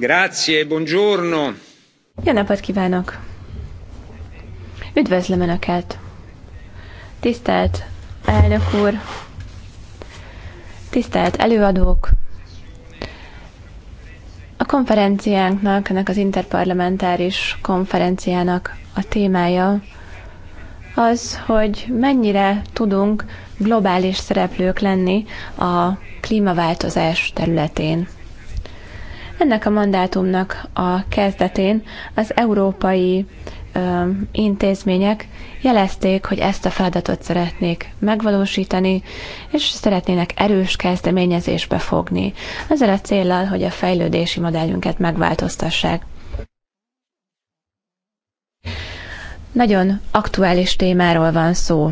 Grazie, buongiorno. Jó napot kívánok! Üdvözlöm Önöket! Tisztelt elnök úr! Tisztelt előadók! A konferenciánknak, ennek az interparlamentáris konferenciának a témája az, hogy mennyire tudunk globális szereplők lenni a klímaváltozás területén. Ennek a mandátumnak a kezdetén az európai ö, intézmények jelezték, hogy ezt a feladatot szeretnék megvalósítani, és szeretnének erős kezdeményezésbe fogni, ezzel a céllal, hogy a fejlődési modellünket megváltoztassák. Nagyon aktuális témáról van szó,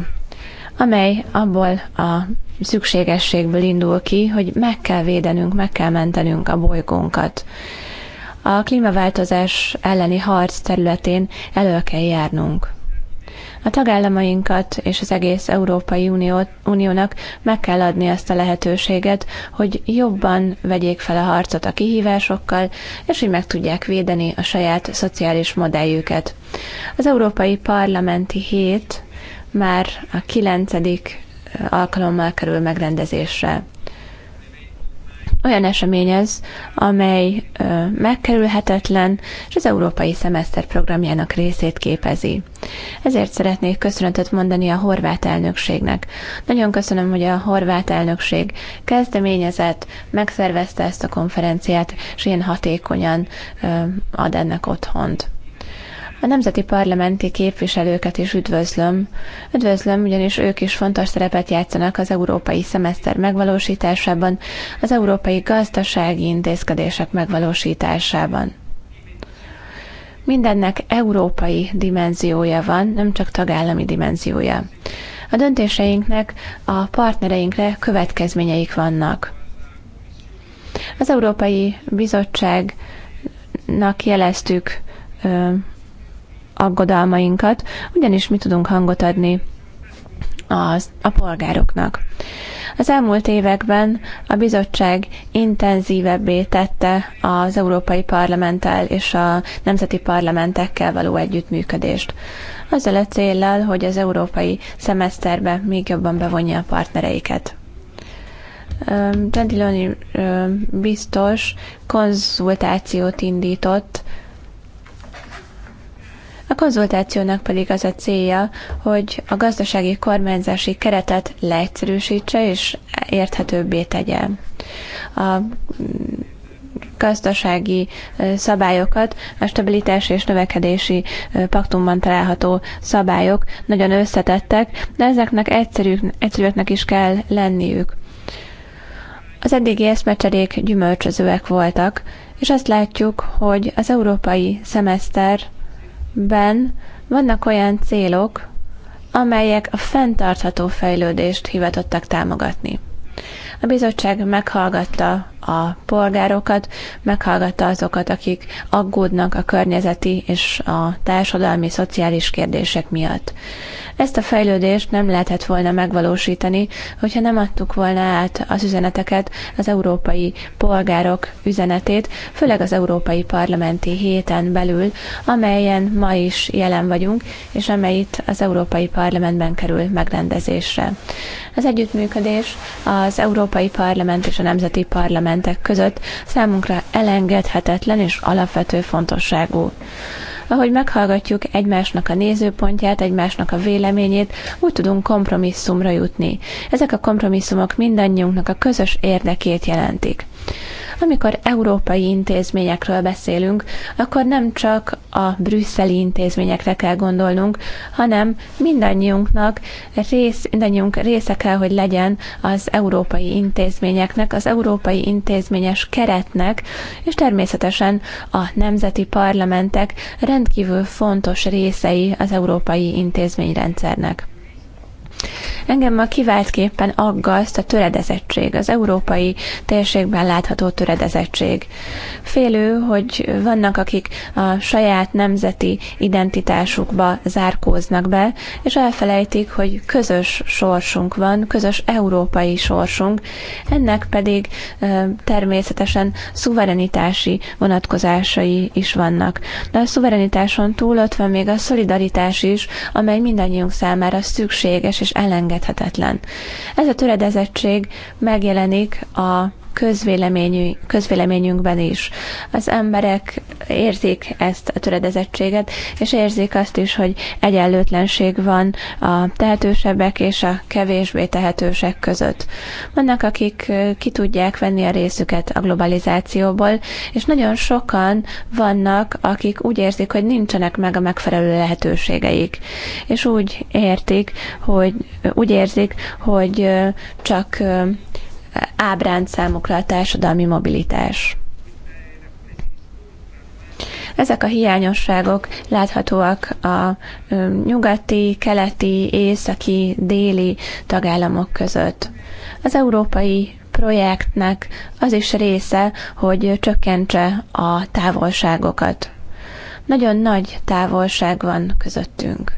amely abból a szükségességből indul ki, hogy meg kell védenünk, meg kell mentenünk a bolygónkat. A klímaváltozás elleni harc területén elő kell járnunk. A tagállamainkat és az egész Európai Unió, Uniónak meg kell adni ezt a lehetőséget, hogy jobban vegyék fel a harcot a kihívásokkal, és hogy meg tudják védeni a saját szociális modelljüket. Az Európai Parlamenti Hét már a kilencedik alkalommal kerül megrendezésre. Olyan esemény ez, amely megkerülhetetlen, és az európai szemeszter programjának részét képezi. Ezért szeretnék köszönetet mondani a horvát elnökségnek. Nagyon köszönöm, hogy a horvát elnökség kezdeményezett, megszervezte ezt a konferenciát, és ilyen hatékonyan ad ennek otthont. A nemzeti parlamenti képviselőket is üdvözlöm. Üdvözlöm, ugyanis ők is fontos szerepet játszanak az európai szemeszter megvalósításában, az európai gazdasági intézkedések megvalósításában. Mindennek európai dimenziója van, nem csak tagállami dimenziója. A döntéseinknek a partnereinkre következményeik vannak. Az Európai Bizottságnak jeleztük aggodalmainkat, ugyanis mi tudunk hangot adni az, a polgároknak. Az elmúlt években a bizottság intenzívebbé tette az Európai Parlamenttel és a nemzeti parlamentekkel való együttműködést. Azzal a céllal, hogy az európai szemeszterbe még jobban bevonja a partnereiket. Gentiloni biztos konzultációt indított a konzultációnak pedig az a célja, hogy a gazdasági kormányzási keretet leegyszerűsítse és érthetőbbé tegye. A mm, gazdasági szabályokat a stabilitási és növekedési paktumban található szabályok nagyon összetettek, de ezeknek egyszerű, egyszerűeknek is kell lenniük. Az eddigi eszmecserék gyümölcsözőek voltak, és azt látjuk, hogy az európai szemeszter ben vannak olyan célok, amelyek a fenntartható fejlődést hivatottak támogatni. A bizottság meghallgatta a polgárokat, meghallgatta azokat, akik aggódnak a környezeti és a társadalmi, szociális kérdések miatt. Ezt a fejlődést nem lehetett volna megvalósítani, hogyha nem adtuk volna át az üzeneteket, az európai polgárok üzenetét, főleg az európai parlamenti héten belül, amelyen ma is jelen vagyunk, és amely itt az európai parlamentben kerül megrendezésre. Az együttműködés az európai parlament és a nemzeti parlament parlamentek között számunkra elengedhetetlen és alapvető fontosságú ahogy meghallgatjuk egymásnak a nézőpontját, egymásnak a véleményét, úgy tudunk kompromisszumra jutni. Ezek a kompromisszumok mindannyiunknak a közös érdekét jelentik. Amikor európai intézményekről beszélünk, akkor nem csak a brüsszeli intézményekre kell gondolnunk, hanem mindannyiunknak rész, mindannyiunk része kell, hogy legyen az európai intézményeknek, az európai intézményes keretnek, és természetesen a nemzeti parlamentek rendkívül fontos részei az európai intézményrendszernek. Engem ma kiváltképpen aggaszt a töredezettség, az európai térségben látható töredezettség. Félő, hogy vannak, akik a saját nemzeti identitásukba zárkóznak be, és elfelejtik, hogy közös sorsunk van, közös európai sorsunk, ennek pedig természetesen szuverenitási vonatkozásai is vannak. De a szuverenitáson túl ott van még a szolidaritás is, amely mindannyiunk számára szükséges és és elengedhetetlen. Ez a töredezettség megjelenik a közvéleményünkben is. Az emberek érzik ezt a töredezettséget, és érzik azt is, hogy egyenlőtlenség van a tehetősebbek és a kevésbé tehetősek között. Vannak, akik ki tudják venni a részüket a globalizációból, és nagyon sokan vannak, akik úgy érzik, hogy nincsenek meg a megfelelő lehetőségeik. És úgy értik, hogy úgy érzik, hogy csak ábránt számukra a társadalmi mobilitás. Ezek a hiányosságok láthatóak a nyugati, keleti, északi, déli tagállamok között. Az európai projektnek az is része, hogy csökkentse a távolságokat. Nagyon nagy távolság van közöttünk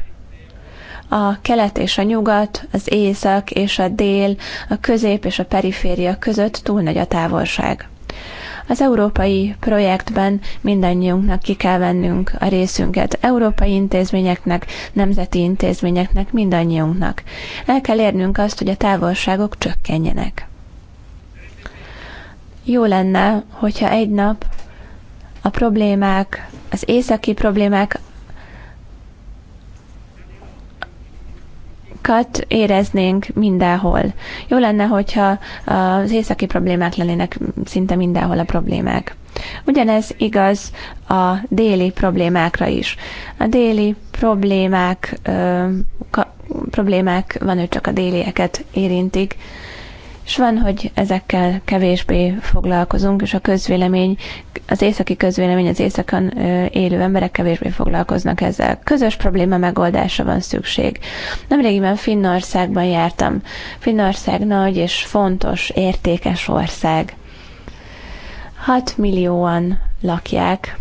a kelet és a nyugat, az észak és a dél, a közép és a periféria között túl nagy a távolság. Az európai projektben mindannyiunknak ki kell vennünk a részünket, európai intézményeknek, nemzeti intézményeknek, mindannyiunknak. El kell érnünk azt, hogy a távolságok csökkenjenek. Jó lenne, hogyha egy nap a problémák, az északi problémák problémákat éreznénk mindenhol. Jó lenne, hogyha az északi problémák lennének szinte mindenhol a problémák. Ugyanez igaz a déli problémákra is. A déli problémák, ö, ka, problémák van, hogy csak a délieket érintik és van, hogy ezekkel kevésbé foglalkozunk, és a közvélemény, az északi közvélemény, az északon élő emberek kevésbé foglalkoznak ezzel. Közös probléma megoldása van szükség. Nemrégiben Finnországban jártam. Finnország nagy és fontos, értékes ország. 6 millióan lakják,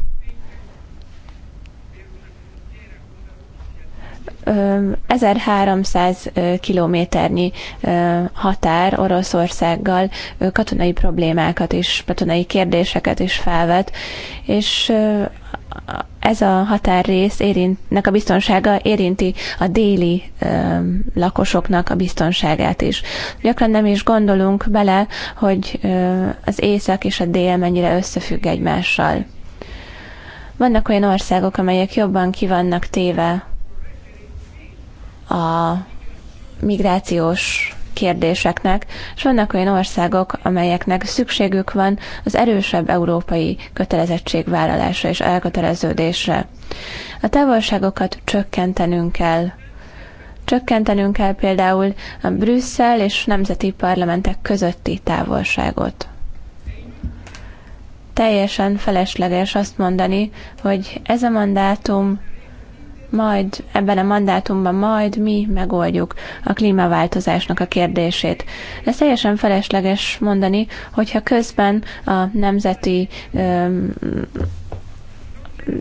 1300 kilométernyi határ Oroszországgal katonai problémákat is, katonai kérdéseket is felvet, és ez a határrész érintnek a biztonsága érinti a déli ö, lakosoknak a biztonságát is. Gyakran nem is gondolunk bele, hogy ö, az észak és a dél mennyire összefügg egymással. Vannak olyan országok, amelyek jobban kivannak téve a migrációs kérdéseknek, és vannak olyan országok, amelyeknek szükségük van az erősebb európai kötelezettségvállalásra és elköteleződésre. A távolságokat csökkentenünk kell. Csökkentenünk kell például a Brüsszel és nemzeti parlamentek közötti távolságot. Teljesen felesleges azt mondani, hogy ez a mandátum majd ebben a mandátumban majd mi megoldjuk a klímaváltozásnak a kérdését. Ez teljesen felesleges mondani, hogyha közben a nemzeti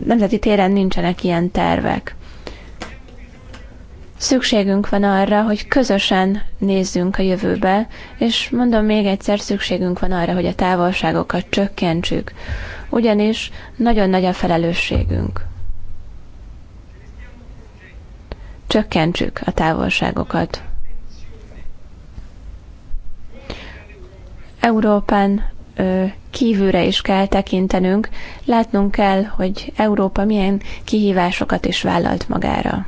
nemzeti téren nincsenek ilyen tervek. Szükségünk van arra, hogy közösen nézzünk a jövőbe, és mondom még egyszer, szükségünk van arra, hogy a távolságokat csökkentsük, ugyanis nagyon nagy a felelősségünk. csökkentsük a távolságokat. Európán kívülre is kell tekintenünk, látnunk kell, hogy Európa milyen kihívásokat is vállalt magára.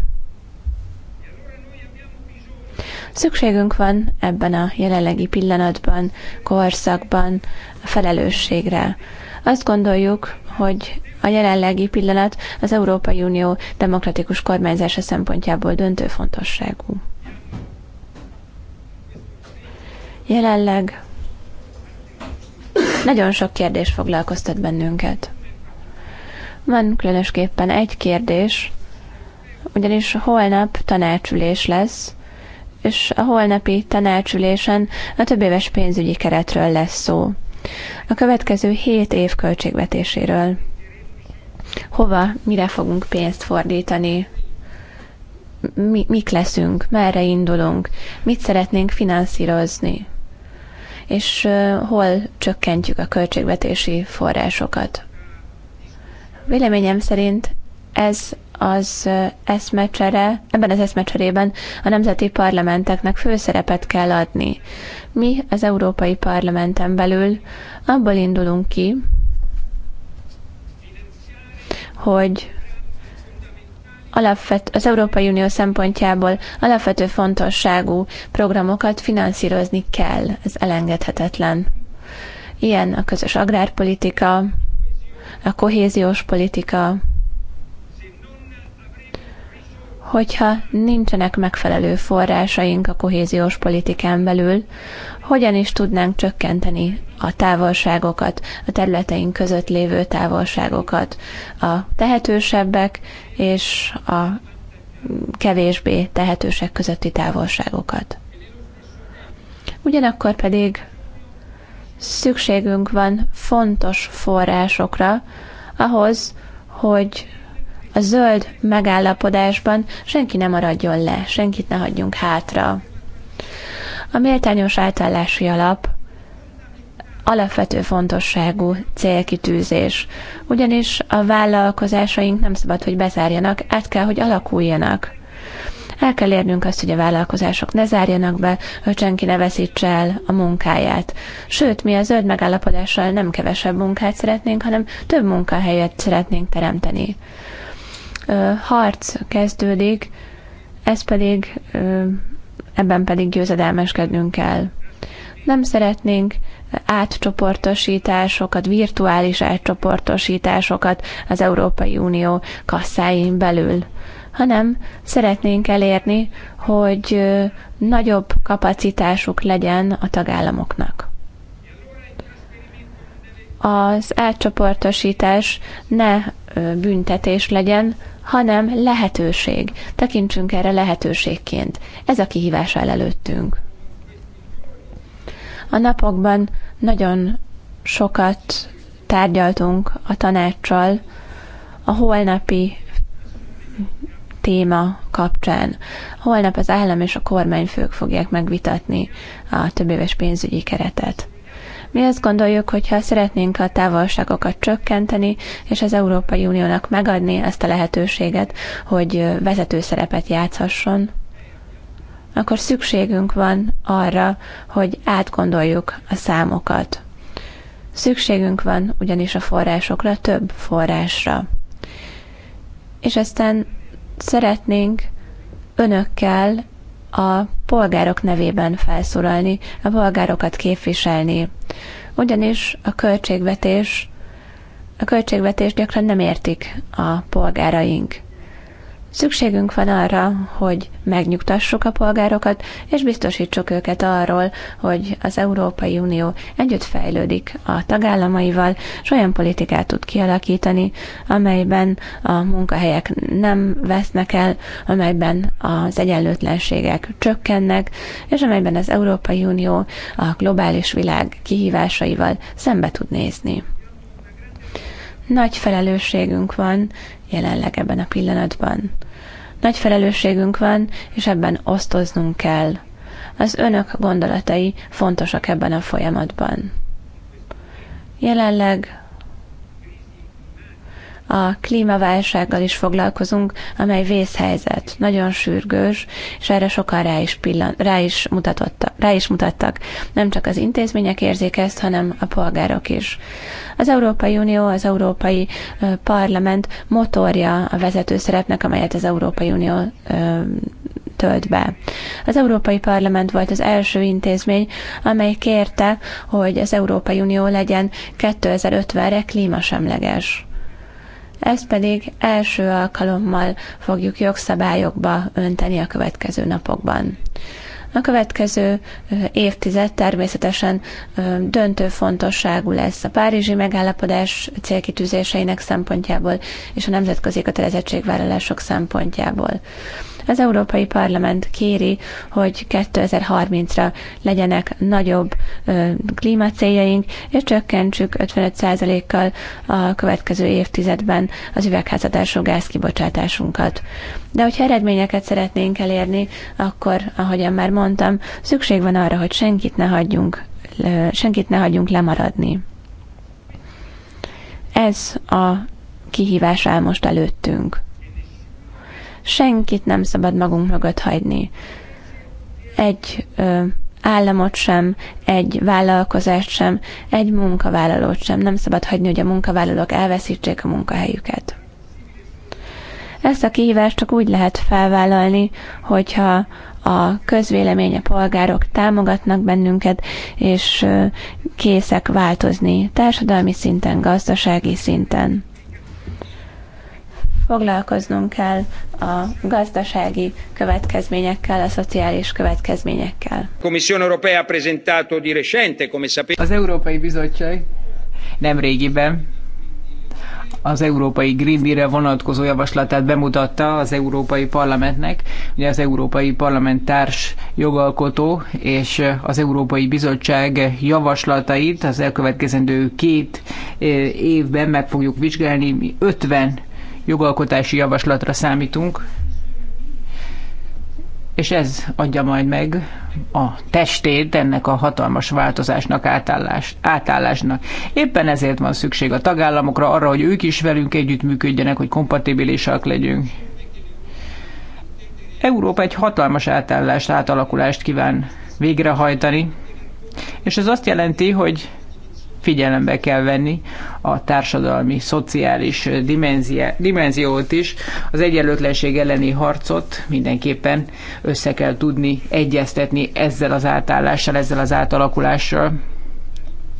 Szükségünk van ebben a jelenlegi pillanatban, korszakban a felelősségre. Azt gondoljuk, hogy a jelenlegi pillanat az Európai Unió demokratikus kormányzása szempontjából döntő fontosságú. Jelenleg nagyon sok kérdés foglalkoztat bennünket. Van különösképpen egy kérdés, ugyanis holnap tanácsülés lesz, és a holnapi tanácsülésen a többéves pénzügyi keretről lesz szó a következő 7 év költségvetéséről. Hova, mire fogunk pénzt fordítani? Mi, mik leszünk? Merre indulunk? Mit szeretnénk finanszírozni? És hol csökkentjük a költségvetési forrásokat? Véleményem szerint ez az eszmecsere, ebben az eszmecserében a nemzeti parlamenteknek főszerepet kell adni. Mi az Európai Parlamenten belül abból indulunk ki, hogy alapvet, az Európai Unió szempontjából alapvető fontosságú programokat finanszírozni kell. Ez elengedhetetlen. Ilyen a közös agrárpolitika, a kohéziós politika, hogyha nincsenek megfelelő forrásaink a kohéziós politikán belül, hogyan is tudnánk csökkenteni a távolságokat, a területeink között lévő távolságokat, a tehetősebbek és a kevésbé tehetősek közötti távolságokat. Ugyanakkor pedig szükségünk van fontos forrásokra ahhoz, hogy a zöld megállapodásban senki nem maradjon le, senkit ne hagyjunk hátra. A méltányos átállási alap alapvető fontosságú célkitűzés, ugyanis a vállalkozásaink nem szabad, hogy bezárjanak, át kell, hogy alakuljanak. El kell érnünk azt, hogy a vállalkozások ne zárjanak be, hogy senki ne veszítse el a munkáját. Sőt, mi a zöld megállapodással nem kevesebb munkát szeretnénk, hanem több munkahelyet szeretnénk teremteni harc kezdődik, ez pedig, ebben pedig győzedelmeskednünk kell. Nem szeretnénk átcsoportosításokat, virtuális átcsoportosításokat az Európai Unió kasszáin belül, hanem szeretnénk elérni, hogy nagyobb kapacitásuk legyen a tagállamoknak. Az átcsoportosítás ne büntetés legyen, hanem lehetőség. Tekintsünk erre lehetőségként. Ez a kihívás el előttünk. A napokban nagyon sokat tárgyaltunk a tanácssal a holnapi téma kapcsán. Holnap az állam és a kormányfők fogják megvitatni a többéves pénzügyi keretet. Mi azt gondoljuk, hogy ha szeretnénk a távolságokat csökkenteni, és az Európai Uniónak megadni ezt a lehetőséget, hogy vezető szerepet játszhasson, akkor szükségünk van arra, hogy átgondoljuk a számokat. Szükségünk van ugyanis a forrásokra, több forrásra. És aztán szeretnénk önökkel a polgárok nevében felszólalni, a polgárokat képviselni. Ugyanis a költségvetés, a költségvetés gyakran nem értik a polgáraink. Szükségünk van arra, hogy megnyugtassuk a polgárokat, és biztosítsuk őket arról, hogy az Európai Unió együtt fejlődik a tagállamaival, és olyan politikát tud kialakítani, amelyben a munkahelyek nem vesznek el, amelyben az egyenlőtlenségek csökkennek, és amelyben az Európai Unió a globális világ kihívásaival szembe tud nézni nagy felelősségünk van, jelenleg ebben a pillanatban. Nagy felelősségünk van, és ebben osztoznunk kell. Az önök gondolatai fontosak ebben a folyamatban. Jelenleg a klímaválsággal is foglalkozunk, amely vészhelyzet, nagyon sürgős, és erre sokan rá is, pillan, rá is, mutatotta, rá is mutattak. Nem csak az intézmények érzik ezt, hanem a polgárok is. Az Európai Unió, az Európai Parlament motorja a vezető szerepnek, amelyet az Európai Unió tölt be. Az Európai Parlament volt az első intézmény, amely kérte, hogy az Európai Unió legyen 2050-re klímasemleges ezt pedig első alkalommal fogjuk jogszabályokba önteni a következő napokban. A következő évtized természetesen döntő fontosságú lesz a Párizsi megállapodás célkitűzéseinek szempontjából és a nemzetközi kötelezettségvállalások szempontjából. Az Európai Parlament kéri, hogy 2030-ra legyenek nagyobb ö, klímacéljaink, és csökkentsük 55%-kal a következő évtizedben az üvegházadású gázkibocsátásunkat. De hogyha eredményeket szeretnénk elérni, akkor, ahogyan már mondtam, szükség van arra, hogy senkit ne hagyjunk, senkit ne hagyjunk lemaradni. Ez a kihívás áll most előttünk. Senkit nem szabad magunk mögött hagyni. Egy ö, államot sem, egy vállalkozást sem, egy munkavállalót sem. Nem szabad hagyni, hogy a munkavállalók elveszítsék a munkahelyüket. Ezt a kihívást csak úgy lehet felvállalni, hogyha a közvélemény, a polgárok támogatnak bennünket, és készek változni társadalmi szinten, gazdasági szinten foglalkoznunk kell a gazdasági következményekkel, a szociális következményekkel. Az Európai Bizottság nem régiben az Európai Green Deal-re vonatkozó javaslatát bemutatta az Európai Parlamentnek. Ugye az Európai Parlament társ jogalkotó és az Európai Bizottság javaslatait az elkövetkezendő két eh, évben meg fogjuk vizsgálni. Mi 50 jogalkotási javaslatra számítunk, és ez adja majd meg a testét ennek a hatalmas változásnak, átállás, átállásnak. Éppen ezért van szükség a tagállamokra arra, hogy ők is velünk együttműködjenek, hogy kompatibilisak legyünk. Európa egy hatalmas átállást, átalakulást kíván végrehajtani, és ez azt jelenti, hogy figyelembe kell venni a társadalmi, szociális dimenziót is. Az egyenlőtlenség elleni harcot mindenképpen össze kell tudni egyeztetni ezzel az átállással, ezzel az átalakulással.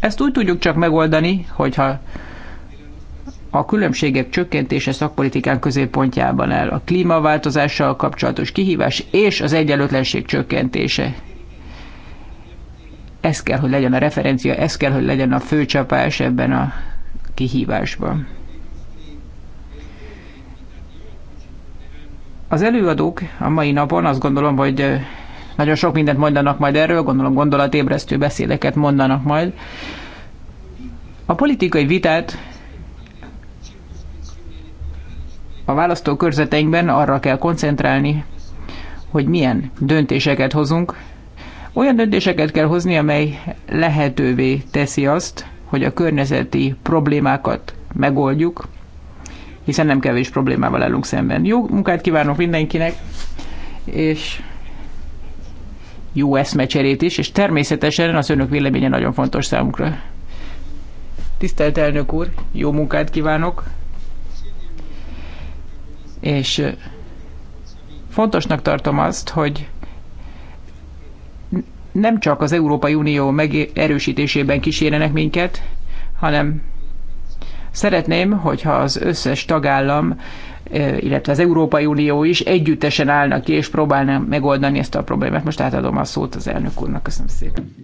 Ezt úgy tudjuk csak megoldani, hogyha a különbségek csökkentése szakpolitikán középpontjában áll a klímaváltozással kapcsolatos kihívás és az egyenlőtlenség csökkentése. Ez kell, hogy legyen a referencia, ez kell, hogy legyen a főcsapás ebben a kihívásban. Az előadók a mai napon azt gondolom, hogy nagyon sok mindent mondanak majd erről, gondolom gondolatébresztő beszédeket mondanak majd. A politikai vitát a választókörzeteinkben arra kell koncentrálni, hogy milyen döntéseket hozunk, olyan döntéseket kell hozni, amely lehetővé teszi azt, hogy a környezeti problémákat megoldjuk, hiszen nem kevés problémával állunk szemben. Jó munkát kívánok mindenkinek, és jó eszmecserét is, és természetesen az önök véleménye nagyon fontos számunkra. Tisztelt elnök úr, jó munkát kívánok, és fontosnak tartom azt, hogy nem csak az Európai Unió megerősítésében kísérenek minket, hanem szeretném, hogyha az összes tagállam, eh, illetve az Európai Unió is együttesen állna ki, és próbálna megoldani ezt a problémát. Most átadom a szót az elnök úrnak. Köszönöm szépen.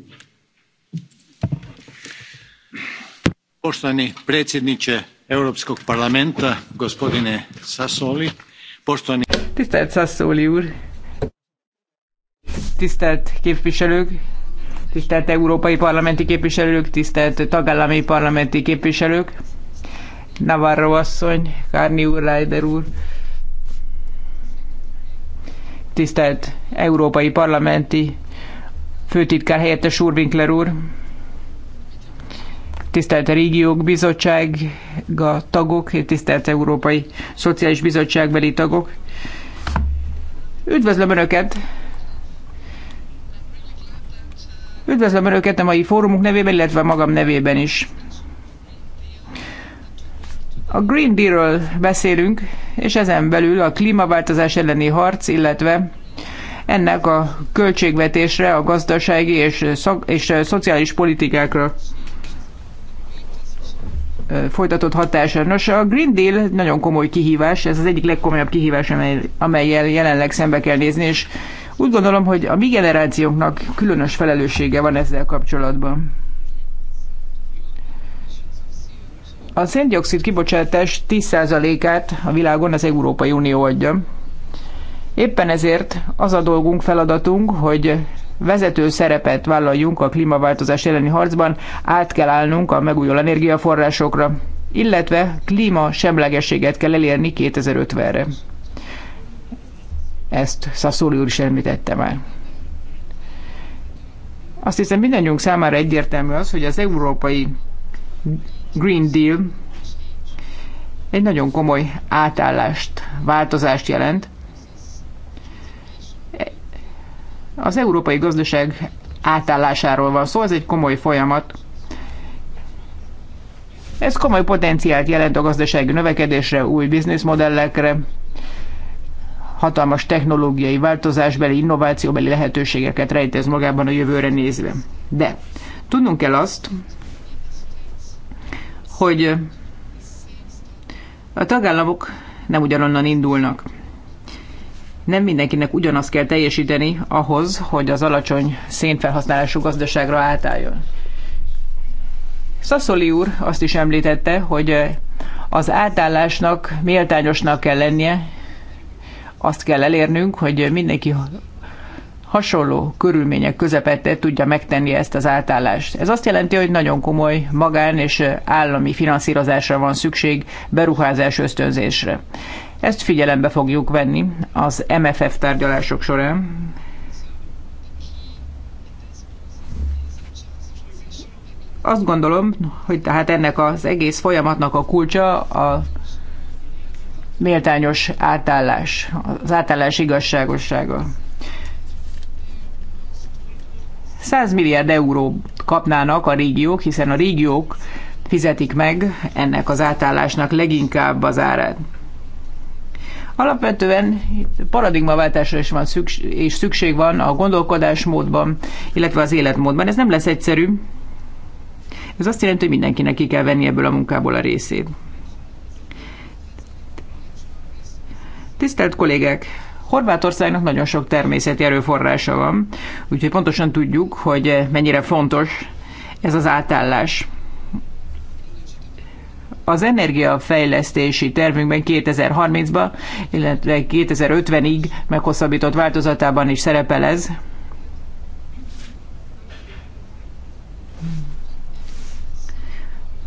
Poštovani predsjedniče Európskog parlamenta, gospodine Sassoli, poštovani... Tisztelt Sassoli úr, Tisztelt képviselők, tisztelt európai parlamenti képviselők, tisztelt tagállami parlamenti képviselők, Navarro asszony, Kárni úr, Leider úr, tisztelt európai parlamenti főtitkár helyettes úr, Winkler úr, tisztelt régiók bizottsága tagok, tisztelt Európai Szociális Bizottságbeli tagok. Üdvözlöm Önöket! Üdvözlöm Önöket a mai fórumunk nevében, illetve magam nevében is. A Green Deal-ről beszélünk, és ezen belül a klímaváltozás elleni harc, illetve ennek a költségvetésre, a gazdasági és, szak- és szociális politikákra folytatott hatása. Nos, a Green Deal nagyon komoly kihívás, ez az egyik legkomolyabb kihívás, amely, amelyel jelenleg szembe kell nézni, és úgy gondolom, hogy a mi generációnknak különös felelőssége van ezzel kapcsolatban. A széndiokszid kibocsátás 10%-át a világon az Európai Unió adja. Éppen ezért az a dolgunk, feladatunk, hogy vezető szerepet vállaljunk a klímaváltozás elleni harcban, át kell állnunk a megújuló energiaforrásokra, illetve klíma semlegességet kell elérni 2050-re. Ezt Szaszóli úr is említette már. Azt hiszem mindannyiunk számára egyértelmű az, hogy az európai Green Deal egy nagyon komoly átállást, változást jelent. Az európai gazdaság átállásáról van szó, ez egy komoly folyamat. Ez komoly potenciált jelent a gazdasági növekedésre, új bizniszmodellekre, hatalmas technológiai változásbeli, innovációbeli lehetőségeket rejtez magában a jövőre nézve. De tudnunk kell azt, hogy a tagállamok nem ugyanonnan indulnak. Nem mindenkinek ugyanazt kell teljesíteni ahhoz, hogy az alacsony szénfelhasználású gazdaságra átálljon. Szaszoli úr azt is említette, hogy az átállásnak méltányosnak kell lennie, azt kell elérnünk, hogy mindenki hasonló körülmények közepette tudja megtenni ezt az átállást. Ez azt jelenti, hogy nagyon komoly magán és állami finanszírozásra van szükség, beruházás ösztönzésre. Ezt figyelembe fogjuk venni az MFF tárgyalások során. Azt gondolom, hogy tehát ennek az egész folyamatnak a kulcsa a méltányos átállás, az átállás igazságossága. 100 milliárd euró kapnának a régiók, hiszen a régiók fizetik meg ennek az átállásnak leginkább az árát. Alapvetően paradigmaváltásra is van szükség, és szükség van a gondolkodásmódban, illetve az életmódban. Ez nem lesz egyszerű. Ez azt jelenti, hogy mindenkinek ki kell venni ebből a munkából a részét. Tisztelt kollégek! Horvátországnak nagyon sok természeti erőforrása van, úgyhogy pontosan tudjuk, hogy mennyire fontos ez az átállás. Az energiafejlesztési tervünkben 2030-ba, illetve 2050-ig meghosszabbított változatában is szerepel ez,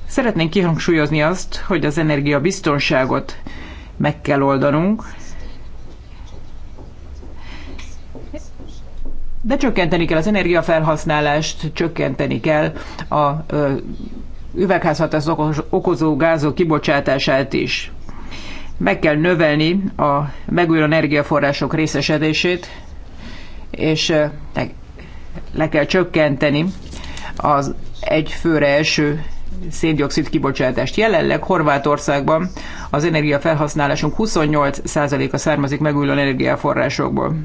Szeretnénk kihangsúlyozni azt, hogy az energiabiztonságot meg kell oldanunk, De csökkenteni kell az energiafelhasználást, csökkenteni kell a üvegházhatás okozó gázok kibocsátását is. Meg kell növelni a megújuló energiaforrások részesedését, és le kell csökkenteni az egy főre első széndiokszid kibocsátást. Jelenleg Horvátországban az energiafelhasználásunk 28%-a származik megújuló energiaforrásokból.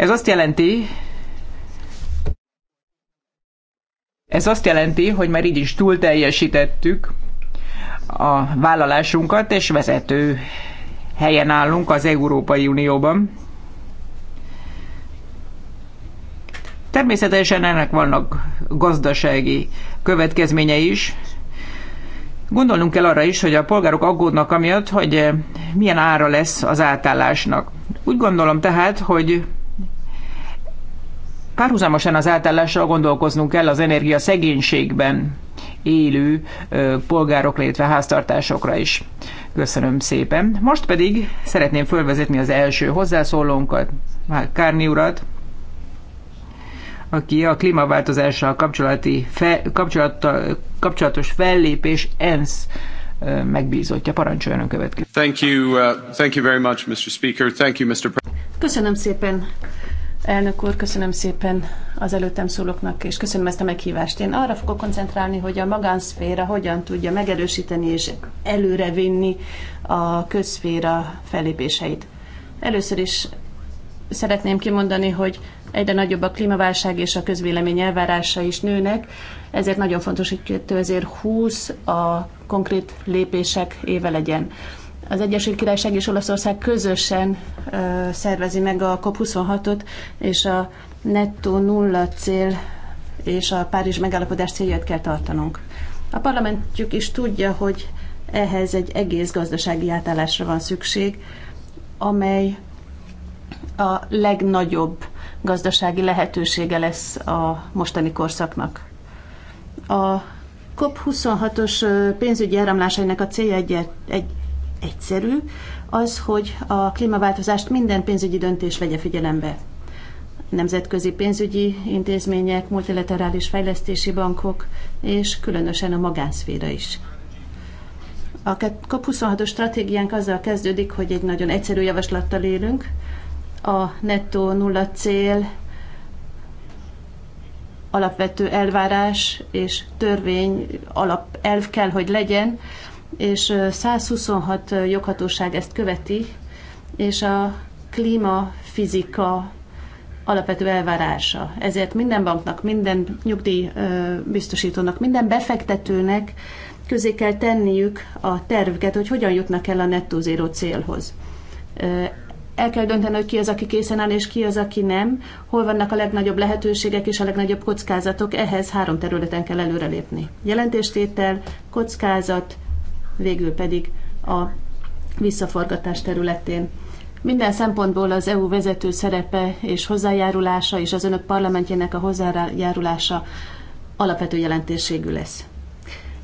Ez azt jelenti, ez azt jelenti, hogy már így is túl teljesítettük a vállalásunkat, és vezető helyen állunk az Európai Unióban. Természetesen ennek vannak gazdasági következményei is. Gondolnunk kell arra is, hogy a polgárok aggódnak amiatt, hogy milyen ára lesz az átállásnak. Úgy gondolom tehát, hogy Párhuzamosan az átállással gondolkoznunk kell az energia szegénységben élő polgárok, illetve háztartásokra is. Köszönöm szépen. Most pedig szeretném fölvezetni az első hozzászólónkat, Kárni urat, aki a klímaváltozással kapcsolati fe, kapcsolata, kapcsolatos fellépés ENSZ megbízottja. Parancsoljon következő. Thank you, uh, thank you very much, Mr. Speaker. Thank you, Mr. Köszönöm szépen, Elnök úr, köszönöm szépen az előttem szólóknak, és köszönöm ezt a meghívást. Én arra fogok koncentrálni, hogy a magánszféra hogyan tudja megerősíteni és előrevinni a közszféra felépéseit. Először is szeretném kimondani, hogy egyre nagyobb a klímaválság és a közvélemény elvárása is nőnek, ezért nagyon fontos, hogy 2020 a konkrét lépések éve legyen. Az Egyesült Királyság és Olaszország közösen szervezi meg a COP26-ot, és a nettó nulla cél és a Párizs megállapodás célját kell tartanunk. A parlamentjük is tudja, hogy ehhez egy egész gazdasági átállásra van szükség, amely a legnagyobb gazdasági lehetősége lesz a mostani korszaknak. A COP26-os pénzügyi áramlásainak a célja egy, egy egyszerű, az, hogy a klímaváltozást minden pénzügyi döntés vegye figyelembe. Nemzetközi pénzügyi intézmények, multilaterális fejlesztési bankok, és különösen a magánszféra is. A COP26-os stratégiánk azzal kezdődik, hogy egy nagyon egyszerű javaslattal élünk. A nettó nulla cél alapvető elvárás és törvény alapelv kell, hogy legyen és 126 joghatóság ezt követi, és a klímafizika alapvető elvárása. Ezért minden banknak, minden nyugdíj biztosítónak, minden befektetőnek közé kell tenniük a tervüket, hogy hogyan jutnak el a nettó zéró célhoz. El kell dönteni, hogy ki az, aki készen áll, és ki az, aki nem, hol vannak a legnagyobb lehetőségek és a legnagyobb kockázatok, ehhez három területen kell előrelépni. Jelentéstétel, kockázat végül pedig a visszaforgatás területén. Minden szempontból az EU vezető szerepe és hozzájárulása és az önök parlamentjének a hozzájárulása alapvető jelentőségű lesz.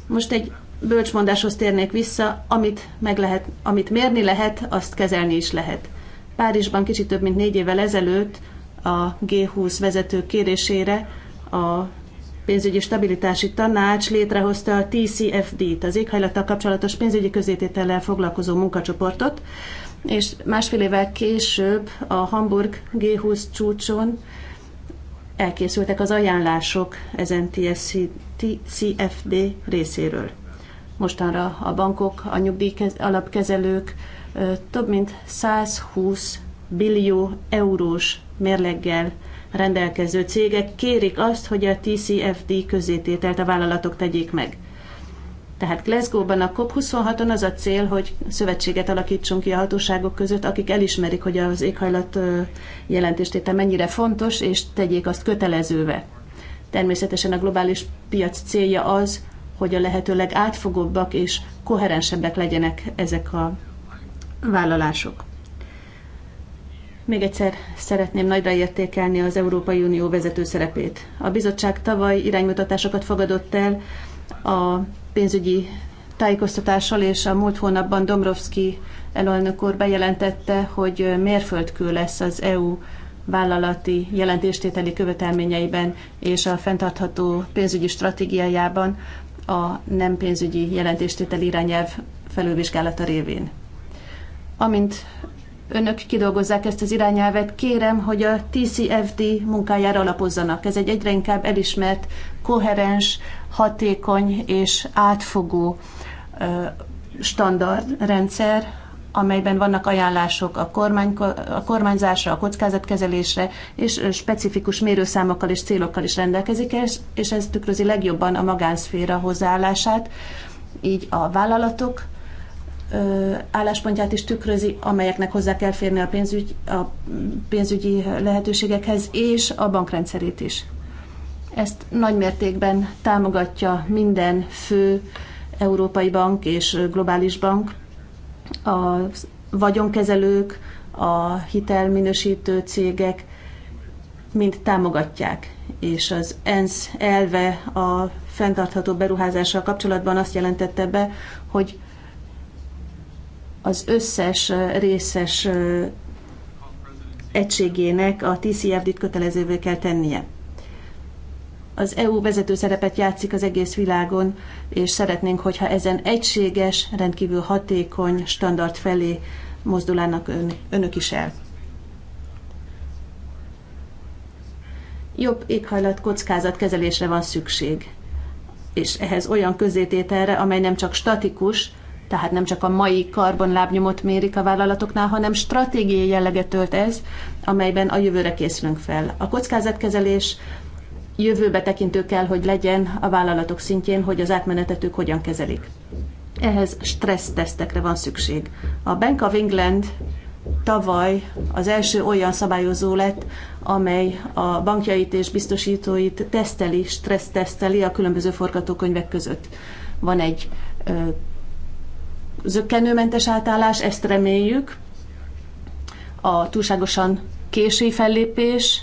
Most egy bölcsmondáshoz térnék vissza, amit, meg lehet, amit mérni lehet, azt kezelni is lehet. Párizsban kicsit több mint négy évvel ezelőtt a G20 vezető kérésére a pénzügyi stabilitási tanács létrehozta a TCFD-t, az éghajlattal kapcsolatos pénzügyi közététellel foglalkozó munkacsoportot, és másfél évvel később a Hamburg G20 csúcson elkészültek az ajánlások ezen TCFD részéről. Mostanra a bankok, a nyugdíj alapkezelők több mint 120 billió eurós mérleggel rendelkező cégek kérik azt, hogy a TCFD közétételt a vállalatok tegyék meg. Tehát Glasgow-ban a COP26-on az a cél, hogy szövetséget alakítsunk ki a hatóságok között, akik elismerik, hogy az éghajlat jelentéstétel mennyire fontos, és tegyék azt kötelezővé. Természetesen a globális piac célja az, hogy a lehető legátfogóbbak és koherensebbek legyenek ezek a vállalások. Még egyszer szeretném nagyra értékelni az Európai Unió vezető szerepét. A bizottság tavaly iránymutatásokat fogadott el a pénzügyi tájékoztatással, és a múlt hónapban Dombrovski elnök úr bejelentette, hogy mérföldkő lesz az EU vállalati jelentéstételi követelményeiben és a fenntartható pénzügyi stratégiájában a nem pénzügyi jelentéstételi irányelv felülvizsgálata révén. Amint önök kidolgozzák ezt az irányelvet, kérem, hogy a TCFD munkájára alapozzanak. Ez egy egyre inkább elismert, koherens, hatékony és átfogó standardrendszer, amelyben vannak ajánlások a, kormány, a kormányzásra, a kockázatkezelésre, és specifikus mérőszámokkal és célokkal is rendelkezik, és ez tükrözi legjobban a magánszféra hozzáállását, így a vállalatok, álláspontját is tükrözi, amelyeknek hozzá kell férni a, pénzügy, a pénzügyi lehetőségekhez, és a bankrendszerét is. Ezt nagymértékben támogatja minden fő európai bank és globális bank, a vagyonkezelők, a hitelminősítő cégek mind támogatják, és az ENSZ elve a fenntartható beruházással kapcsolatban azt jelentette be, hogy az összes részes egységének a TCFD-t kötelezővé kell tennie. Az EU vezető szerepet játszik az egész világon, és szeretnénk, hogyha ezen egységes, rendkívül hatékony standard felé mozdulának ön, önök is el. Jobb éghajlat kezelésre van szükség, és ehhez olyan közététerre, amely nem csak statikus, tehát nem csak a mai karbonlábnyomot mérik a vállalatoknál, hanem stratégiai jelleget tölt ez, amelyben a jövőre készülünk fel. A kockázatkezelés jövőbe tekintő kell, hogy legyen a vállalatok szintjén, hogy az átmenetet ők hogyan kezelik. Ehhez stressztesztekre van szükség. A Bank of England tavaly az első olyan szabályozó lett, amely a bankjait és biztosítóit teszteli, stresszteszteli a különböző forgatókönyvek között. Van egy zöggenőmentes átállás, ezt reméljük. A túlságosan késői fellépés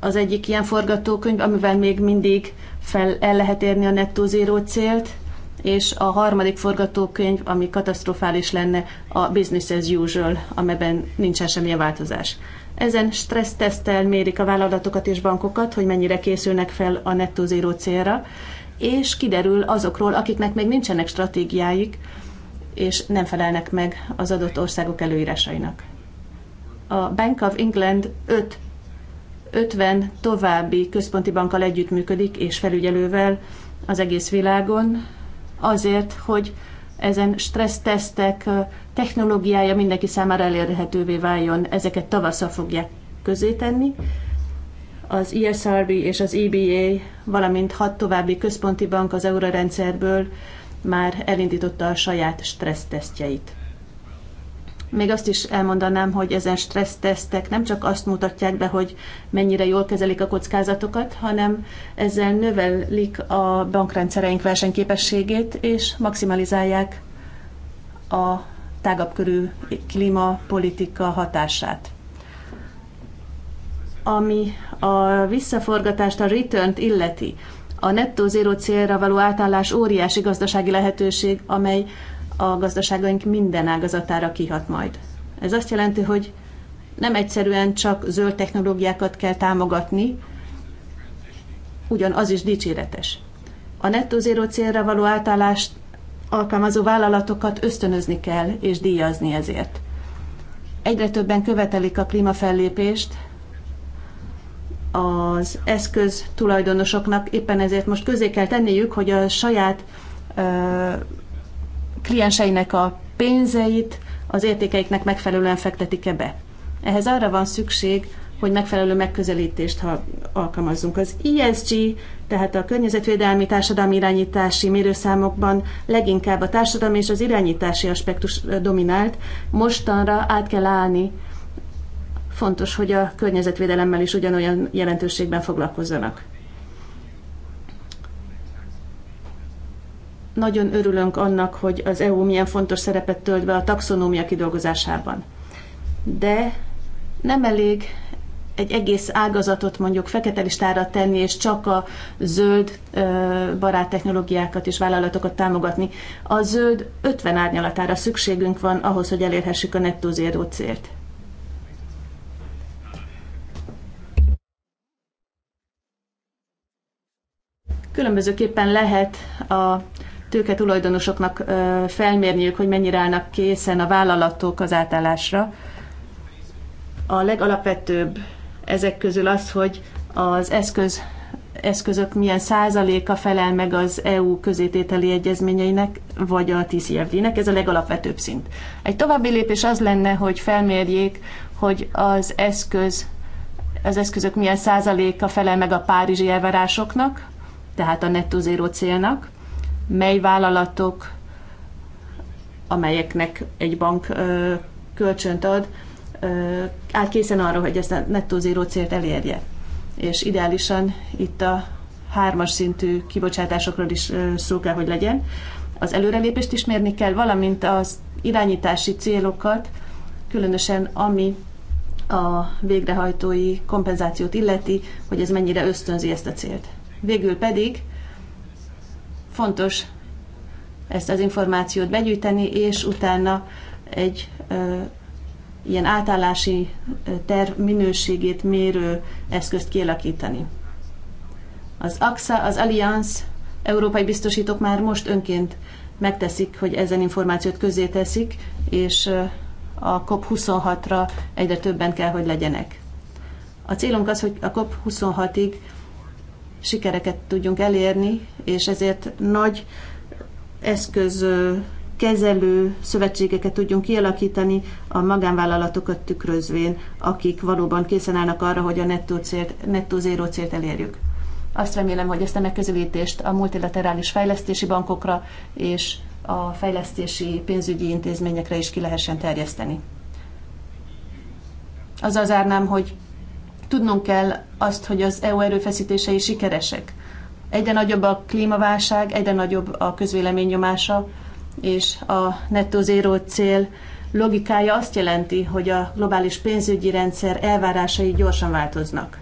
az egyik ilyen forgatókönyv, amivel még mindig fel, el lehet érni a nettó zéró célt, és a harmadik forgatókönyv, ami katasztrofális lenne, a business as usual, amiben nincsen semmilyen változás. Ezen stressztesztel mérik a vállalatokat és bankokat, hogy mennyire készülnek fel a nettó zéró célra, és kiderül azokról, akiknek még nincsenek stratégiáik, és nem felelnek meg az adott országok előírásainak. A Bank of England 5, 50 további központi bankkal együttműködik, és felügyelővel az egész világon, azért, hogy ezen stressztesztek technológiája mindenki számára elérhetővé váljon, ezeket tavasszal fogják közé tenni, az ESRB és az EBA, valamint hat további központi bank az eurorendszerből már elindította a saját stressztesztjeit. Még azt is elmondanám, hogy ezen stressztesztek nem csak azt mutatják be, hogy mennyire jól kezelik a kockázatokat, hanem ezzel növelik a bankrendszereink versenyképességét, és maximalizálják a tágabb körű klímapolitika hatását ami a visszaforgatást, a return illeti. A nettó zéró célra való átállás óriási gazdasági lehetőség, amely a gazdaságaink minden ágazatára kihat majd. Ez azt jelenti, hogy nem egyszerűen csak zöld technológiákat kell támogatni, ugyan az is dicséretes. A nettó zéró célra való átállást alkalmazó vállalatokat ösztönözni kell és díjazni ezért. Egyre többen követelik a klímafellépést, az eszköz tulajdonosoknak éppen ezért most közé kell tenniük, hogy a saját ö, klienseinek a pénzeit az értékeiknek megfelelően fektetik-e be. Ehhez arra van szükség, hogy megfelelő megközelítést ha alkalmazzunk. Az ESG, tehát a környezetvédelmi társadalmi irányítási mérőszámokban leginkább a társadalmi és az irányítási aspektus dominált, mostanra át kell állni fontos, hogy a környezetvédelemmel is ugyanolyan jelentőségben foglalkozzanak. Nagyon örülünk annak, hogy az EU milyen fontos szerepet tölt be a taxonómia kidolgozásában. De nem elég egy egész ágazatot mondjuk fekete listára tenni, és csak a zöld barát technológiákat és vállalatokat támogatni. A zöld 50 árnyalatára szükségünk van ahhoz, hogy elérhessük a nettó zéró célt. Különbözőképpen lehet a tőke tulajdonosoknak felmérniük, hogy mennyire állnak készen a vállalatok az átállásra. A legalapvetőbb ezek közül az, hogy az eszköz, eszközök milyen százaléka felel meg az EU közétételi egyezményeinek, vagy a TCFD-nek, ez a legalapvetőbb szint. Egy további lépés az lenne, hogy felmérjék, hogy az eszköz az eszközök milyen százaléka felel meg a párizsi elvárásoknak, tehát a nettó zéró célnak, mely vállalatok, amelyeknek egy bank ö, kölcsönt ad, ö, áll készen arra, hogy ezt a nettó zéró célt elérje. És ideálisan itt a hármas szintű kibocsátásokról is ö, szó kell, hogy legyen. Az előrelépést is mérni kell, valamint az irányítási célokat, különösen ami a végrehajtói kompenzációt illeti, hogy ez mennyire ösztönzi ezt a célt. Végül pedig fontos ezt az információt begyűjteni, és utána egy ö, ilyen átállási terv minőségét mérő eszközt kialakítani. Az AXA, az Allianz európai biztosítók már most önként megteszik, hogy ezen információt közé teszik, és a COP26-ra egyre többen kell, hogy legyenek. A célunk az, hogy a COP26-ig sikereket tudjunk elérni, és ezért nagy eszköz kezelő szövetségeket tudjunk kialakítani a magánvállalatokat tükrözvén, akik valóban készen állnak arra, hogy a nettó, célt, nettó zéró célt elérjük. Azt remélem, hogy ezt a megközelítést a multilaterális fejlesztési bankokra és a fejlesztési pénzügyi intézményekre is ki lehessen terjeszteni. Azzal zárnám, hogy Tudnunk kell azt, hogy az EU erőfeszítései sikeresek. Egyre nagyobb a klímaválság, egyre nagyobb a közvélemény nyomása, és a nettó zéró cél logikája azt jelenti, hogy a globális pénzügyi rendszer elvárásai gyorsan változnak.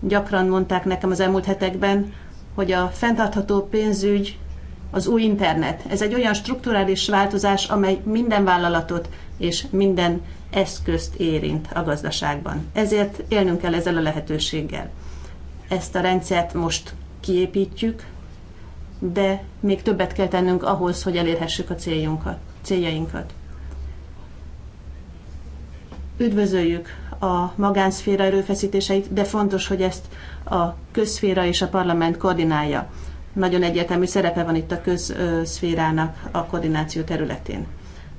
Gyakran mondták nekem az elmúlt hetekben, hogy a fenntartható pénzügy az új internet. Ez egy olyan strukturális változás, amely minden vállalatot és minden eszközt érint a gazdaságban. Ezért élnünk kell ezzel a lehetőséggel. Ezt a rendszert most kiépítjük, de még többet kell tennünk ahhoz, hogy elérhessük a céljunkat, céljainkat. Üdvözöljük a magánszféra erőfeszítéseit, de fontos, hogy ezt a közszféra és a parlament koordinálja. Nagyon egyértelmű szerepe van itt a közszférának a koordináció területén.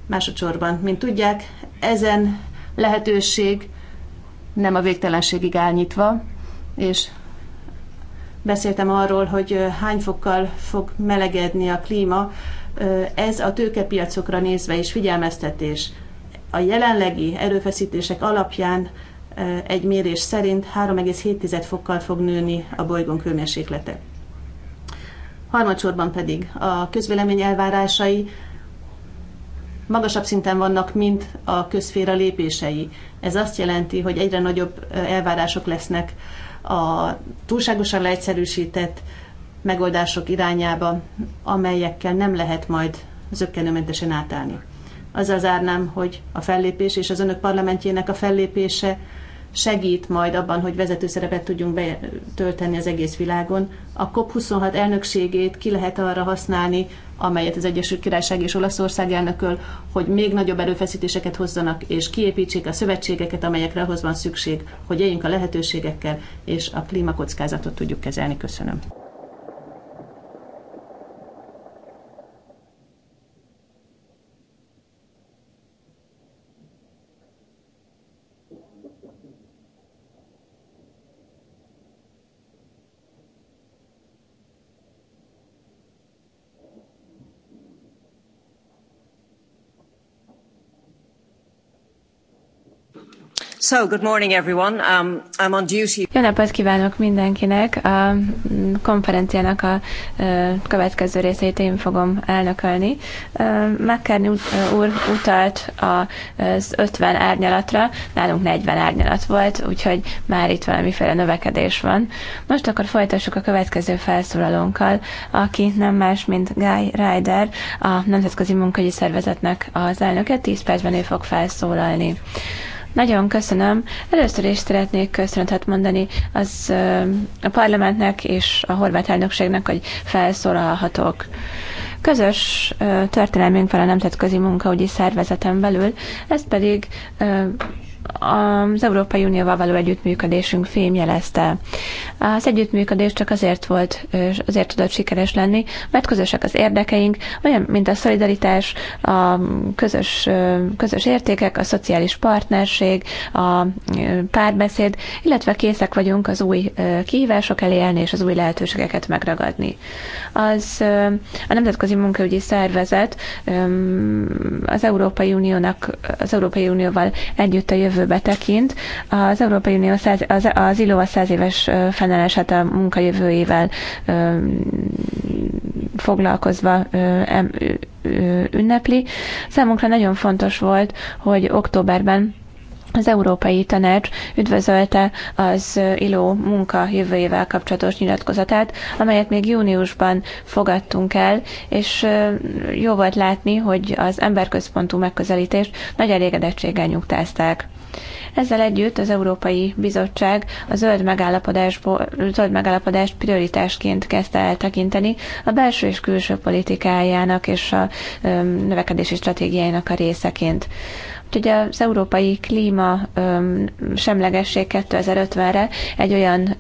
Másodszorban, mint tudják, ezen lehetőség nem a végtelenségig álnyitva, és beszéltem arról, hogy hány fokkal fog melegedni a klíma, ez a tőkepiacokra nézve is figyelmeztetés. A jelenlegi erőfeszítések alapján egy mérés szerint 3,7 fokkal fog nőni a bolygónk hőmérséklete. Harmadsorban pedig a közvélemény elvárásai magasabb szinten vannak, mint a közféra lépései. Ez azt jelenti, hogy egyre nagyobb elvárások lesznek a túlságosan leegyszerűsített megoldások irányába, amelyekkel nem lehet majd zöggenőmentesen átállni. Azzal zárnám, hogy a fellépés és az önök parlamentjének a fellépése segít majd abban, hogy vezető szerepet tudjunk betölteni az egész világon. A COP26 elnökségét ki lehet arra használni, amelyet az Egyesült Királyság és Olaszország elnököl, hogy még nagyobb erőfeszítéseket hozzanak, és kiépítsék a szövetségeket, amelyekre ahhoz van szükség, hogy éljünk a lehetőségekkel, és a klímakockázatot tudjuk kezelni. Köszönöm. So, good morning everyone. Um, I'm on duty. Jó napot kívánok mindenkinek. A mm, konferenciának a következő részét én fogom elnökölni. McCartney úr utalt az 50 árnyalatra, nálunk 40 árnyalat volt, úgyhogy már itt valamiféle növekedés van. Most akkor folytassuk a következő felszólalónkkal, aki nem más, mint Guy Ryder, a Nemzetközi Munkahogyi Szervezetnek az elnöke, 10 percben ő fog felszólalni. Nagyon köszönöm. Először is szeretnék köszönetet mondani az a parlamentnek és a horvát elnökségnek, hogy felszólalhatok. Közös történelmünk van a Nemzetközi Munkaügyi Szervezeten belül, ez pedig az Európai Unióval való együttműködésünk fémjelezte. Az együttműködés csak azért volt, azért tudott sikeres lenni, mert közösek az érdekeink, olyan, mint a szolidaritás, a közös, közös értékek, a szociális partnerség, a párbeszéd, illetve készek vagyunk az új kihívások elé elni és az új lehetőségeket megragadni. Az a Nemzetközi Munkaügyi Szervezet az Európai Uniónak, az Európai Unióval együtt a jövő jövőbe tekint. Az Európai Unió száz, az, az ILO a száz éves fennállását a munkajövőjével foglalkozva ünnepli. Számunkra nagyon fontos volt, hogy októberben az Európai Tanács üdvözölte az ILO munka jövőjével kapcsolatos nyilatkozatát, amelyet még júniusban fogadtunk el, és jó volt látni, hogy az emberközpontú megközelítést nagy elégedettséggel nyugtázták. Ezzel együtt az Európai Bizottság a zöld, megállapodásból, zöld megállapodást prioritásként kezdte el tekinteni a belső és külső politikájának és a növekedési stratégiájának a részeként ugye az európai klíma semlegesség 2050-re egy olyan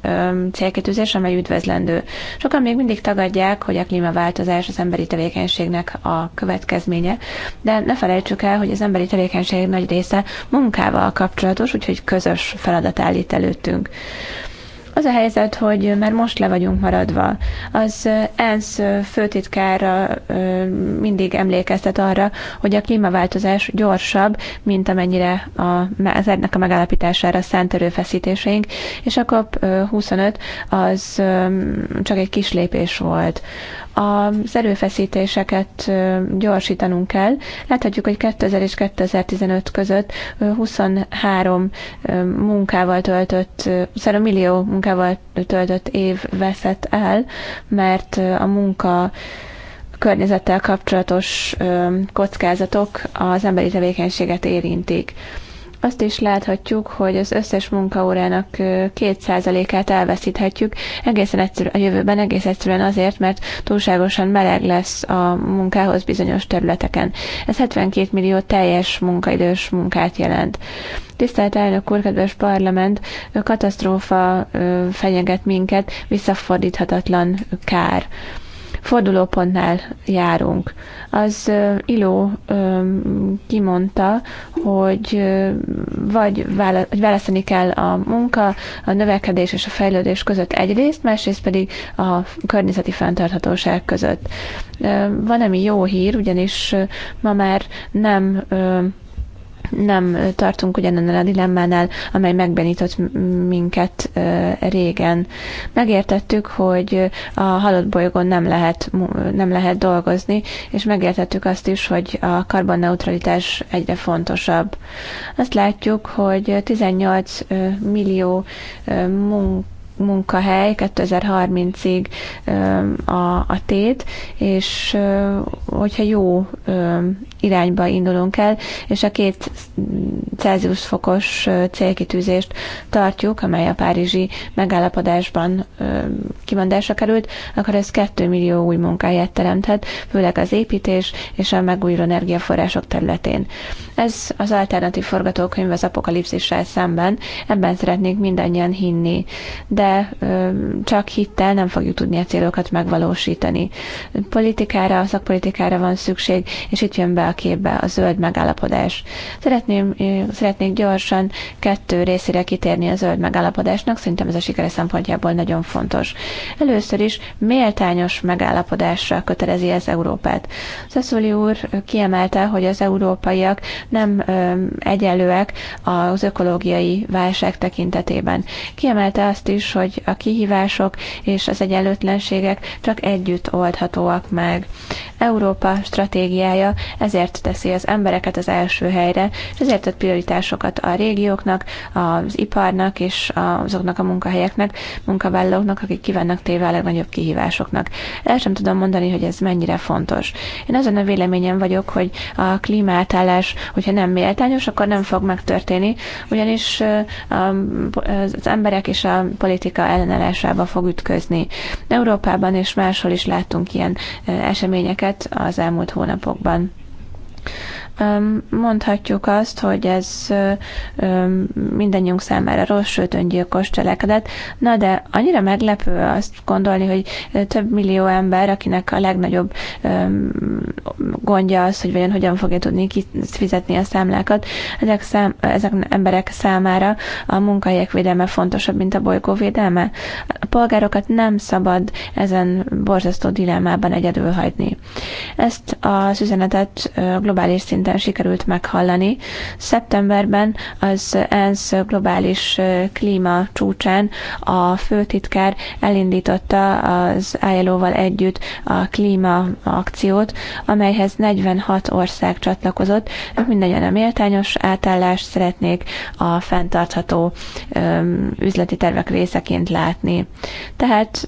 célkitűzés, amely üdvözlendő. Sokan még mindig tagadják, hogy a klímaváltozás az emberi tevékenységnek a következménye, de ne felejtsük el, hogy az emberi tevékenység nagy része munkával kapcsolatos, úgyhogy közös feladat állít előttünk. Az a helyzet, hogy már most le vagyunk maradva. Az ENSZ főtitkára mindig emlékeztet arra, hogy a klímaváltozás gyorsabb, mint amennyire a, az ennek a megállapítására szánt erőfeszítéseink, és a COP25 az csak egy kis lépés volt az erőfeszítéseket gyorsítanunk kell. Láthatjuk, hogy 2000 és 2015 között 23 munkával töltött, 20 szóval millió munkával töltött év veszett el, mert a munka környezettel kapcsolatos kockázatok az emberi tevékenységet érintik azt is láthatjuk, hogy az összes munkaórának 2%-át elveszíthetjük egészen egyszerűen, a jövőben egész egyszerűen azért, mert túlságosan meleg lesz a munkához bizonyos területeken. Ez 72 millió teljes munkaidős munkát jelent. Tisztelt elnök úr, kedves parlament, katasztrófa fenyeget minket, visszafordíthatatlan kár fordulópontnál járunk. Az Iló kimondta, hogy vagy választani kell a munka, a növekedés és a fejlődés között egyrészt, másrészt pedig a környezeti fenntarthatóság között. Van ami jó hír, ugyanis ma már nem nem tartunk ugyanannál a dilemmánál, amely megbenított minket régen. Megértettük, hogy a halott bolygón nem lehet, nem lehet dolgozni, és megértettük azt is, hogy a karbonneutralitás egyre fontosabb. Azt látjuk, hogy 18 millió munka munkahely 2030-ig a, a tét, és hogyha jó irányba indulunk el, és a két Celsius fokos célkitűzést tartjuk, amely a párizsi megállapodásban kimondásra került, akkor ez 2 millió új munkáját teremthet, főleg az építés és a megújuló energiaforrások területén. Ez az alternatív forgatókönyv az apokalipszissel szemben, ebben szeretnénk mindannyian hinni. De csak hittel nem fogjuk tudni a célokat megvalósítani. Politikára, szakpolitikára van szükség, és itt jön be a képbe a zöld megállapodás. Szeretném, szeretnék gyorsan kettő részére kitérni a zöld megállapodásnak, szerintem ez a sikere szempontjából nagyon fontos. Először is méltányos megállapodásra kötelezi ez Európát. Szeszuli úr kiemelte, hogy az európaiak nem egyenlőek az ökológiai válság tekintetében. Kiemelte azt is, hogy a kihívások és az egyenlőtlenségek csak együtt oldhatóak meg. Európa stratégiája ezért teszi az embereket az első helyre, és ezért ad prioritásokat a régióknak, az iparnak és azoknak a munkahelyeknek, munkavállalóknak, akik kivannak téve a legnagyobb kihívásoknak. El sem tudom mondani, hogy ez mennyire fontos. Én azon a véleményen vagyok, hogy a klímátállás, hogyha nem méltányos, akkor nem fog megtörténni, ugyanis az emberek és a politikai politika ellenállásába fog ütközni. Európában és máshol is láttunk ilyen eseményeket az elmúlt hónapokban. Mondhatjuk azt, hogy ez mindannyiunk számára rossz, sőt öngyilkos cselekedet. Na de annyira meglepő azt gondolni, hogy több millió ember, akinek a legnagyobb gondja az, hogy vajon hogyan fogja tudni fizetni a számlákat, ezek, szám, ezek emberek számára a munkahelyek védelme fontosabb, mint a bolygó védelme. A polgárokat nem szabad ezen borzasztó dilemmában egyedül hagyni. Ezt az üzenetet globális szinten szinten sikerült meghallani. Szeptemberben az ENSZ globális klíma csúcsán a főtitkár elindította az ILO-val együtt a klíma akciót, amelyhez 46 ország csatlakozott. Ők mindegyen a méltányos átállást szeretnék a fenntartható üzleti tervek részeként látni. Tehát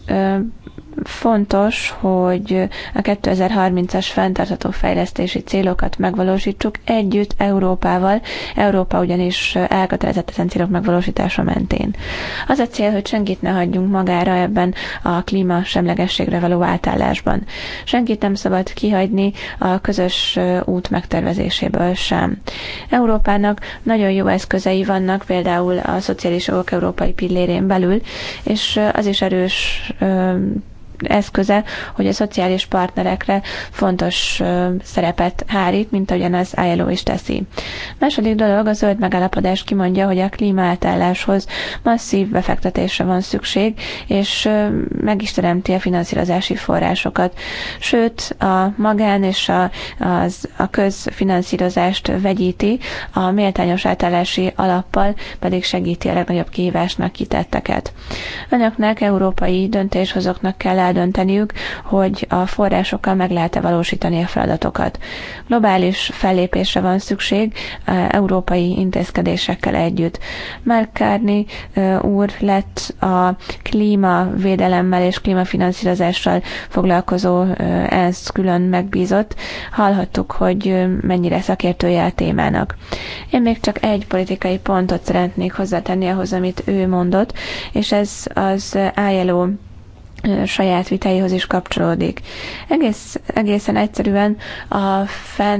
fontos, hogy a 2030-as fenntartható fejlesztési célokat megvalósítsuk együtt Európával, Európa ugyanis elkötelezett ezen célok megvalósítása mentén. Az a cél, hogy senkit ne hagyjunk magára ebben a klíma semlegességre való átállásban. Senkit nem szabad kihagyni a közös út megtervezéséből sem. Európának nagyon jó eszközei vannak, például a szociális jogok európai pillérén belül, és az is erős eszköze, hogy a szociális partnerekre fontos szerepet hárít, mint ahogyan az ILO is teszi. Második dolog, a zöld megállapodás kimondja, hogy a klímaátálláshoz masszív befektetésre van szükség, és meg is teremti a finanszírozási forrásokat. Sőt, a magán és a, az, a közfinanszírozást vegyíti, a méltányos átállási alappal pedig segíti a legnagyobb kihívásnak kitetteket. Önöknek, európai döntéshozóknak kell eldönteniük, hogy a forrásokkal meg lehet-e valósítani a feladatokat. Globális fellépésre van szükség európai intézkedésekkel együtt. Mark Carney úr lett a klímavédelemmel és klímafinanszírozással foglalkozó ENSZ külön megbízott. Hallhattuk, hogy mennyire szakértője a témának. Én még csak egy politikai pontot szeretnék hozzátenni ahhoz, amit ő mondott, és ez az ILO saját vitáihoz is kapcsolódik. Egész, egészen egyszerűen a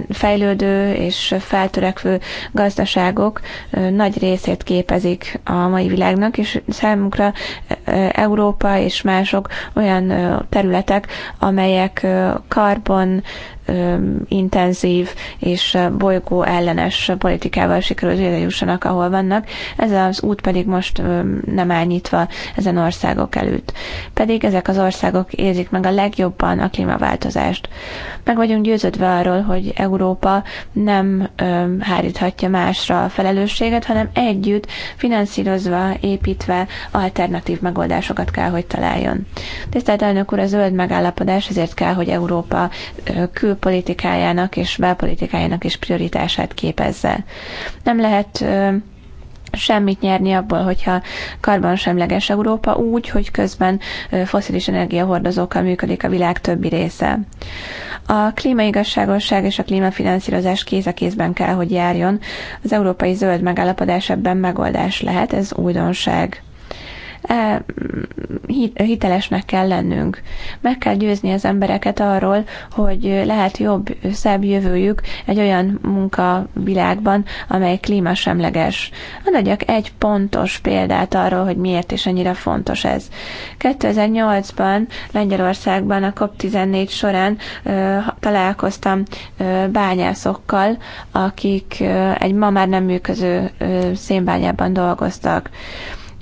fejlődő és feltörekvő gazdaságok nagy részét képezik a mai világnak, és számunkra Európa és mások olyan területek, amelyek karbon intenzív és bolygó ellenes politikával sikerült ide jussanak, ahol vannak. Ez az út pedig most nem áll nyitva ezen országok előtt. Pedig ezek az országok érzik meg a legjobban a klímaváltozást. Meg vagyunk győződve arról, hogy Európa nem háríthatja másra a felelősséget, hanem együtt finanszírozva, építve alternatív megoldásokat kell, hogy találjon. Tisztelt elnök úr, a zöld megállapodás ezért kell, hogy Európa kül külpolitikájának és belpolitikájának is prioritását képezze. Nem lehet semmit nyerni abból, hogyha karbonsemleges Európa úgy, hogy közben foszilis energiahordozókkal működik a világ többi része. A klímaigazságosság és a klímafinanszírozás kéz a kézben kell, hogy járjon. Az európai zöld megállapodás ebben megoldás lehet, ez újdonság. E, hitelesnek kell lennünk. Meg kell győzni az embereket arról, hogy lehet jobb, szebb jövőjük egy olyan munkavilágban, amely klímasemleges. Ad adjak egy pontos példát arról, hogy miért is ennyire fontos ez. 2008-ban Lengyelországban a COP14 során ö, találkoztam ö, bányászokkal, akik ö, egy ma már nem működő ö, szénbányában dolgoztak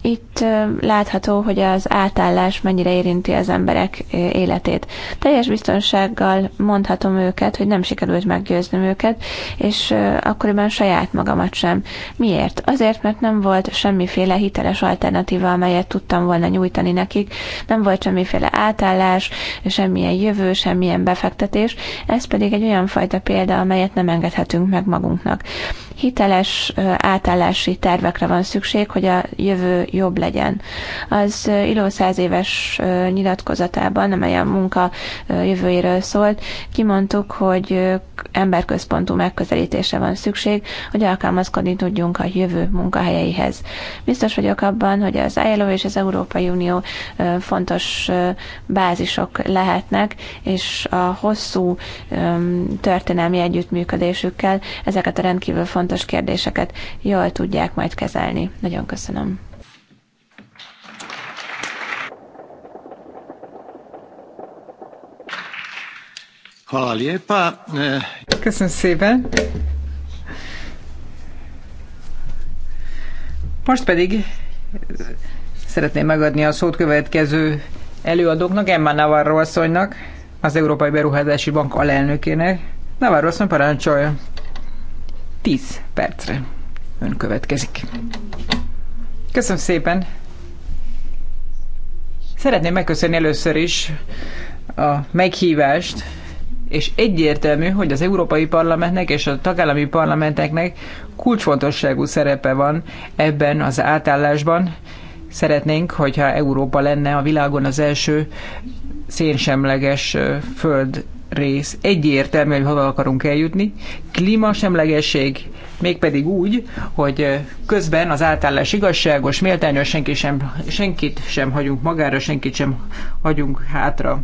itt látható, hogy az átállás mennyire érinti az emberek életét. Teljes biztonsággal mondhatom őket, hogy nem sikerült meggyőznöm őket, és akkoriban saját magamat sem. Miért? Azért, mert nem volt semmiféle hiteles alternatíva, amelyet tudtam volna nyújtani nekik, nem volt semmiféle átállás, semmilyen jövő, semmilyen befektetés, ez pedig egy olyan fajta példa, amelyet nem engedhetünk meg magunknak. Hiteles átállási tervekre van szükség, hogy a jövő jobb legyen. Az Iló száz éves nyilatkozatában, amely a munka jövőjéről szólt, kimondtuk, hogy emberközpontú megközelítése van szükség, hogy alkalmazkodni tudjunk a jövő munkahelyeihez. Biztos vagyok abban, hogy az ILO és az Európai Unió fontos bázisok lehetnek, és a hosszú történelmi együttműködésükkel ezeket a rendkívül fontos fontos kérdéseket jól tudják majd kezelni. Nagyon köszönöm. Köszönöm szépen. Most pedig szeretném megadni a szót következő előadóknak, Emma Navarro asszonynak, az Európai Beruházási Bank alelnökének. Navarro asszony parancsolja. 10 percre. Ön következik. Köszönöm szépen. Szeretném megköszönni először is a meghívást, és egyértelmű, hogy az Európai Parlamentnek és a tagállami parlamenteknek kulcsfontosságú szerepe van ebben az átállásban. Szeretnénk, hogyha Európa lenne a világon az első szénsemleges föld rész egyértelmű, hogy hova akarunk eljutni. Klímasemlegesség, mégpedig úgy, hogy közben az átállás igazságos, méltányos, senki sem, senkit sem hagyunk magára, senkit sem hagyunk hátra.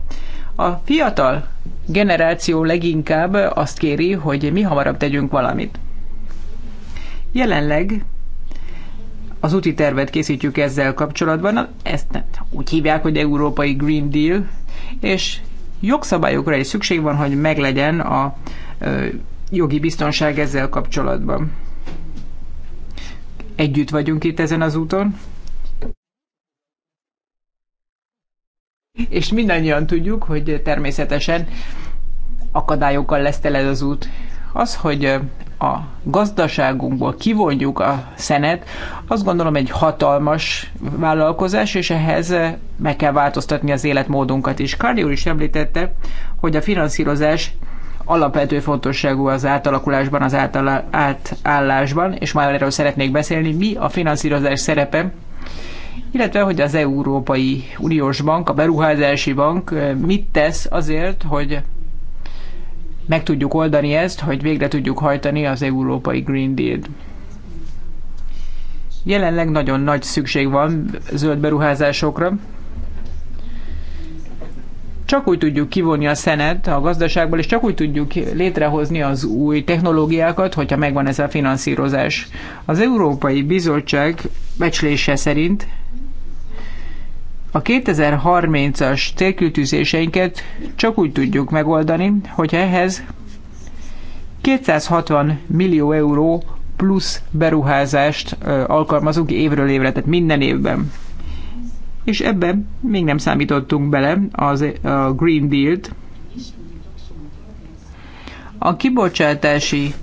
A fiatal generáció leginkább azt kéri, hogy mi hamarabb tegyünk valamit. Jelenleg az úti tervet készítjük ezzel kapcsolatban, ezt úgy hívják, hogy Európai Green Deal, és jogszabályokra is szükség van, hogy meglegyen a jogi biztonság ezzel kapcsolatban. Együtt vagyunk itt ezen az úton. És mindannyian tudjuk, hogy természetesen akadályokkal lesz tele az út. Az, hogy a gazdaságunkból kivonjuk a szenet, azt gondolom egy hatalmas vállalkozás, és ehhez meg kell változtatni az életmódunkat is. Kardi úr is említette, hogy a finanszírozás alapvető fontosságú az átalakulásban, az átala, átállásban, és már erről szeretnék beszélni, mi a finanszírozás szerepe, illetve hogy az Európai Uniós Bank, a Beruházási Bank mit tesz azért, hogy meg tudjuk oldani ezt, hogy végre tudjuk hajtani az európai Green Deal-t. Jelenleg nagyon nagy szükség van zöld beruházásokra. Csak úgy tudjuk kivonni a szenet a gazdaságból, és csak úgy tudjuk létrehozni az új technológiákat, hogyha megvan ez a finanszírozás. Az Európai Bizottság becslése szerint a 2030-as célkültűzéseinket csak úgy tudjuk megoldani, hogy ehhez 260 millió euró plusz beruházást alkalmazunk évről évre, tehát minden évben. És ebbe még nem számítottunk bele az, a Green Deal-t. A kibocsátási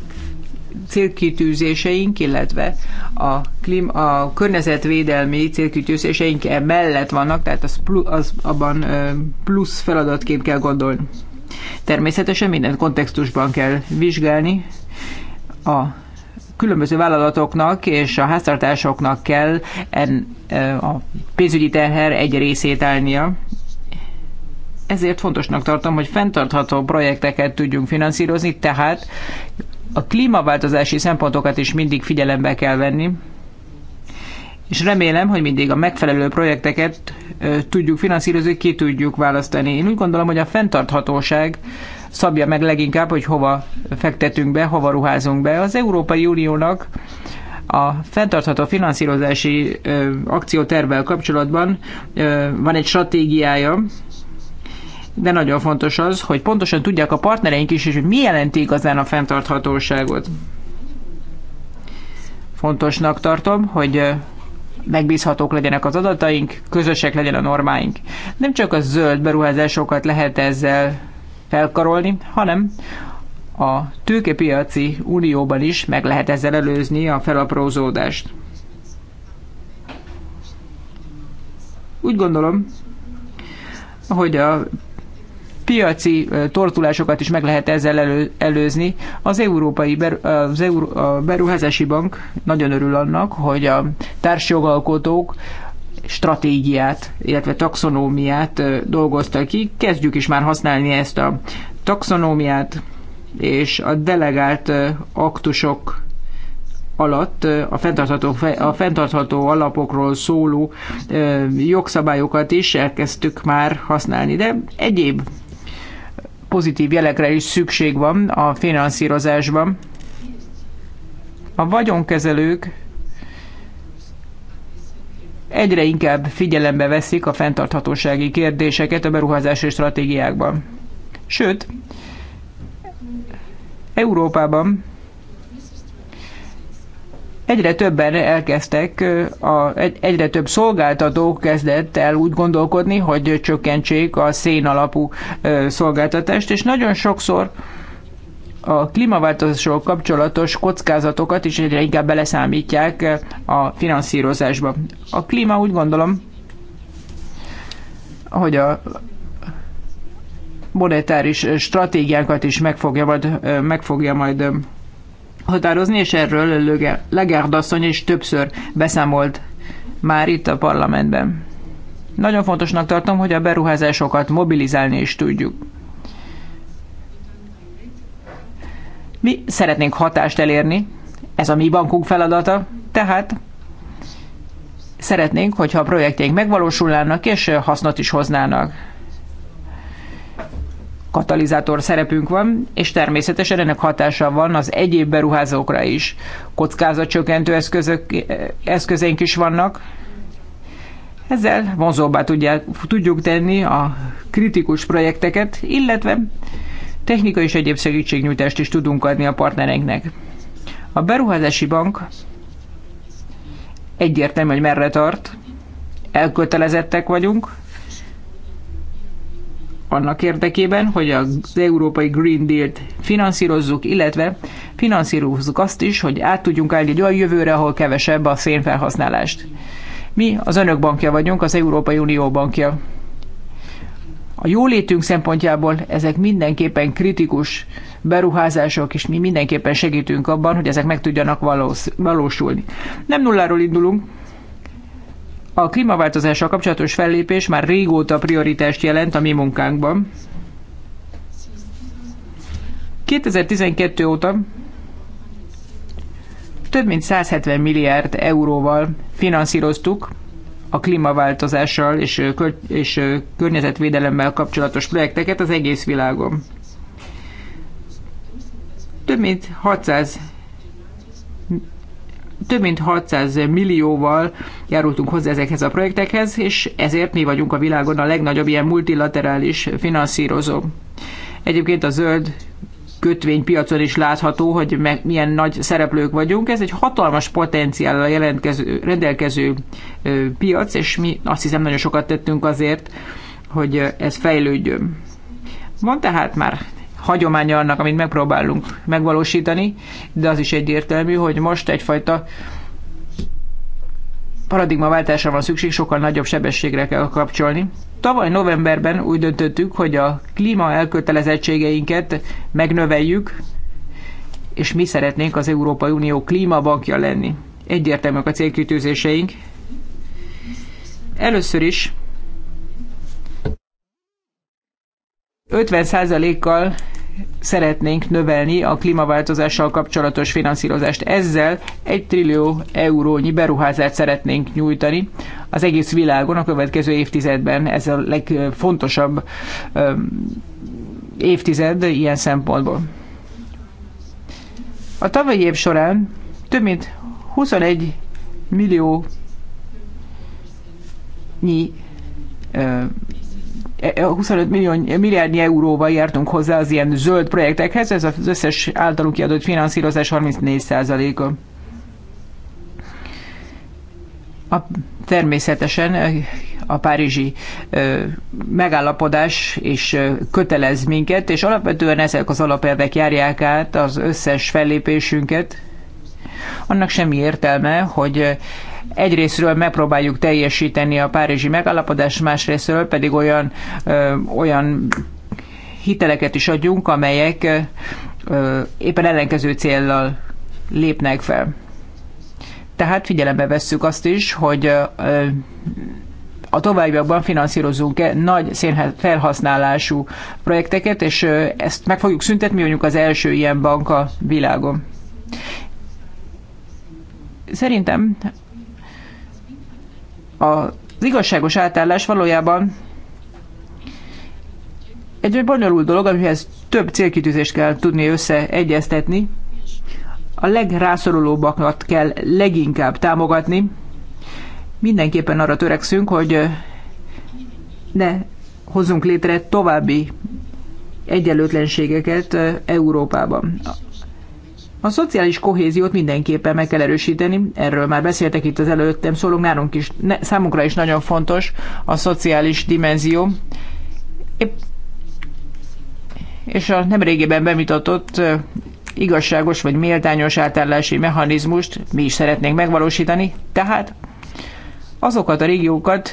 célkitűzéseink, illetve a, klím, a környezetvédelmi célkitűzéseink e mellett vannak, tehát az, plusz, az abban plusz feladatként kell gondolni. Természetesen minden kontextusban kell vizsgálni a különböző vállalatoknak és a háztartásoknak kell en, a pénzügyi teher egy részét állnia. Ezért fontosnak tartom, hogy fenntartható projekteket tudjunk finanszírozni, tehát a klímaváltozási szempontokat is mindig figyelembe kell venni, és remélem, hogy mindig a megfelelő projekteket ö, tudjuk finanszírozni, ki tudjuk választani. Én úgy gondolom, hogy a fenntarthatóság szabja meg leginkább, hogy hova fektetünk be, hova ruházunk be. Az Európai Uniónak a fenntartható finanszírozási ö, akciótervvel kapcsolatban ö, van egy stratégiája, de nagyon fontos az, hogy pontosan tudják a partnereink is, és hogy mi jelenti igazán a fenntarthatóságot. Fontosnak tartom, hogy megbízhatók legyenek az adataink, közösek legyen a normáink. Nem csak a zöld beruházásokat lehet ezzel felkarolni, hanem a tőkepiaci unióban is meg lehet ezzel előzni a felaprózódást. Úgy gondolom, hogy a piaci tortulásokat is meg lehet ezzel elő, előzni. Az Európai Beru, az Euró, a Beruházási Bank nagyon örül annak, hogy a társjogalkotók stratégiát, illetve taxonómiát dolgoztak ki. Kezdjük is már használni ezt a taxonómiát, és a delegált aktusok alatt a fenntartható, a fenntartható alapokról szóló jogszabályokat is elkezdtük már használni, de egyéb pozitív jelekre is szükség van a finanszírozásban. A vagyonkezelők egyre inkább figyelembe veszik a fenntarthatósági kérdéseket a beruházási stratégiákban. Sőt, Európában Egyre többen elkezdtek, a, egyre több szolgáltató kezdett el úgy gondolkodni, hogy csökkentsék a szén alapú szolgáltatást, és nagyon sokszor a klímaváltozással kapcsolatos kockázatokat is egyre inkább beleszámítják a finanszírozásba. A klíma úgy gondolom, hogy a monetáris stratégiákat is meg fogja majd, meg fogja majd határozni, és erről Legerd asszony is többször beszámolt már itt a parlamentben. Nagyon fontosnak tartom, hogy a beruházásokat mobilizálni is tudjuk. Mi szeretnénk hatást elérni, ez a mi bankunk feladata, tehát szeretnénk, hogyha a projektjeink megvalósulnának és hasznot is hoznának katalizátor szerepünk van, és természetesen ennek hatása van az egyéb beruházókra is. Kockázatcsökkentő eszközök, eszközeink is vannak. Ezzel vonzóbbá tudják, tudjuk tenni a kritikus projekteket, illetve technikai és egyéb segítségnyújtást is tudunk adni a partnereinknek. A beruházási bank egyértelmű, hogy merre tart, elkötelezettek vagyunk, annak érdekében, hogy az európai Green Deal-t finanszírozzuk, illetve finanszírozzuk azt is, hogy át tudjunk állni egy olyan jövőre, ahol kevesebb a szénfelhasználást. Mi az önök bankja vagyunk, az Európai Unió bankja. A jólétünk szempontjából ezek mindenképpen kritikus beruházások, és mi mindenképpen segítünk abban, hogy ezek meg tudjanak valós, valósulni. Nem nulláról indulunk, a klímaváltozással kapcsolatos fellépés már régóta prioritást jelent a mi munkánkban. 2012 óta több mint 170 milliárd euróval finanszíroztuk a klímaváltozással és, és környezetvédelemmel kapcsolatos projekteket az egész világon. Több mint 600 több mint 600 millióval járultunk hozzá ezekhez a projektekhez, és ezért mi vagyunk a világon a legnagyobb ilyen multilaterális finanszírozó. Egyébként a zöld kötvénypiacon is látható, hogy milyen nagy szereplők vagyunk. Ez egy hatalmas potenciállal jelentkező, rendelkező ö, piac, és mi azt hiszem nagyon sokat tettünk azért, hogy ez fejlődjön. Van tehát már hagyománya annak, amit megpróbálunk megvalósítani, de az is egyértelmű, hogy most egyfajta paradigmaváltásra van szükség, sokkal nagyobb sebességre kell kapcsolni. Tavaly novemberben úgy döntöttük, hogy a klíma elkötelezettségeinket megnöveljük, és mi szeretnénk az Európai Unió klímabankja lenni. Egyértelműek a célkütőzéseink. Először is 50%-kal szeretnénk növelni a klímaváltozással kapcsolatos finanszírozást. Ezzel egy trillió eurónyi beruházást szeretnénk nyújtani az egész világon a következő évtizedben. Ez a legfontosabb évtized ilyen szempontból. A tavalyi év során több mint 21 millió nyi 25 millió, milliárdnyi euróval jártunk hozzá az ilyen zöld projektekhez, ez az összes általunk kiadott finanszírozás 34%-a. A, természetesen eh, a párizsi ö, eh, megállapodás és ö, eh, kötelez minket, és alapvetően ezek az alapelvek járják át az összes fellépésünket. Annak semmi értelme, hogy egyrésztről megpróbáljuk teljesíteni a párizsi megállapodást, másrésztről pedig olyan, olyan hiteleket is adjunk, amelyek éppen ellenkező céllal lépnek fel. Tehát figyelembe vesszük azt is, hogy a továbbiakban finanszírozunk-e nagy felhasználású projekteket, és ezt meg fogjuk szüntetni, mi vagyunk az első ilyen bank a világon. Szerintem az igazságos átállás valójában egy olyan bonyolult dolog, amihez több célkitűzést kell tudni összeegyeztetni. A legrászorulóbbakat kell leginkább támogatni. Mindenképpen arra törekszünk, hogy ne hozzunk létre további egyenlőtlenségeket Európában. A szociális kohéziót mindenképpen meg kell erősíteni, erről már beszéltek itt az előttem szólók, nálunk is, ne, számunkra is nagyon fontos a szociális dimenzió. Épp, és a nemrégiben bemutatott igazságos vagy méltányos átállási mechanizmust mi is szeretnénk megvalósítani, tehát azokat a régiókat,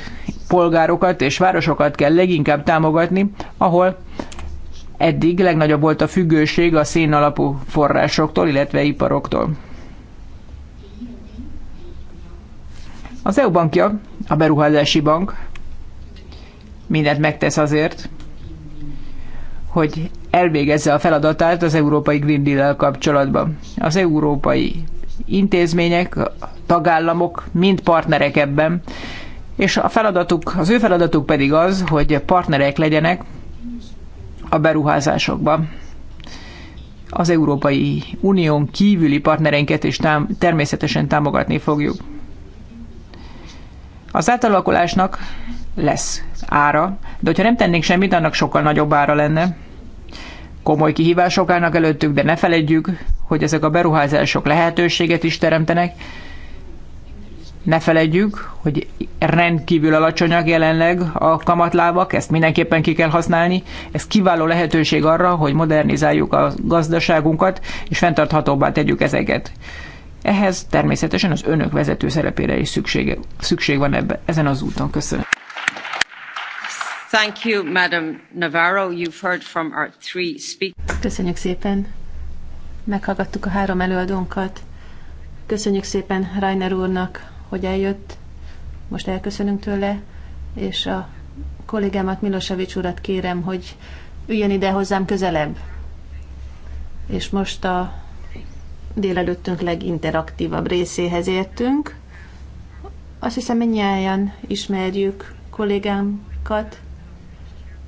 polgárokat és városokat kell leginkább támogatni, ahol Eddig legnagyobb volt a függőség a szén alapú forrásoktól, illetve iparoktól. Az EU bankja, a beruházási bank mindent megtesz azért, hogy elvégezze a feladatát az Európai Green Deal-el kapcsolatban. Az európai intézmények, tagállamok mind partnerek ebben, és a feladatuk, az ő feladatuk pedig az, hogy partnerek legyenek a beruházásokba. Az Európai Unión kívüli partnereinket is tám- természetesen támogatni fogjuk. Az átalakulásnak lesz ára, de hogyha nem tennénk semmit, annak sokkal nagyobb ára lenne. Komoly kihívások állnak előttük, de ne feledjük, hogy ezek a beruházások lehetőséget is teremtenek, ne felejtjük, hogy rendkívül alacsonyak jelenleg a kamatlábak, ezt mindenképpen ki kell használni. Ez kiváló lehetőség arra, hogy modernizáljuk a gazdaságunkat, és fenntarthatóbbá tegyük ezeket. Ehhez természetesen az önök vezető szerepére is szüksége, szükség van ebbe, ezen az úton. Köszönöm. Thank you, Madam Navarro. You've heard from our three speakers. Köszönjük szépen. Meghallgattuk a három előadónkat. Köszönjük szépen Rainer úrnak, hogy eljött. Most elköszönünk tőle, és a kollégámat, Milosevic urat kérem, hogy üljön ide hozzám közelebb. És most a délelőttünk leginteraktívabb részéhez értünk. Azt hiszem, mindnyáján ismerjük kollégámkat.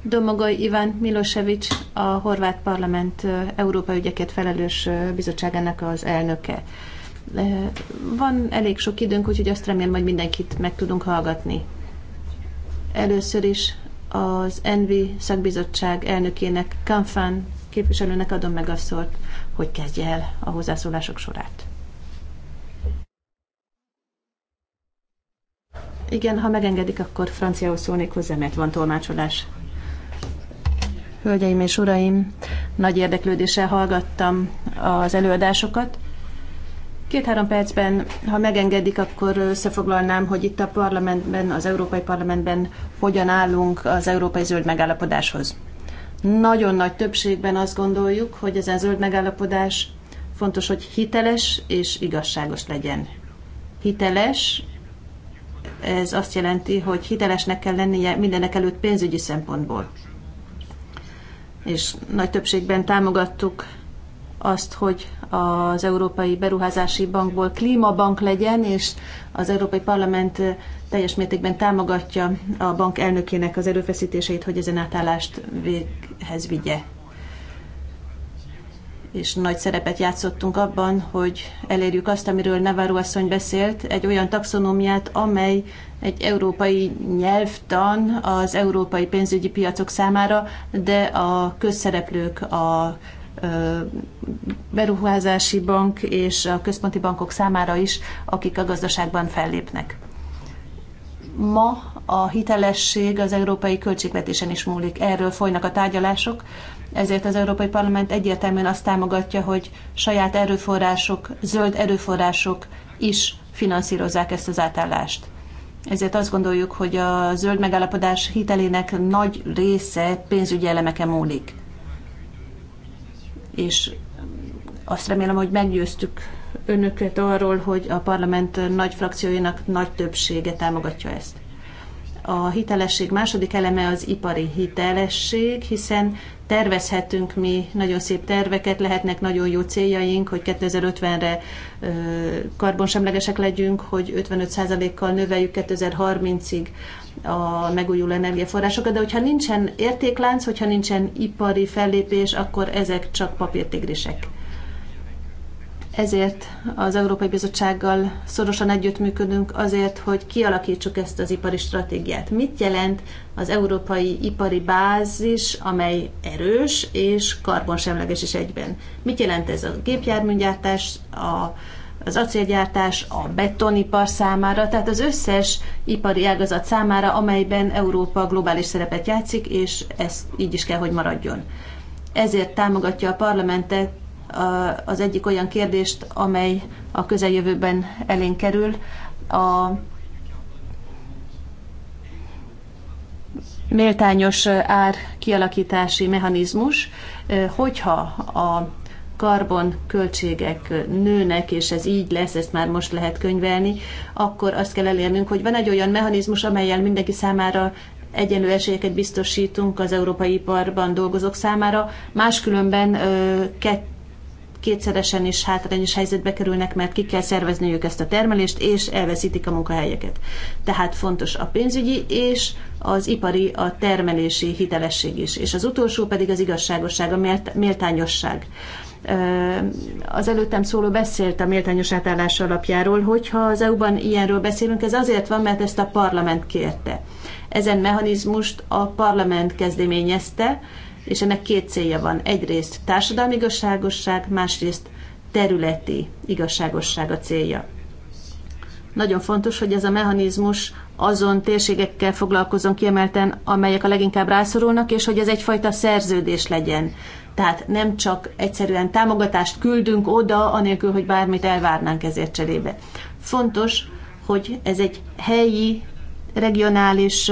Domogoj Iván Milosevic, a Horvát Parlament Európa ügyeket felelős bizottságának az elnöke. Van elég sok időnk, úgyhogy azt remélem, hogy mindenkit meg tudunk hallgatni. Először is az Envi szakbizottság elnökének, Kanfán képviselőnek adom meg a szót, hogy kezdje el a hozzászólások sorát. Igen, ha megengedik, akkor franciául szólnék hozzá, mert van tolmácsolás. Hölgyeim és uraim, nagy érdeklődéssel hallgattam az előadásokat, Két-három percben, ha megengedik, akkor összefoglalnám, hogy itt a parlamentben, az Európai Parlamentben hogyan állunk az Európai Zöld Megállapodáshoz. Nagyon nagy többségben azt gondoljuk, hogy ezen zöld megállapodás fontos, hogy hiteles és igazságos legyen. Hiteles, ez azt jelenti, hogy hitelesnek kell lennie mindenek előtt pénzügyi szempontból. És nagy többségben támogattuk azt, hogy az Európai Beruházási Bankból klímabank legyen, és az Európai Parlament eh, teljes mértékben támogatja a bank elnökének az erőfeszítéseit, hogy ezen átállást véghez vigye. És nagy szerepet játszottunk abban, hogy elérjük azt, amiről Navarro asszony beszélt, egy olyan taxonómiát, amely egy európai nyelvtan az európai pénzügyi piacok számára, de a közszereplők, a beruházási bank és a központi bankok számára is, akik a gazdaságban fellépnek. Ma a hitelesség az európai költségvetésen is múlik. Erről folynak a tárgyalások, ezért az Európai Parlament egyértelműen azt támogatja, hogy saját erőforrások, zöld erőforrások is finanszírozzák ezt az átállást. Ezért azt gondoljuk, hogy a zöld megállapodás hitelének nagy része pénzügyi elemeken múlik és azt remélem, hogy meggyőztük önöket arról, hogy a parlament nagy frakcióinak nagy többsége támogatja ezt. A hitelesség második eleme az ipari hitelesség, hiszen tervezhetünk mi nagyon szép terveket, lehetnek nagyon jó céljaink, hogy 2050-re karbonsemlegesek legyünk, hogy 55%-kal növeljük 2030-ig a megújuló energiaforrásokat, de hogyha nincsen értéklánc, hogyha nincsen ipari fellépés, akkor ezek csak papírtigrisek. Ezért az Európai Bizottsággal szorosan együttműködünk azért, hogy kialakítsuk ezt az ipari stratégiát. Mit jelent az európai ipari bázis, amely erős és karbonsemleges is egyben? Mit jelent ez a gépjárműgyártás, a az acélgyártás, a betonipar számára, tehát az összes ipari ágazat számára, amelyben Európa globális szerepet játszik, és ez így is kell, hogy maradjon. Ezért támogatja a parlamentet az egyik olyan kérdést, amely a közeljövőben elénk kerül, a méltányos ár kialakítási mechanizmus, hogyha a karbon költségek nőnek, és ez így lesz, ezt már most lehet könyvelni, akkor azt kell elérnünk, hogy van egy olyan mechanizmus, amelyel mindenki számára egyenlő esélyeket biztosítunk az európai iparban dolgozók számára, máskülönben kettő kétszeresen is hátrányos helyzetbe kerülnek, mert ki kell szervezniük ezt a termelést, és elveszítik a munkahelyeket. Tehát fontos a pénzügyi és az ipari, a termelési hitelesség is. És az utolsó pedig az igazságosság, a méltányosság az előttem szóló beszélt a méltányos átállás alapjáról, hogyha az EU-ban ilyenről beszélünk, ez azért van, mert ezt a parlament kérte. Ezen mechanizmust a parlament kezdeményezte, és ennek két célja van. Egyrészt társadalmi igazságosság, másrészt területi igazságosság a célja. Nagyon fontos, hogy ez a mechanizmus azon térségekkel foglalkozom kiemelten, amelyek a leginkább rászorulnak, és hogy ez egyfajta szerződés legyen. Tehát nem csak egyszerűen támogatást küldünk oda, anélkül, hogy bármit elvárnánk ezért cserébe. Fontos, hogy ez egy helyi, regionális,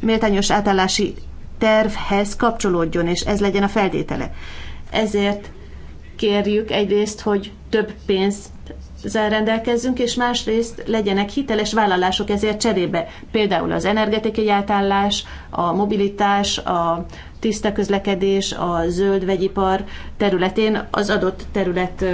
méltányos átállási tervhez kapcsolódjon, és ez legyen a feltétele. Ezért kérjük egyrészt, hogy több pénz rendelkezzünk, és másrészt legyenek hiteles vállalások ezért cserébe. Például az energetikai átállás, a mobilitás, a tiszta közlekedés, a zöld vegyipar területén az adott terület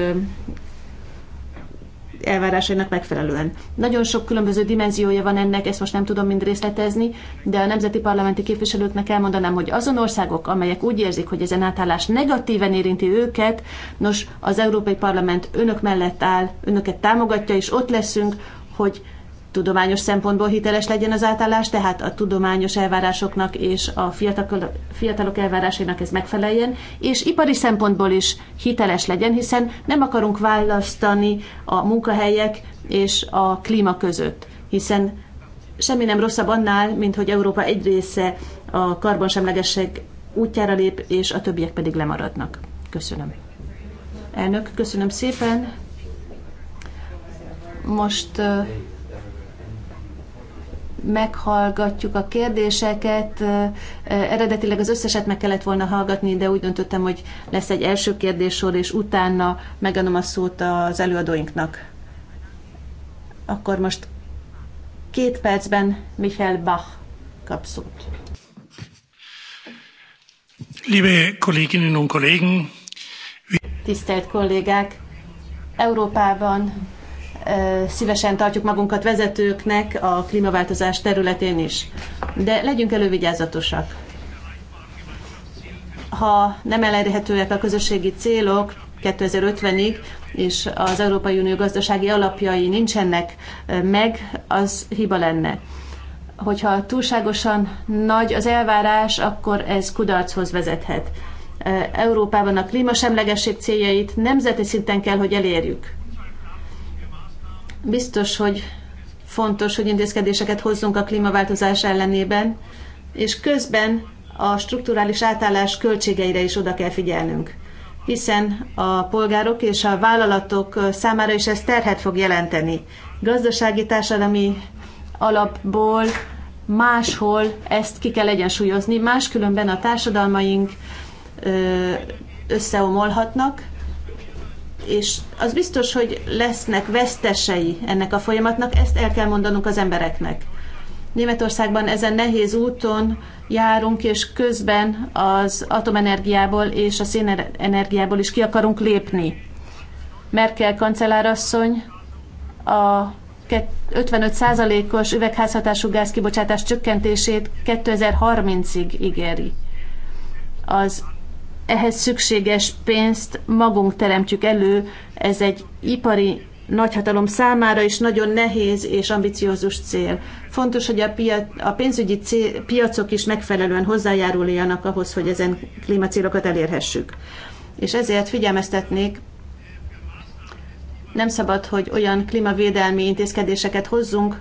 elvárásainak megfelelően. Nagyon sok különböző dimenziója van ennek, ezt most nem tudom mind részletezni, de a nemzeti parlamenti képviselőknek elmondanám, hogy azon országok, amelyek úgy érzik, hogy ezen átállás negatíven érinti őket, nos, az Európai Parlament önök mellett áll, önöket támogatja, és ott leszünk, hogy tudományos szempontból hiteles legyen az átállás, tehát a tudományos elvárásoknak és a fiatalok elvárásainak ez megfeleljen, és ipari szempontból is hiteles legyen, hiszen nem akarunk választani a munkahelyek és a klíma között, hiszen semmi nem rosszabb annál, mint hogy Európa egy része a karbonsemlegesség útjára lép, és a többiek pedig lemaradnak. Köszönöm. Elnök, köszönöm szépen. Most uh, meghallgatjuk a kérdéseket. Eredetileg az összeset meg kellett volna hallgatni, de úgy döntöttem, hogy lesz egy első kérdéssor, és utána megadom a szót az előadóinknak. Akkor most két percben Michael Bach kap szót. Liebe Kolleginnen und Kollegen, Tisztelt kollégák! Európában szívesen tartjuk magunkat vezetőknek a klímaváltozás területén is. De legyünk elővigyázatosak. Ha nem elérhetőek a közösségi célok 2050-ig, és az Európai Unió gazdasági alapjai nincsenek meg, az hiba lenne. Hogyha túlságosan nagy az elvárás, akkor ez kudarchoz vezethet. Európában a klímasemlegesség céljait nemzeti szinten kell, hogy elérjük Biztos, hogy fontos, hogy intézkedéseket hozzunk a klímaváltozás ellenében, és közben a strukturális átállás költségeire is oda kell figyelnünk, hiszen a polgárok és a vállalatok számára is ez terhet fog jelenteni. Gazdasági társadalmi alapból máshol ezt ki kell egyensúlyozni, máskülönben a társadalmaink összeomolhatnak, és az biztos, hogy lesznek vesztesei ennek a folyamatnak, ezt el kell mondanunk az embereknek. Németországban ezen nehéz úton járunk, és közben az atomenergiából és a szénenergiából is ki akarunk lépni. Merkel kancellárasszony a 55%-os üvegházhatású gázkibocsátás csökkentését 2030-ig ígéri. Az ehhez szükséges pénzt magunk teremtjük elő, ez egy ipari nagyhatalom számára is nagyon nehéz és ambiciózus cél. Fontos, hogy a, pia, a pénzügyi cél, piacok is megfelelően hozzájáruljanak ahhoz, hogy ezen klímacélokat elérhessük. És ezért figyelmeztetnék, nem szabad, hogy olyan klímavédelmi intézkedéseket hozzunk,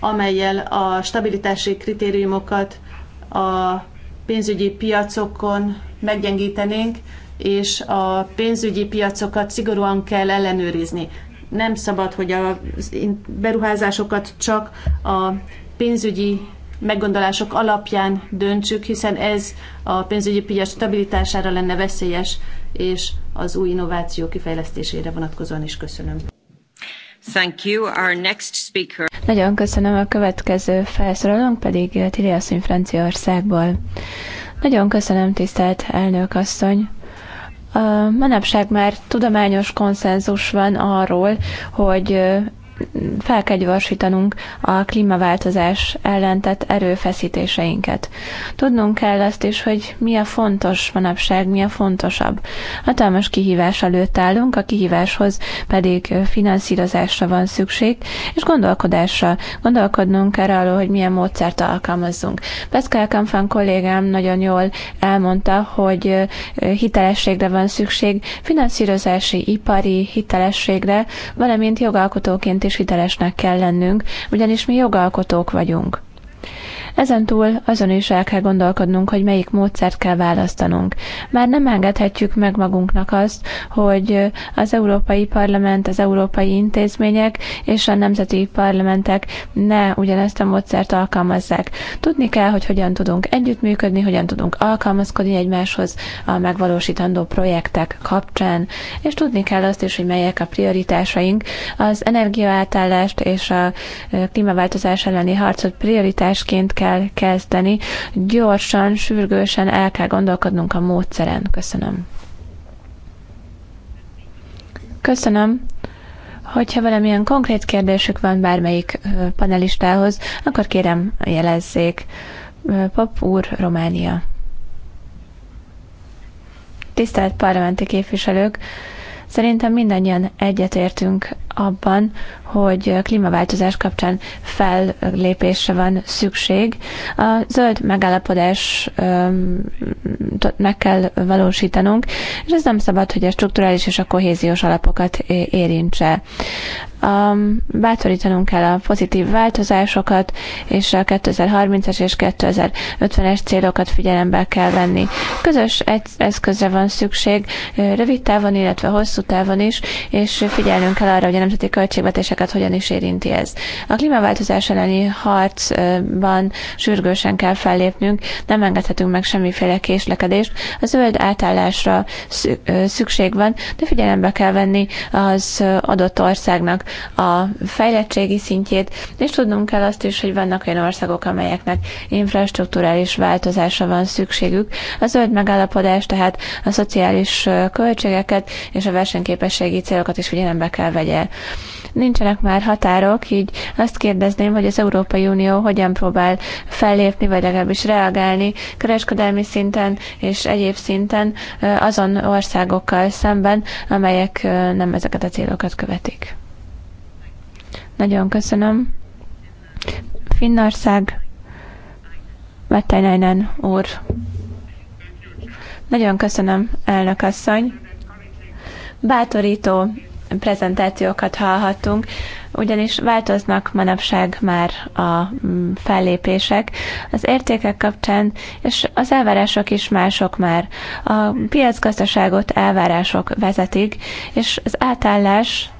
amelyel a stabilitási kritériumokat, a pénzügyi piacokon meggyengítenénk, és a pénzügyi piacokat szigorúan kell ellenőrizni. Nem szabad, hogy a beruházásokat csak a pénzügyi meggondolások alapján döntsük, hiszen ez a pénzügyi piac stabilitására lenne veszélyes, és az új innováció kifejlesztésére vonatkozóan is köszönöm. Thank you. Our next speaker. Nagyon köszönöm a következő felszólalónk, pedig Tili asszony Franciaországból. Nagyon köszönöm, tisztelt elnök asszony. A manapság már tudományos konszenzus van arról, hogy fel kell gyorsítanunk a klímaváltozás ellentett erőfeszítéseinket. Tudnunk kell azt is, hogy mi a fontos manapság, mi a fontosabb. Hatalmas kihívás előtt állunk, a kihíváshoz pedig finanszírozásra van szükség, és gondolkodásra. Gondolkodnunk kell arról, hogy milyen módszert alkalmazzunk. Pascal Kamfan kollégám nagyon jól elmondta, hogy hitelességre van szükség, finanszírozási, ipari hitelességre, valamint jogalkotóként és hitelesnek kell lennünk, ugyanis mi jogalkotók vagyunk. Ezentúl azon is el kell gondolkodnunk, hogy melyik módszert kell választanunk. Már nem engedhetjük meg magunknak azt, hogy az Európai Parlament, az európai intézmények és a nemzeti parlamentek ne ugyanezt a módszert alkalmazzák. Tudni kell, hogy hogyan tudunk együttműködni, hogyan tudunk alkalmazkodni egymáshoz a megvalósítandó projektek kapcsán, és tudni kell azt is, hogy melyek a prioritásaink. Az energiaátállást és a klímaváltozás elleni harcot prioritás prioritásként kell kezdeni. Gyorsan, sürgősen el kell gondolkodnunk a módszeren. Köszönöm. Köszönöm. Hogyha valamilyen konkrét kérdésük van bármelyik panelistához, akkor kérem jelezzék. Pap úr, Románia. Tisztelt parlamenti képviselők! Szerintem mindannyian egyetértünk abban, hogy klímaváltozás kapcsán fellépésre van szükség. A zöld megállapodás meg kell valósítanunk, és ez nem szabad, hogy a strukturális és a kohéziós alapokat érintse. Um, bátorítanunk kell a pozitív változásokat, és a 2030 es és 2050-es célokat figyelembe kell venni. Közös eszközre van szükség, rövid távon, illetve hosszú távon is, és figyelnünk kell arra, hogy a nemzeti költségvetéseket hogyan is érinti ez. A klímaváltozás elleni harcban sürgősen kell fellépnünk, nem engedhetünk meg semmiféle késlekedést. A zöld átállásra szükség van, de figyelembe kell venni az adott országnak a fejlettségi szintjét, és tudnunk kell azt is, hogy vannak olyan országok, amelyeknek infrastruktúrális változásra van szükségük. A zöld megállapodás tehát a szociális költségeket és a versenyképességi célokat is figyelembe kell vegye. Nincsenek már határok, így azt kérdezném, hogy az Európai Unió hogyan próbál fellépni, vagy legalábbis reagálni kereskedelmi szinten és egyéb szinten azon országokkal szemben, amelyek nem ezeket a célokat követik. Nagyon köszönöm. Finnország, Metteinenen úr. Nagyon köszönöm, elnök asszony. Bátorító prezentációkat hallhattunk, ugyanis változnak manapság már a mm, fellépések az értékek kapcsán, és az elvárások is mások már. A piacgazdaságot elvárások vezetik, és az átállás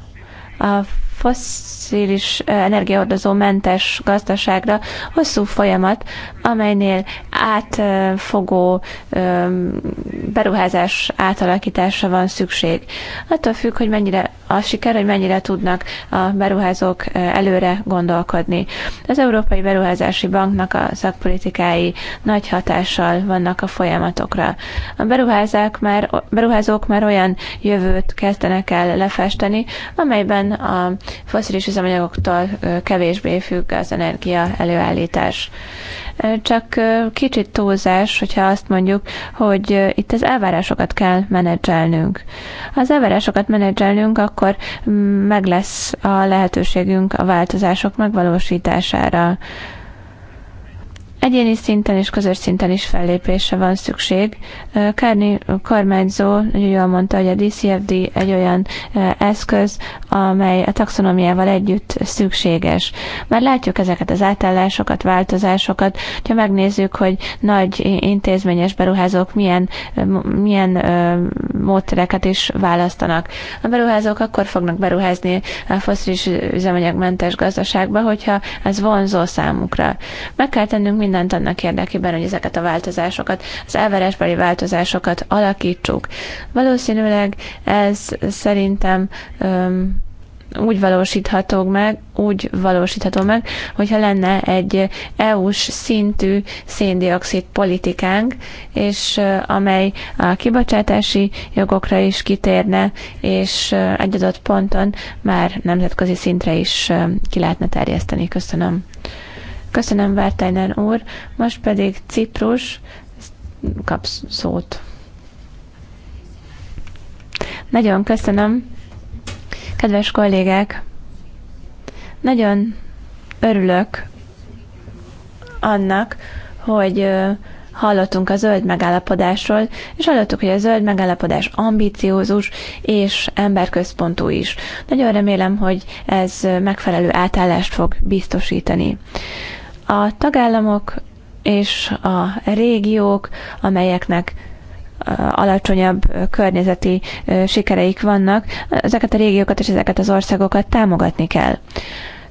a fosz fosszilis energiaordozó eh, mentes gazdaságra hosszú folyamat, amelynél átfogó eh, beruházás átalakítása van szükség. Attól függ, hogy mennyire a siker, hogy mennyire tudnak a beruházók eh, előre gondolkodni. Az Európai Beruházási Banknak a szakpolitikái nagy hatással vannak a folyamatokra. A beruházák már, beruházók már olyan jövőt kezdenek el lefesteni, amelyben a foszilis üzemanyagoktól kevésbé függ az energia előállítás. Csak kicsit túlzás, hogyha azt mondjuk, hogy itt az elvárásokat kell menedzselnünk. Ha az elvárásokat menedzselnünk, akkor mm, meg lesz a lehetőségünk a változások megvalósítására. Egyéni szinten és közös szinten is fellépésre van szükség. Kárni kormányzó nagyon jól mondta, hogy a DCFD egy olyan eszköz, amely a taxonomiával együtt szükséges. Már látjuk ezeket az átállásokat, változásokat. Ha megnézzük, hogy nagy intézményes beruházók milyen, milyen módszereket is választanak. A beruházók akkor fognak beruházni a foszilis üzemanyagmentes gazdaságba, hogyha ez vonzó számukra. Meg kell tennünk minden mindent annak érdekében, hogy ezeket a változásokat, az elvárásbeli változásokat alakítsuk. Valószínűleg ez szerintem öm, úgy valósítható meg, úgy valósítható meg, hogyha lenne egy EU-s szintű széndiokszid politikánk, és amely a kibocsátási jogokra is kitérne, és egy adott ponton már nemzetközi szintre is ki lehetne terjeszteni. Köszönöm. Köszönöm, Vártajnán úr. Most pedig Ciprus kapsz szót. Nagyon köszönöm. Kedves kollégák, nagyon örülök annak, hogy hallottunk a zöld megállapodásról, és hallottuk, hogy a zöld megállapodás ambiciózus és emberközpontú is. Nagyon remélem, hogy ez megfelelő átállást fog biztosítani. A tagállamok és a régiók, amelyeknek alacsonyabb környezeti sikereik vannak, ezeket a régiókat és ezeket az országokat támogatni kell.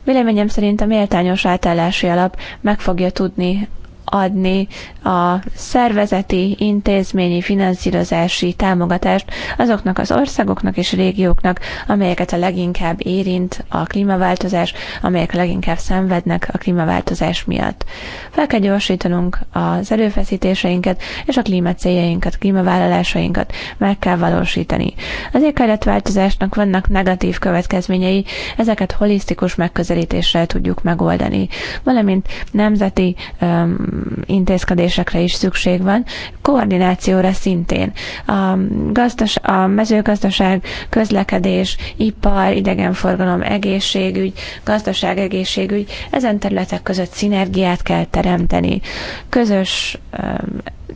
Véleményem szerint a méltányos átállási alap meg fogja tudni adni a szervezeti, intézményi, finanszírozási támogatást azoknak az országoknak és régióknak, amelyeket a leginkább érint a klímaváltozás, amelyek a leginkább szenvednek a klímaváltozás miatt. Fel kell gyorsítanunk az erőfeszítéseinket és a klímacéljainkat, klímavállalásainkat meg kell valósítani. Az éghajlatváltozásnak vannak negatív következményei, ezeket holisztikus megközelítéssel tudjuk megoldani, valamint nemzeti intézkedésekre is szükség van, koordinációra szintén. A, gazdas, a mezőgazdaság, közlekedés, ipar, idegenforgalom, egészségügy, gazdaság, egészségügy, ezen területek között szinergiát kell teremteni. Közös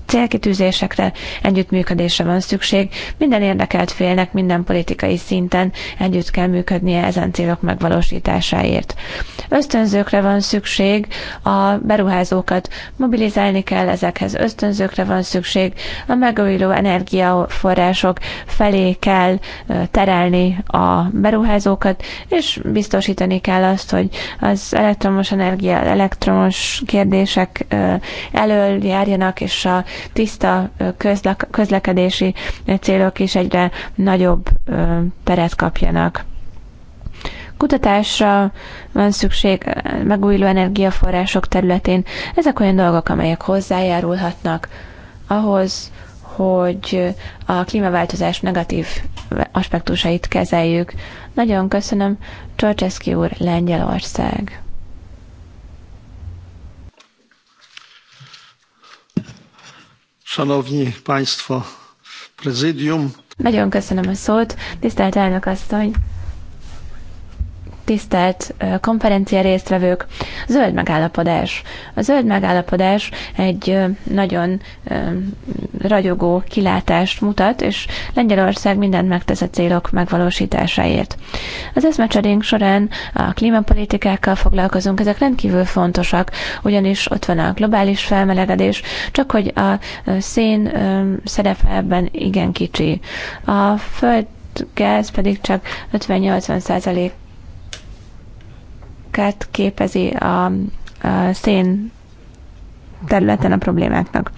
célkitűzésekre, együttműködésre van szükség. Minden érdekelt félnek, minden politikai szinten együtt kell működnie ezen célok megvalósításáért. Ösztönzőkre van szükség, a beruházókat mobilizálni kell, ezekhez ösztönzőkre van szükség, a megújuló energiaforrások felé kell terelni a beruházókat, és biztosítani kell azt, hogy az elektromos energia, elektromos kérdések elől járjanak, és a tiszta közlekedési célok is egyre nagyobb teret kapjanak. Kutatásra van szükség megújuló energiaforrások területén. Ezek olyan dolgok, amelyek hozzájárulhatnak ahhoz, hogy a klímaváltozás negatív aspektusait kezeljük. Nagyon köszönöm, Csorcseszki úr, Lengyelország. Szanowni Prezidium. Nagyon köszönöm a szót, tisztelt elnök asszony, Tisztelt konferencia résztvevők, zöld megállapodás. A zöld megállapodás egy nagyon ragyogó kilátást mutat, és Lengyelország mindent megtesz a célok megvalósításáért. Az eszmecserénk során a klímapolitikákkal foglalkozunk, ezek rendkívül fontosak, ugyanis ott van a globális felmelegedés, csak hogy a szén szerepe ebben igen kicsi. A föld gáz pedig csak 50-80 százalék képezi a, a szén területen a problémáknak.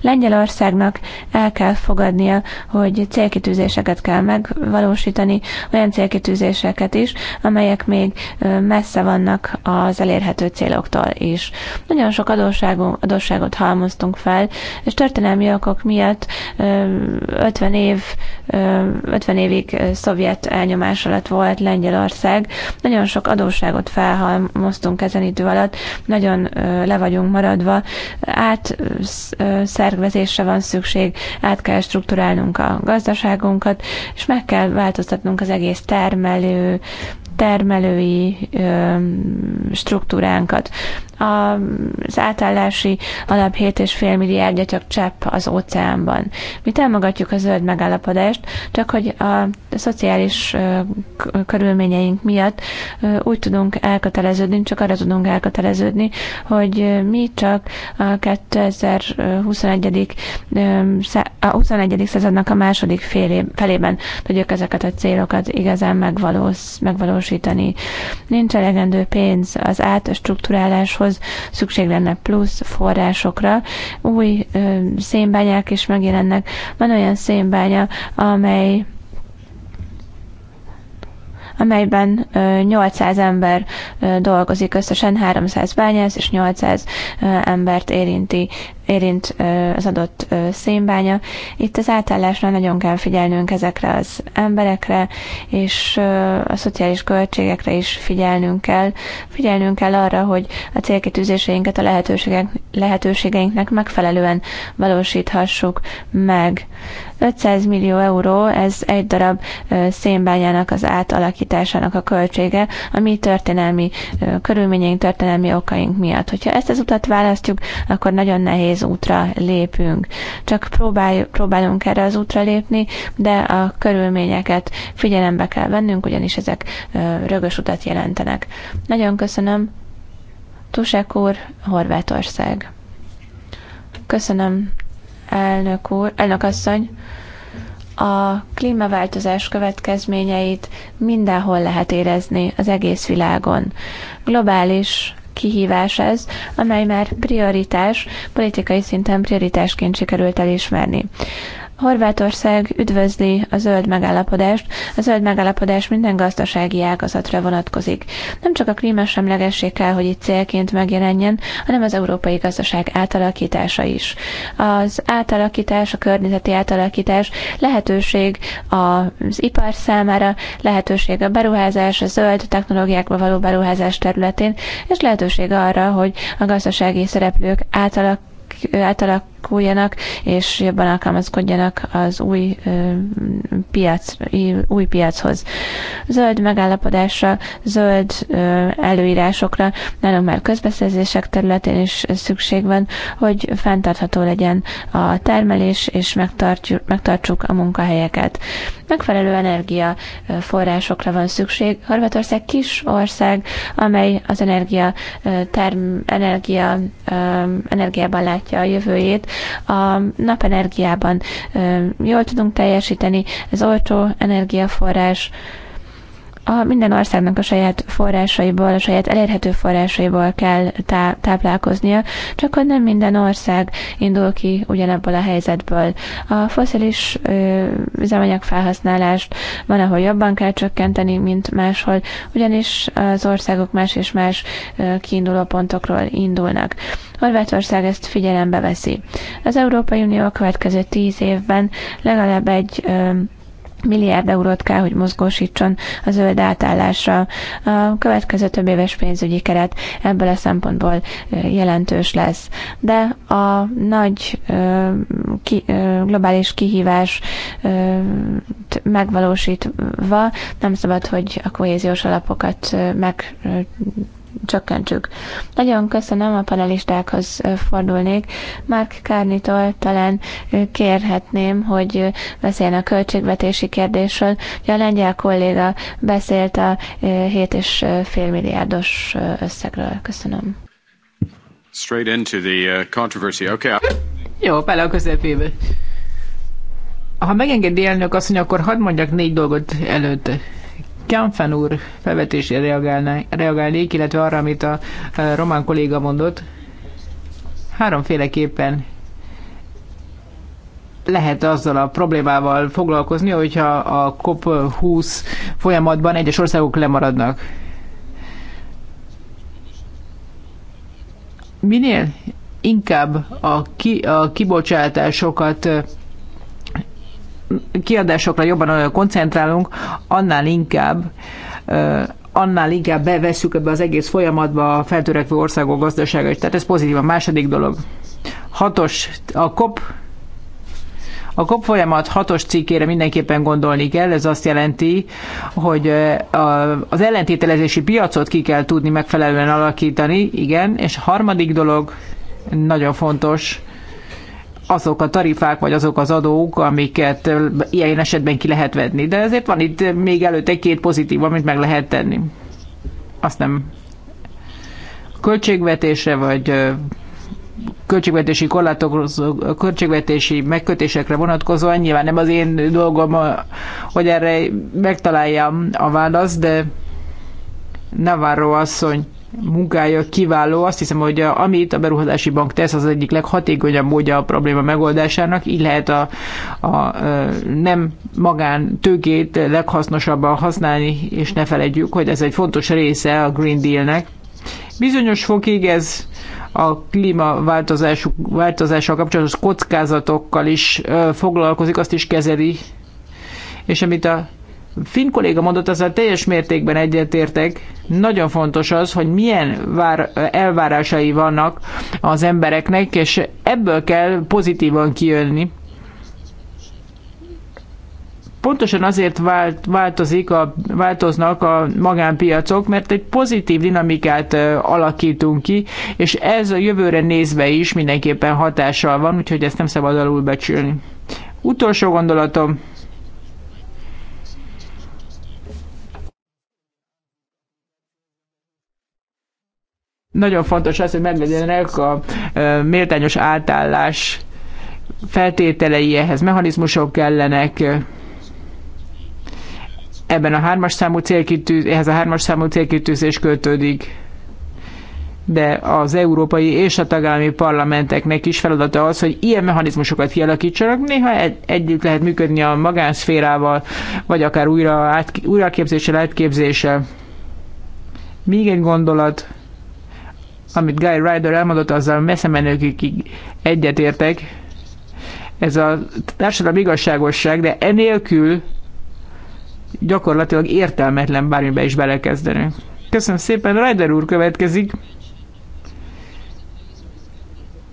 Lengyelországnak el kell fogadnia, hogy célkitűzéseket kell megvalósítani, olyan célkitűzéseket is, amelyek még messze vannak az elérhető céloktól is. Nagyon sok adósságú, adósságot halmoztunk fel, és történelmi okok miatt 50 év 50 évig szovjet elnyomás alatt volt Lengyelország. Nagyon sok adósságot felhalmoztunk ezen idő alatt, nagyon le vagyunk maradva, átszervezésre van szükség, át kell strukturálnunk a gazdaságunkat, és meg kell változtatnunk az egész termelő termelői struktúránkat. Az átállási alap 7,5 milliárdja csak csepp az óceánban. Mi támogatjuk a zöld megállapodást, csak hogy a szociális körülményeink miatt úgy tudunk elköteleződni, csak arra tudunk elköteleződni, hogy mi csak a 2021. A 21. századnak a második felében tudjuk ezeket a célokat igazán megvalós, megvalós biztosítani. Nincs elegendő pénz az átstruktúráláshoz, szükség lenne plusz forrásokra. Új ö, szénbányák is megjelennek. Van olyan szénbánya, amely amelyben 800 ember dolgozik összesen, 300 bányász és 800 embert érinti érint az adott szénbánya. Itt az átállásra nagyon kell figyelnünk ezekre az emberekre, és a szociális költségekre is figyelnünk kell. Figyelnünk kell arra, hogy a célkitűzéseinket a lehetőségek, lehetőségeinknek megfelelően valósíthassuk meg. 500 millió euró, ez egy darab szénbányának az átalakításának a költsége, a mi történelmi körülményeink, történelmi okaink miatt. Hogyha ezt az utat választjuk, akkor nagyon nehéz nehéz útra lépünk. Csak próbálj, próbálunk erre az útra lépni, de a körülményeket figyelembe kell vennünk, ugyanis ezek rögös utat jelentenek. Nagyon köszönöm, Tusek úr, Horvátország. Köszönöm, elnök úr, elnök asszony a klímaváltozás következményeit mindenhol lehet érezni az egész világon. Globális kihívás ez, amely már prioritás, politikai szinten prioritásként sikerült elismerni. Horvátország üdvözli a zöld megállapodást. A zöld megállapodás minden gazdasági ágazatra vonatkozik. Nem csak a klímasemlegesség kell, hogy itt célként megjelenjen, hanem az európai gazdaság átalakítása is. Az átalakítás, a környezeti átalakítás lehetőség az ipar számára, lehetőség a beruházás, a zöld technológiákba való beruházás területén, és lehetőség arra, hogy a gazdasági szereplők átalakítása átalakuljanak, és jobban alkalmazkodjanak az új piac, új piachoz. Zöld megállapodásra, zöld előírásokra nálunk már közbeszerzések területén is szükség van, hogy fenntartható legyen a termelés, és megtartjuk, megtartsuk a munkahelyeket. Megfelelő energia forrásokra van szükség. Horvátország kis ország, amely az energia, term, energia, energiában lát látja a jövőjét. A napenergiában jól tudunk teljesíteni, ez olcsó energiaforrás, a minden országnak a saját forrásaiból, a saját elérhető forrásaiból kell tá- táplálkoznia, csak hogy nem minden ország indul ki ugyanabból a helyzetből. A foszilis üzemanyag felhasználást van, ahol jobban kell csökkenteni, mint máshol, ugyanis az országok más és más ö, kiinduló pontokról indulnak. Horvátország ezt figyelembe veszi. Az Európai Unió a következő tíz évben legalább egy ö, milliárd eurót kell, hogy mozgósítson a zöld átállásra. A következő több éves pénzügyi keret ebből a szempontból jelentős lesz. De a nagy ki, globális kihívás megvalósítva nem szabad, hogy a kohéziós alapokat meg csökkentsük. Nagyon köszönöm, a panelistákhoz fordulnék. Mark Kárnitól talán kérhetném, hogy beszéljen a költségvetési kérdésről. a lengyel kolléga beszélt a 7,5 milliárdos összegről. Köszönöm. Straight into the uh, controversy. Okay. Jó, bele a közepébe. Ha megengedi elnök mondja, akkor hadd mondjak négy dolgot előtte. Kánfen úr felvetésére reagálnék, illetve arra, amit a román kolléga mondott. Háromféleképpen lehet azzal a problémával foglalkozni, hogyha a COP20 folyamatban egyes országok lemaradnak. Minél inkább a, ki, a kibocsátásokat kiadásokra jobban koncentrálunk, annál inkább annál inkább bevesszük ebbe az egész folyamatba a feltörekvő országok gazdaságait. Tehát ez pozitív. A második dolog. Hatos, a COP a COP folyamat hatos cikkére mindenképpen gondolni kell, ez azt jelenti, hogy az ellentételezési piacot ki kell tudni megfelelően alakítani, igen, és a harmadik dolog, nagyon fontos, azok a tarifák, vagy azok az adók, amiket ilyen esetben ki lehet venni. De ezért van itt még előtt egy-két pozitív, amit meg lehet tenni. Azt nem költségvetése, vagy költségvetési korlátokhoz, költségvetési megkötésekre vonatkozóan, nyilván nem az én dolgom, hogy erre megtaláljam a választ, de Navarro asszony munkája kiváló. Azt hiszem, hogy a, amit a beruházási bank tesz, az, egyik leghatékonyabb módja a probléma megoldásának. Így lehet a, a, a nem magán tőkét leghasznosabban használni, és ne felejtjük, hogy ez egy fontos része a Green Dealnek. Bizonyos fokig ez a klímaváltozással kapcsolatos kockázatokkal is ö, foglalkozik, azt is kezeli, és amit a Finn kolléga mondott, ezzel teljes mértékben egyetértek. Nagyon fontos az, hogy milyen vár, elvárásai vannak az embereknek, és ebből kell pozitívan kijönni. Pontosan azért vált, változik a, változnak a magánpiacok, mert egy pozitív dinamikát alakítunk ki, és ez a jövőre nézve is mindenképpen hatással van, úgyhogy ezt nem szabad alulbecsülni. Utolsó gondolatom, nagyon fontos az, hogy meglegyenek a méltányos átállás feltételei ehhez, mechanizmusok kellenek, ebben a hármas számú célkitűz, ehhez a hármas számú célkitűzés kötődik. De az európai és a tagállami parlamenteknek is feladata az, hogy ilyen mechanizmusokat kialakítsanak, néha egy, együtt lehet működni a magánszférával, vagy akár újra, át, újraképzéssel, átképzéssel. Még egy gondolat, amit Guy Ryder elmondott, azzal messze menőkig egyetértek. Ez a társadalmi igazságosság, de enélkül gyakorlatilag értelmetlen bármibe is belekezdenünk. Köszönöm szépen, Ryder úr következik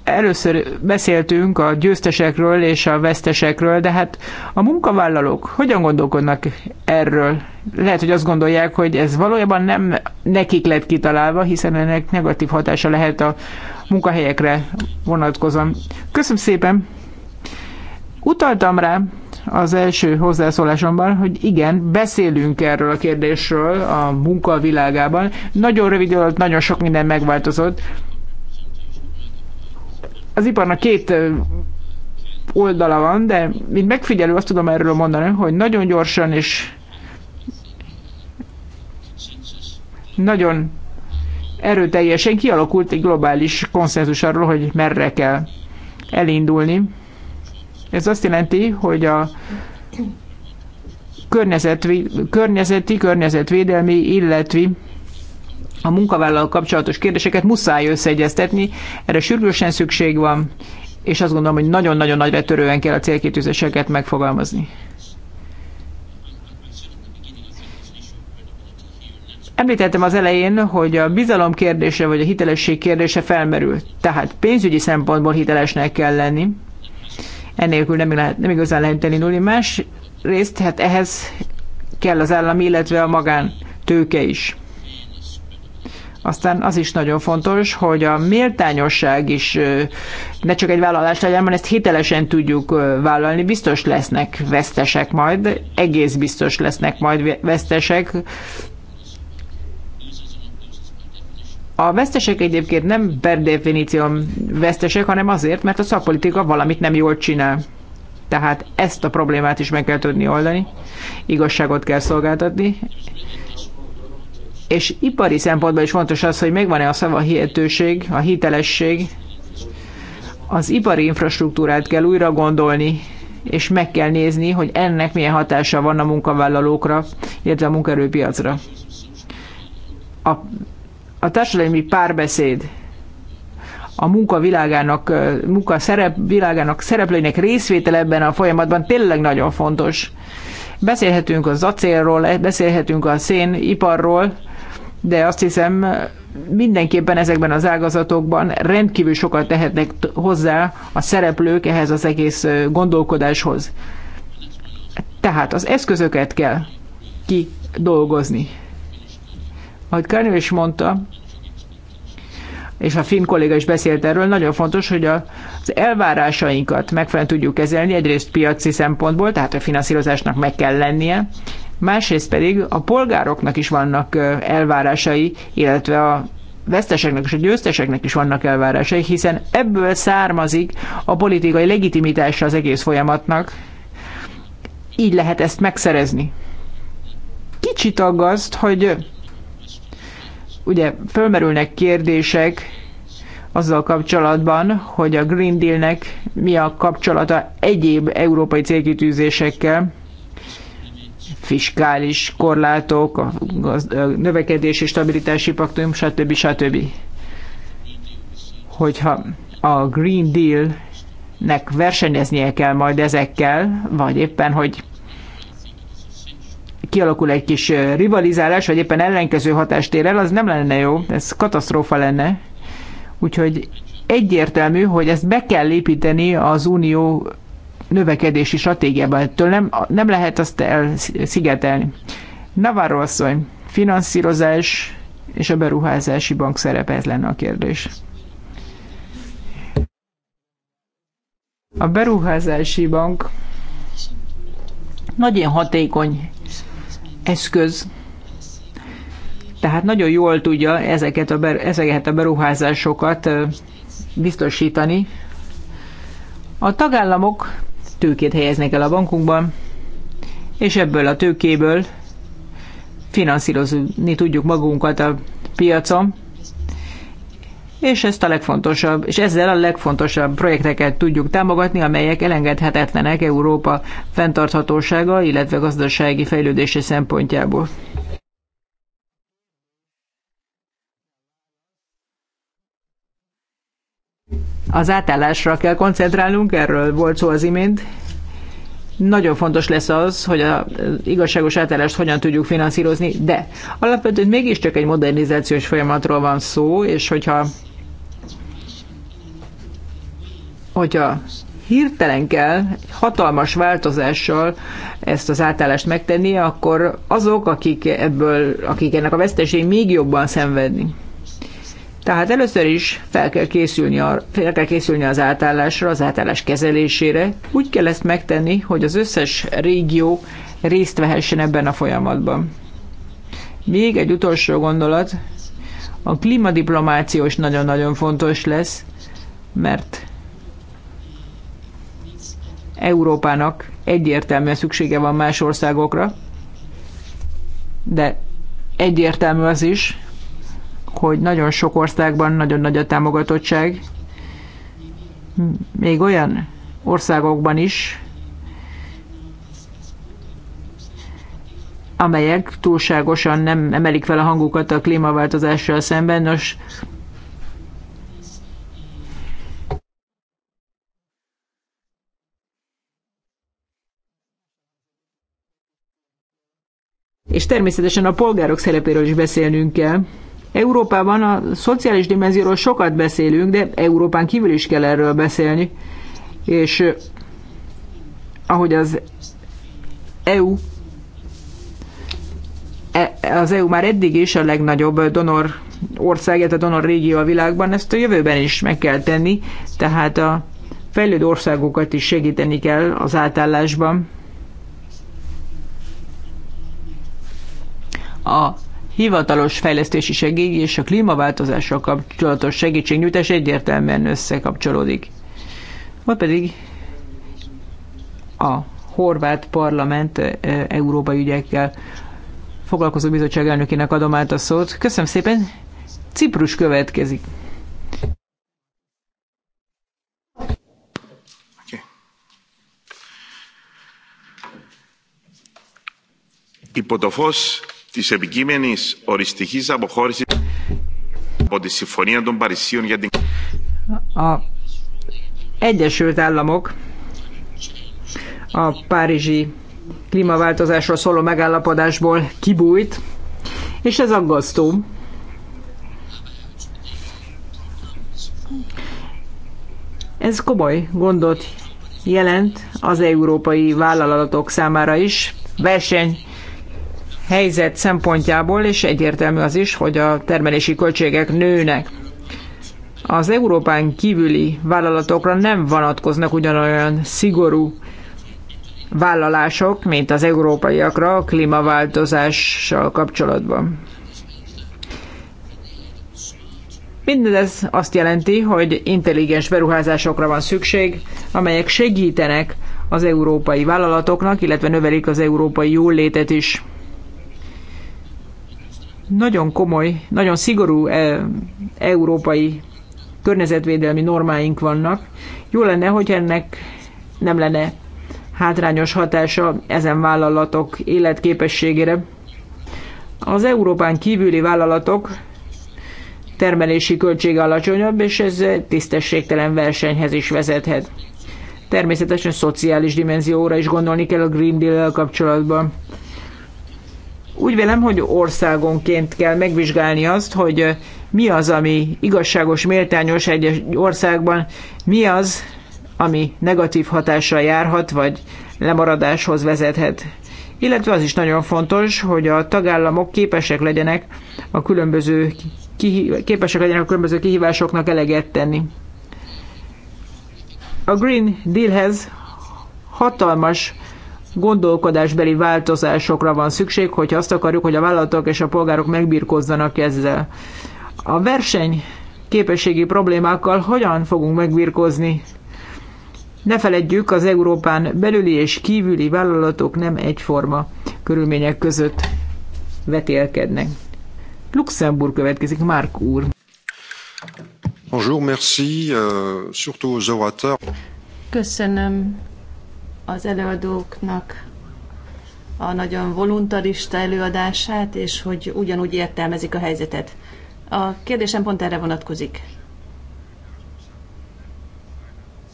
először beszéltünk a győztesekről és a vesztesekről, de hát a munkavállalók hogyan gondolkodnak erről? Lehet, hogy azt gondolják, hogy ez valójában nem nekik lett kitalálva, hiszen ennek negatív hatása lehet a munkahelyekre vonatkozóan. Köszönöm szépen! Utaltam rá az első hozzászólásomban, hogy igen, beszélünk erről a kérdésről a munkavilágában. Nagyon rövid alatt nagyon sok minden megváltozott, az iparnak két oldala van, de mint megfigyelő azt tudom erről mondani, hogy nagyon gyorsan és nagyon erőteljesen kialakult egy globális konszenzus arról, hogy merre kell elindulni. Ez azt jelenti, hogy a környezetvi, környezeti, környezetvédelmi, illetve a munkavállaló kapcsolatos kérdéseket muszáj összeegyeztetni, erre sürgősen szükség van, és azt gondolom, hogy nagyon-nagyon nagyra törően kell a célkétűzéseket megfogalmazni. Említettem az elején, hogy a bizalom kérdése vagy a hitelesség kérdése felmerül. Tehát pénzügyi szempontból hitelesnek kell lenni. Ennélkül nem, lehet, nem igazán lehet elindulni. Más részt, hát ehhez kell az állam, illetve a magán tőke is. Aztán az is nagyon fontos, hogy a méltányosság is ne csak egy vállalás legyen, hanem ezt hitelesen tudjuk vállalni. Biztos lesznek vesztesek majd, egész biztos lesznek majd vesztesek. A vesztesek egyébként nem per definíció vesztesek, hanem azért, mert a szakpolitika valamit nem jól csinál. Tehát ezt a problémát is meg kell tudni oldani, igazságot kell szolgáltatni, és ipari szempontból is fontos az, hogy megvan-e a szava hihetőség, a hitelesség. Az ipari infrastruktúrát kell újra gondolni, és meg kell nézni, hogy ennek milyen hatása van a munkavállalókra, illetve a munkaerőpiacra. A, a társadalmi párbeszéd a munka világának, munka szerep, világának szereplőinek részvétel ebben a folyamatban tényleg nagyon fontos. Beszélhetünk az acélról, beszélhetünk a széniparról, de azt hiszem mindenképpen ezekben az ágazatokban rendkívül sokat tehetnek hozzá a szereplők ehhez az egész gondolkodáshoz. Tehát az eszközöket kell kidolgozni. Ahogy Kárnyő is mondta, és a finn kolléga is beszélt erről, nagyon fontos, hogy az elvárásainkat megfelelően tudjuk kezelni, egyrészt piaci szempontból, tehát a finanszírozásnak meg kell lennie, másrészt pedig a polgároknak is vannak elvárásai, illetve a veszteseknek és a győzteseknek is vannak elvárásai, hiszen ebből származik a politikai legitimitása az egész folyamatnak. Így lehet ezt megszerezni. Kicsit aggaszt, hogy ugye fölmerülnek kérdések azzal kapcsolatban, hogy a Green Dealnek mi a kapcsolata egyéb európai célkitűzésekkel, fiskális korlátok, a, a növekedési stabilitási paktum, stb. stb. Hogyha a Green Deal-nek versenyeznie kell majd ezekkel, vagy éppen, hogy kialakul egy kis rivalizálás, vagy éppen ellenkező hatást ér el, az nem lenne jó, ez katasztrófa lenne. Úgyhogy egyértelmű, hogy ezt be kell építeni az unió növekedési stratégiában. Ettől nem, nem lehet azt elszigetelni. Navarro asszony, finanszírozás és a beruházási bank szerepe, ez lenne a kérdés. A beruházási bank nagyon hatékony eszköz, tehát nagyon jól tudja ezeket a, ber, ezeket a beruházásokat biztosítani. A tagállamok tőkét helyeznek el a bankunkban, és ebből a tőkéből finanszírozni tudjuk magunkat a piacon, és ezt a legfontosabb, és ezzel a legfontosabb projekteket tudjuk támogatni, amelyek elengedhetetlenek Európa fenntarthatósága, illetve gazdasági fejlődése szempontjából. Az átállásra kell koncentrálnunk, erről volt szó az imént. Nagyon fontos lesz az, hogy az igazságos átállást hogyan tudjuk finanszírozni, de alapvetően mégiscsak egy modernizációs folyamatról van szó, és hogyha hogyha hirtelen kell hatalmas változással ezt az átállást megtenni, akkor azok, akik, ebből, akik ennek a vesztesén még jobban szenvedni. Tehát először is fel kell, készülni a, fel kell készülni az átállásra, az átállás kezelésére. Úgy kell ezt megtenni, hogy az összes régió részt vehessen ebben a folyamatban. Még egy utolsó gondolat. A klímadiplomáció is nagyon-nagyon fontos lesz, mert Európának egyértelműen szüksége van más országokra, de egyértelmű az is, hogy nagyon sok országban nagyon nagy a támogatottság, még olyan országokban is, amelyek túlságosan nem emelik fel a hangukat a klímaváltozással szemben. Nos, és természetesen a polgárok szerepéről is beszélnünk kell. Európában a szociális dimenzióról sokat beszélünk, de Európán kívül is kell erről beszélni, és eh, ahogy az EU e, az EU már eddig is a legnagyobb donor ország, a donor régió a világban, ezt a jövőben is meg kell tenni, tehát a fejlődő országokat is segíteni kell az átállásban. A hivatalos fejlesztési segély és a klímaváltozással kapcsolatos segítségnyújtás egyértelműen összekapcsolódik. Ma pedig a horvát parlament e, európai ügyekkel foglalkozó bizottság elnökének adom át a szót. Köszönöm szépen, Ciprus következik. υπό το φως της επικείμενης οριστικής αποχώρησης από τη Συμφωνία των Παρισίων για την... A Egyesült Államok a párizsi klímaváltozásról szóló megállapodásból kibújt, és ez aggasztó. Ez komoly gondot jelent az európai vállalatok számára is. Verseny helyzet szempontjából, és egyértelmű az is, hogy a termelési költségek nőnek. Az Európán kívüli vállalatokra nem vonatkoznak ugyanolyan szigorú vállalások, mint az európaiakra a klímaváltozással kapcsolatban. Mindez azt jelenti, hogy intelligens beruházásokra van szükség, amelyek segítenek az európai vállalatoknak, illetve növelik az európai jólétet is nagyon komoly, nagyon szigorú e, európai környezetvédelmi normáink vannak. Jó lenne, hogy ennek nem lenne hátrányos hatása ezen vállalatok életképességére. Az Európán kívüli vállalatok termelési költsége alacsonyabb, és ez tisztességtelen versenyhez is vezethet. Természetesen szociális dimenzióra is gondolni kell a Green Deal-el kapcsolatban. Úgy vélem, hogy országonként kell megvizsgálni azt, hogy mi az, ami igazságos, méltányos egy országban, mi az, ami negatív hatással járhat, vagy lemaradáshoz vezethet. Illetve az is nagyon fontos, hogy a tagállamok képesek legyenek a különböző képesek legyenek a különböző kihívásoknak eleget tenni. A Green Dealhez hatalmas gondolkodásbeli változásokra van szükség, hogy azt akarjuk, hogy a vállalatok és a polgárok megbírkozzanak ezzel. A verseny képességi problémákkal hogyan fogunk megbírkozni? Ne feledjük, az Európán belüli és kívüli vállalatok nem egyforma körülmények között vetélkednek. Luxemburg következik, Márk úr. Bonjour, merci, uh, surtout aux orateurs. Köszönöm az előadóknak a nagyon voluntarista előadását, és hogy ugyanúgy értelmezik a helyzetet. A kérdésem pont erre vonatkozik.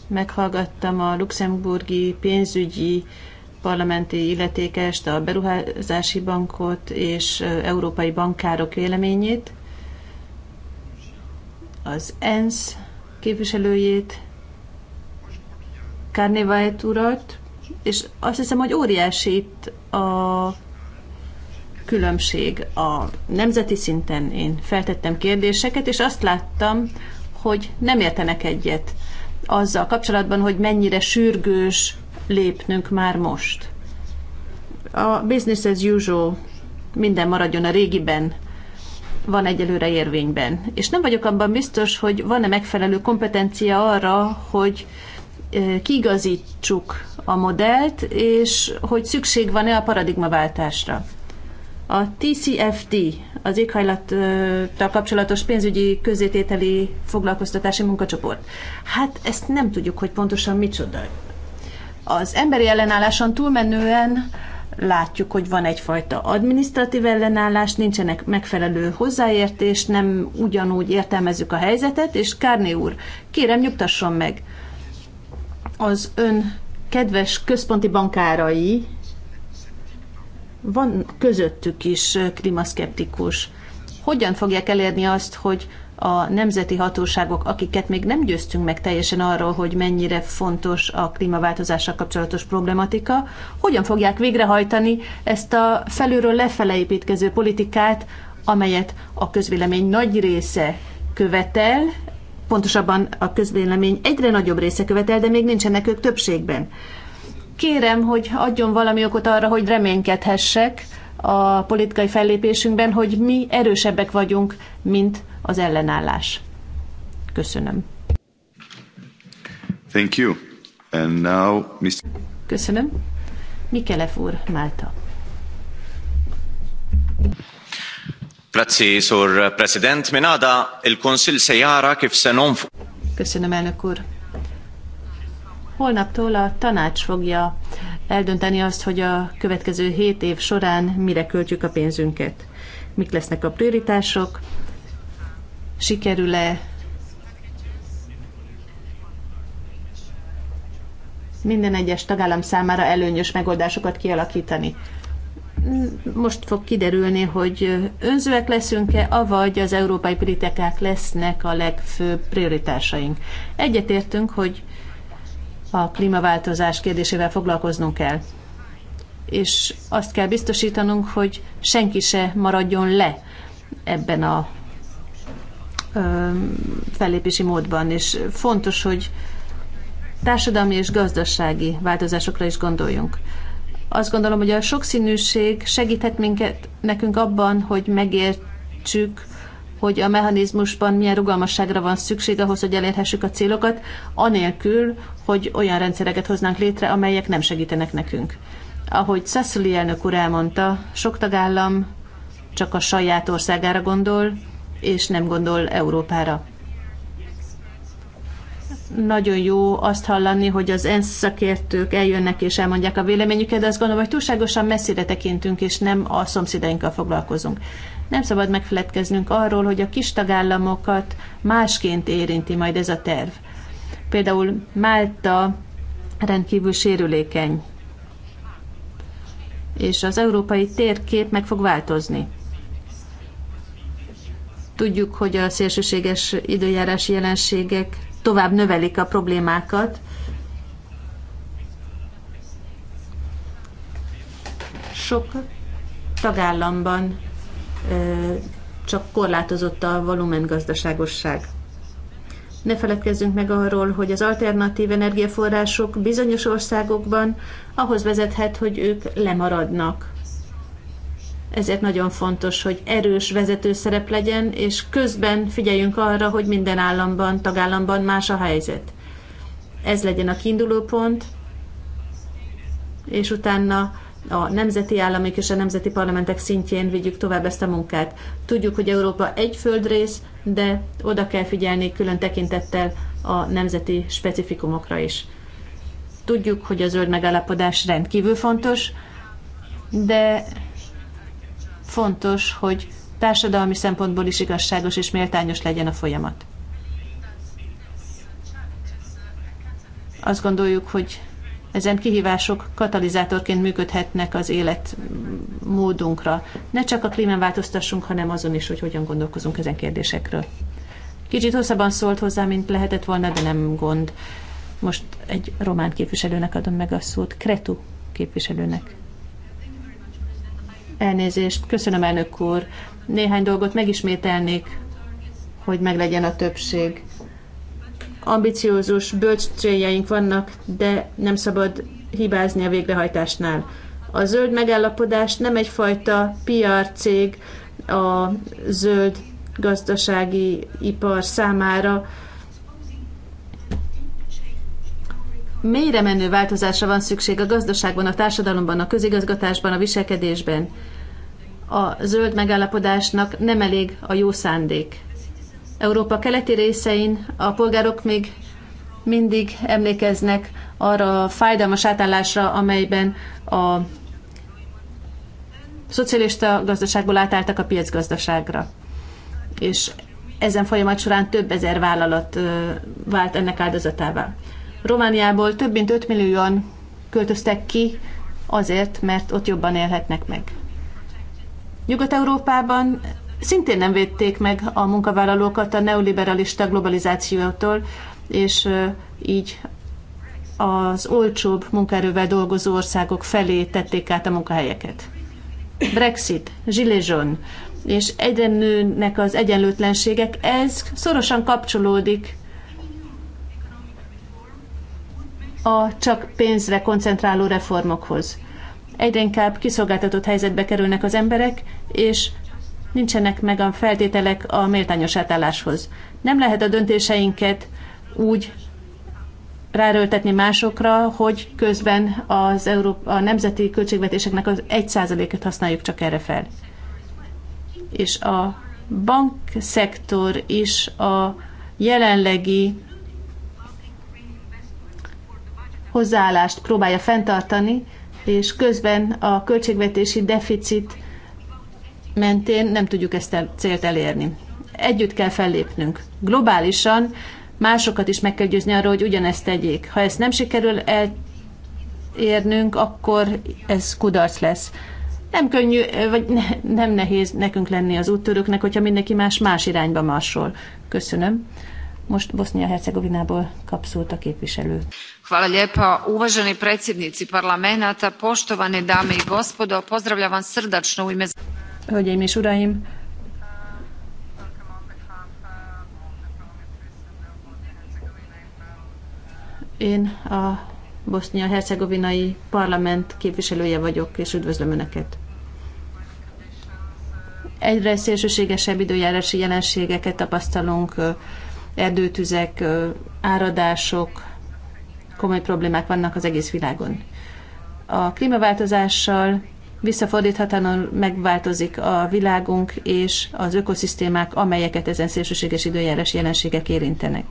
Meghallgattam a luxemburgi pénzügyi parlamenti illetékest, a beruházási bankot és európai bankárok véleményét, az ENSZ képviselőjét, Carnevait urat, és azt hiszem, hogy óriási itt a különbség a nemzeti szinten. Én feltettem kérdéseket, és azt láttam, hogy nem értenek egyet azzal kapcsolatban, hogy mennyire sürgős lépnünk már most. A business as usual, minden maradjon a régiben, van egyelőre érvényben. És nem vagyok abban biztos, hogy van-e megfelelő kompetencia arra, hogy eh, kigazítsuk a modellt, és hogy szükség van-e a paradigmaváltásra. A TCFD, az éghajlattal kapcsolatos pénzügyi közétételi foglalkoztatási munkacsoport. Hát ezt nem tudjuk, hogy pontosan micsoda. Az emberi ellenálláson túlmenően látjuk, hogy van egyfajta administratív ellenállás, nincsenek megfelelő hozzáértés, nem ugyanúgy értelmezzük a helyzetet, és Kárné úr, kérem nyugtasson meg, az ön kedves központi bankárai, van közöttük is klimaszkeptikus. Hogyan fogják elérni azt, hogy a nemzeti hatóságok, akiket még nem győztünk meg teljesen arról, hogy mennyire fontos a klímaváltozással kapcsolatos problematika, hogyan fogják végrehajtani ezt a felülről lefele építkező politikát, amelyet a közvélemény nagy része követel, pontosabban a közvélemény egyre nagyobb része követel, de még nincsenek ők többségben. Kérem, hogy adjon valami okot arra, hogy reménykedhessek a politikai fellépésünkben, hogy mi erősebbek vagyunk, mint az ellenállás. Köszönöm. Thank you. And now, Mr. Köszönöm. Mikelef úr, Málta. Grazzi, President. Minada, il-Konsil se jara kif se Köszönöm, elnök úr. Holnaptól a tanács fogja eldönteni azt, hogy a következő hét év során mire költjük a pénzünket. Mik lesznek a prioritások, sikerül-e minden egyes tagállam számára előnyös megoldásokat kialakítani most fog kiderülni, hogy önzőek leszünk-e, avagy az európai politikák lesznek a legfőbb prioritásaink. Egyetértünk, hogy a klímaváltozás kérdésével foglalkoznunk kell. És azt kell biztosítanunk, hogy senki se maradjon le ebben a ö, fellépési módban. És fontos, hogy társadalmi és gazdasági változásokra is gondoljunk. Azt gondolom, hogy a sokszínűség segíthet minket, nekünk abban, hogy megértsük, hogy a mechanizmusban milyen rugalmasságra van szükség ahhoz, hogy elérhessük a célokat, anélkül, hogy olyan rendszereket hoznánk létre, amelyek nem segítenek nekünk. Ahogy Cecily elnök úr elmondta, sok tagállam csak a saját országára gondol, és nem gondol Európára nagyon jó azt hallani, hogy az ENSZ szakértők eljönnek és elmondják a véleményüket, de azt gondolom, hogy túlságosan messzire tekintünk, és nem a szomszédainkkal foglalkozunk. Nem szabad megfeledkeznünk arról, hogy a kis tagállamokat másként érinti majd ez a terv. Például Málta rendkívül sérülékeny, és az európai térkép meg fog változni. Tudjuk, hogy a szélsőséges időjárási jelenségek tovább növelik a problémákat. Sok tagállamban csak korlátozott a volumen gazdaságosság. Ne feledkezzünk meg arról, hogy az alternatív energiaforrások bizonyos országokban ahhoz vezethet, hogy ők lemaradnak ezért nagyon fontos, hogy erős vezető szerep legyen, és közben figyeljünk arra, hogy minden államban, tagállamban más a helyzet. Ez legyen a kiinduló pont, és utána a nemzeti államok és a nemzeti parlamentek szintjén vigyük tovább ezt a munkát. Tudjuk, hogy Európa egy földrész, de oda kell figyelni külön tekintettel a nemzeti specifikumokra is. Tudjuk, hogy a zöld megállapodás rendkívül fontos, de Fontos, hogy társadalmi szempontból is igazságos és méltányos legyen a folyamat. Azt gondoljuk, hogy ezen kihívások katalizátorként működhetnek az életmódunkra. Ne csak a klímán változtassunk, hanem azon is, hogy hogyan gondolkozunk ezen kérdésekről. Kicsit hosszabban szólt hozzá, mint lehetett volna, de nem gond. Most egy román képviselőnek adom meg a szót, Kretu képviselőnek. Elnézést, köszönöm elnök úr. Néhány dolgot megismételnék, hogy meglegyen a többség. Ambiciózus, bölcs céljaink vannak, de nem szabad hibázni a végrehajtásnál. A zöld megállapodás nem egyfajta PR cég a zöld gazdasági ipar számára, mélyre menő változásra van szükség a gazdaságban, a társadalomban, a közigazgatásban, a viselkedésben. A zöld megállapodásnak nem elég a jó szándék. Európa keleti részein a polgárok még mindig emlékeznek arra a fájdalmas átállásra, amelyben a szocialista gazdaságból átálltak a piacgazdaságra. És ezen folyamat során több ezer vállalat vált ennek áldozatává. Romániából több mint 5 millióan költöztek ki azért, mert ott jobban élhetnek meg. Nyugat-Európában szintén nem védték meg a munkavállalókat a neoliberalista globalizációtól, és így az olcsóbb munkaerővel dolgozó országok felé tették át a munkahelyeket. Brexit, zsilézson, és egyre nőnek az egyenlőtlenségek, ez szorosan kapcsolódik a csak pénzre koncentráló reformokhoz. Egyre inkább kiszolgáltatott helyzetbe kerülnek az emberek, és nincsenek meg a feltételek a méltányos átálláshoz. Nem lehet a döntéseinket úgy ráröltetni másokra, hogy közben az Európa, a nemzeti költségvetéseknek az egy százalékot használjuk csak erre fel. És a bankszektor is a jelenlegi hozzáállást próbálja fenntartani, és közben a költségvetési deficit mentén nem tudjuk ezt a célt elérni. Együtt kell fellépnünk. Globálisan másokat is meg kell győzni arról, hogy ugyanezt tegyék. Ha ezt nem sikerül elérnünk, akkor ez kudarc lesz. Nem könnyű, vagy ne, nem nehéz nekünk lenni az úttörőknek, hogyha mindenki más más irányba marsol. Köszönöm. Most bosnia hercegovinából kapszult a képviselő. Hvala lijepa. Uvaženi predsjednici parlamenta, poštovane dame i gospodo, pozdravljam vas srdačno u ime... Hölgyeim és uraim, Én a bosnia hercegovinai parlament képviselője vagyok, és üdvözlöm Önöket. Egyre szélsőségesebb időjárási jelenségeket tapasztalunk erdőtüzek, áradások, komoly problémák vannak az egész világon. A klímaváltozással visszafordíthatatlanul megváltozik a világunk és az ökoszisztémák, amelyeket ezen szélsőséges időjárás jelenségek érintenek.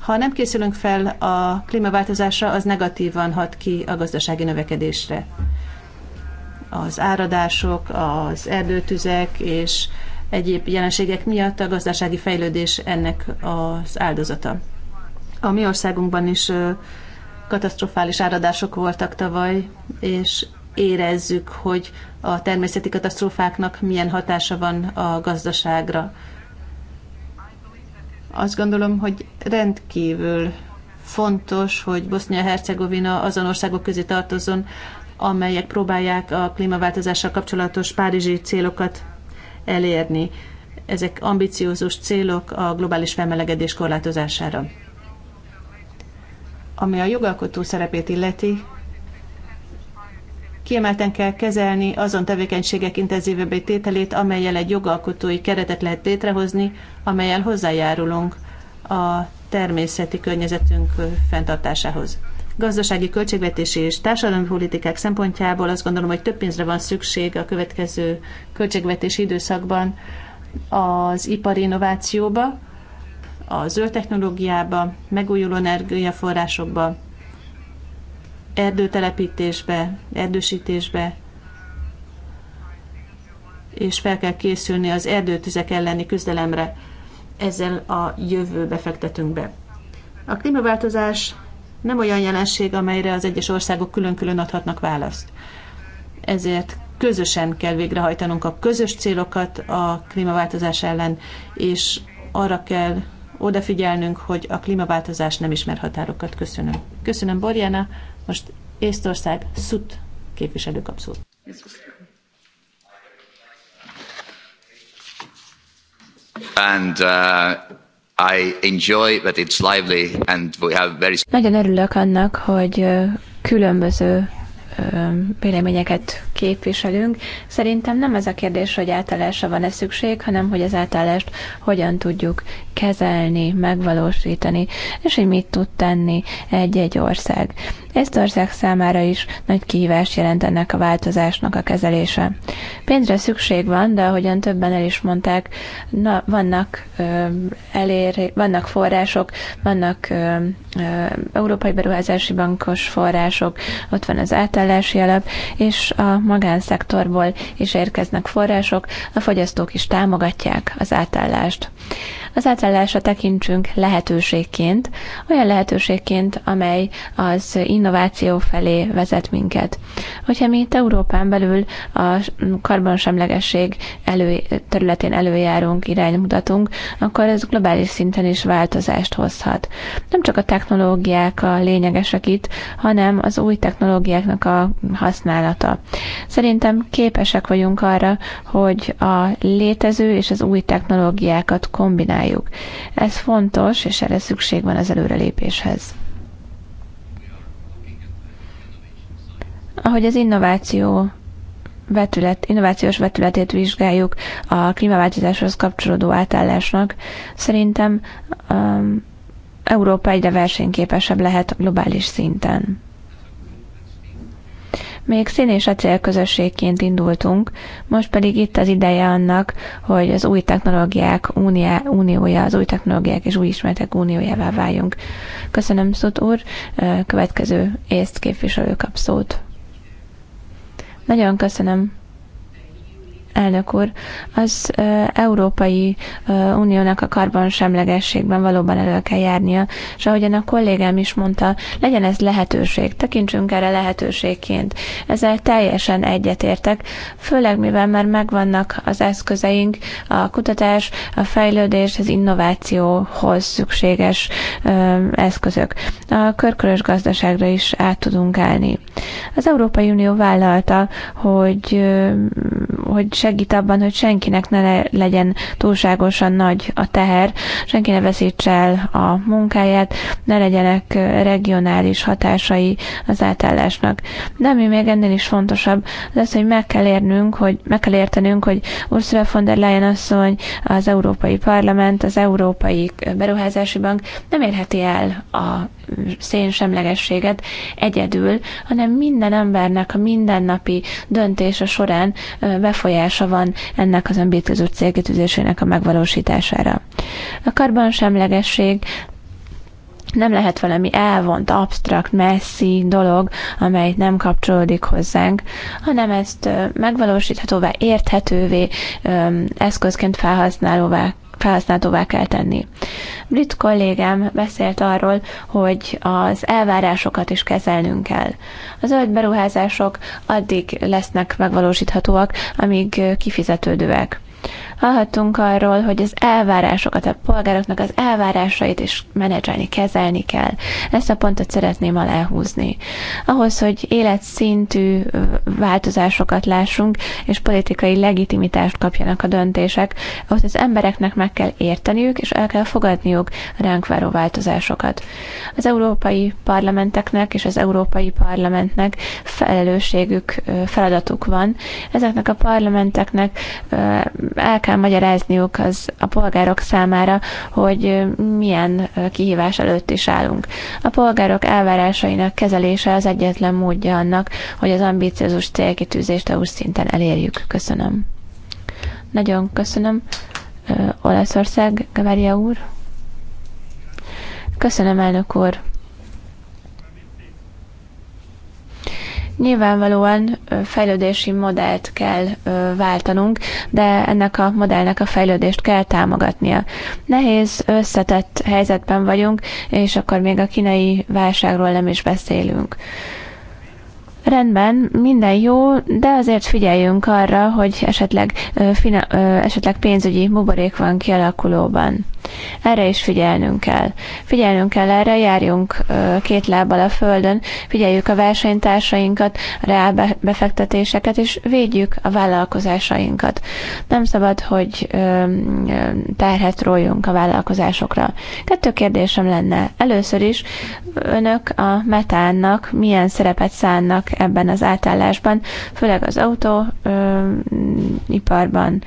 Ha nem készülünk fel a klímaváltozásra, az negatívan hat ki a gazdasági növekedésre. Az áradások, az erdőtüzek és egyéb jelenségek miatt a gazdasági fejlődés ennek az áldozata. A mi országunkban is katasztrofális áradások voltak tavaly, és érezzük, hogy a természeti katasztrófáknak milyen hatása van a gazdaságra. Azt gondolom, hogy rendkívül fontos, hogy Bosznia-Hercegovina azon országok közé tartozon, amelyek próbálják a klímaváltozással kapcsolatos párizsi célokat elérni. Ezek ambiciózus célok a globális felmelegedés korlátozására. Ami a jogalkotó szerepét illeti, kiemelten kell kezelni azon tevékenységek intenzívebbé tételét, amelyel egy jogalkotói keretet lehet létrehozni, amelyel hozzájárulunk a természeti környezetünk fenntartásához gazdasági költségvetési és társadalmi politikák szempontjából azt gondolom, hogy több pénzre van szükség a következő költségvetési időszakban az ipari innovációba, a zöld technológiába, megújuló energiaforrásokba, erdőtelepítésbe, erdősítésbe, és fel kell készülni az erdőtüzek elleni küzdelemre. Ezzel a jövőbe fektetünk be. A klímaváltozás nem olyan jelenség, amelyre az egyes országok külön-külön adhatnak választ. Ezért közösen kell végrehajtanunk a közös célokat a klímaváltozás ellen, és arra kell odafigyelnünk, hogy a klímaváltozás nem ismer határokat. Köszönöm. Köszönöm, Borjana. Most Észtország Szut képviselő kap And uh, I enjoy that it's lively and we have very... Nagyon örülök annak, hogy különböző véleményeket képviselünk. Szerintem nem ez a kérdés, hogy átállásra van-e szükség, hanem hogy az átállást hogyan tudjuk kezelni, megvalósítani, és hogy mit tud tenni egy-egy ország. Ezt ország számára is nagy kihívást jelent ennek a változásnak a kezelése. Pénzre szükség van, de ahogyan többen el is mondták, na, vannak, ö, elér, vannak források, vannak ö, ö, Európai Beruházási Bankos források, ott van az átállási alap, és a magánszektorból is érkeznek források, a fogyasztók is támogatják az átállást az átállásra tekintsünk lehetőségként, olyan lehetőségként, amely az innováció felé vezet minket. Hogyha mi itt Európán belül a karbonsemlegesség elő, területén előjárunk, iránymutatunk, akkor ez globális szinten is változást hozhat. Nem csak a technológiák a lényegesek itt, hanem az új technológiáknak a használata. Szerintem képesek vagyunk arra, hogy a létező és az új technológiákat kombináljuk csináljuk. Ez fontos, és erre szükség van az előrelépéshez. Ahogy az innováció vetület, innovációs vetületét vizsgáljuk a klímaváltozáshoz kapcsolódó átállásnak, szerintem um, Európa egyre versenyképesebb lehet globális szinten. Még szín és acélközösségként indultunk, most pedig itt az ideje annak, hogy az új technológiák uniá, uniója, az új technológiák és új ismeretek uniójává váljunk. Köszönöm, Szut úr, következő észt képviselő kap szót. Nagyon köszönöm. Elnök úr, az Európai Uniónak a karbonsemlegességben valóban elő kell járnia, és ahogyan a kollégám is mondta, legyen ez lehetőség, tekintsünk erre lehetőségként. Ezzel teljesen egyetértek, főleg mivel már megvannak az eszközeink, a kutatás, a fejlődés, az innovációhoz szükséges eszközök. A körkörös gazdaságra is át tudunk állni. Az Európai Unió vállalta, hogy, hogy segít abban, hogy senkinek ne le legyen túlságosan nagy a teher, senki ne veszítse el a munkáját, ne legyenek regionális hatásai az átállásnak. De ami még ennél is fontosabb, az az, hogy meg kell érnünk, hogy meg kell értenünk, hogy Ursula von der Leyen asszony, az Európai Parlament, az Európai Beruházási Bank nem érheti el a szénsemlegességet egyedül, hanem minden embernek a mindennapi döntése során befolyása van ennek az önbétkező célkitűzésének a megvalósítására. A karbonsemlegesség nem lehet valami elvont, absztrakt, messzi dolog, amely nem kapcsolódik hozzánk, hanem ezt megvalósíthatóvá, érthetővé, eszközként felhasználóvá Felhasználóvá kell tenni. Brit kollégám beszélt arról, hogy az elvárásokat is kezelnünk kell. A zöld beruházások addig lesznek megvalósíthatóak, amíg kifizetődőek. Hallhattunk arról, hogy az elvárásokat, a polgároknak az elvárásait is menedzselni, kezelni kell. Ezt a pontot szeretném aláhúzni. Ahhoz, hogy életszintű változásokat lássunk, és politikai legitimitást kapjanak a döntések, ahhoz az embereknek meg kell érteniük, és el kell fogadniuk ránk váró változásokat. Az európai parlamenteknek és az európai parlamentnek felelősségük, feladatuk van. Ezeknek a parlamenteknek el kell magyarázniuk az a polgárok számára, hogy milyen kihívás előtt is állunk. A polgárok elvárásainak kezelése az egyetlen módja annak, hogy az ambíciózus célkitűzést a szinten elérjük. Köszönöm. Nagyon köszönöm. Olaszország, Gavária úr. Köszönöm, elnök úr. Nyilvánvalóan fejlődési modellt kell váltanunk, de ennek a modellnek a fejlődést kell támogatnia. Nehéz, összetett helyzetben vagyunk, és akkor még a kínai válságról nem is beszélünk. Rendben, minden jó, de azért figyeljünk arra, hogy esetleg, ö, fina, ö, esetleg pénzügyi buborék van kialakulóban. Erre is figyelnünk kell. Figyelnünk kell erre, járjunk ö, két lábbal a földön, figyeljük a versenytársainkat, a reál befektetéseket, és védjük a vállalkozásainkat. Nem szabad, hogy ö, terhet róljunk a vállalkozásokra. Kettő kérdésem lenne. Először is, önök a metánnak milyen szerepet szánnak ebben az átállásban, főleg az autóiparban.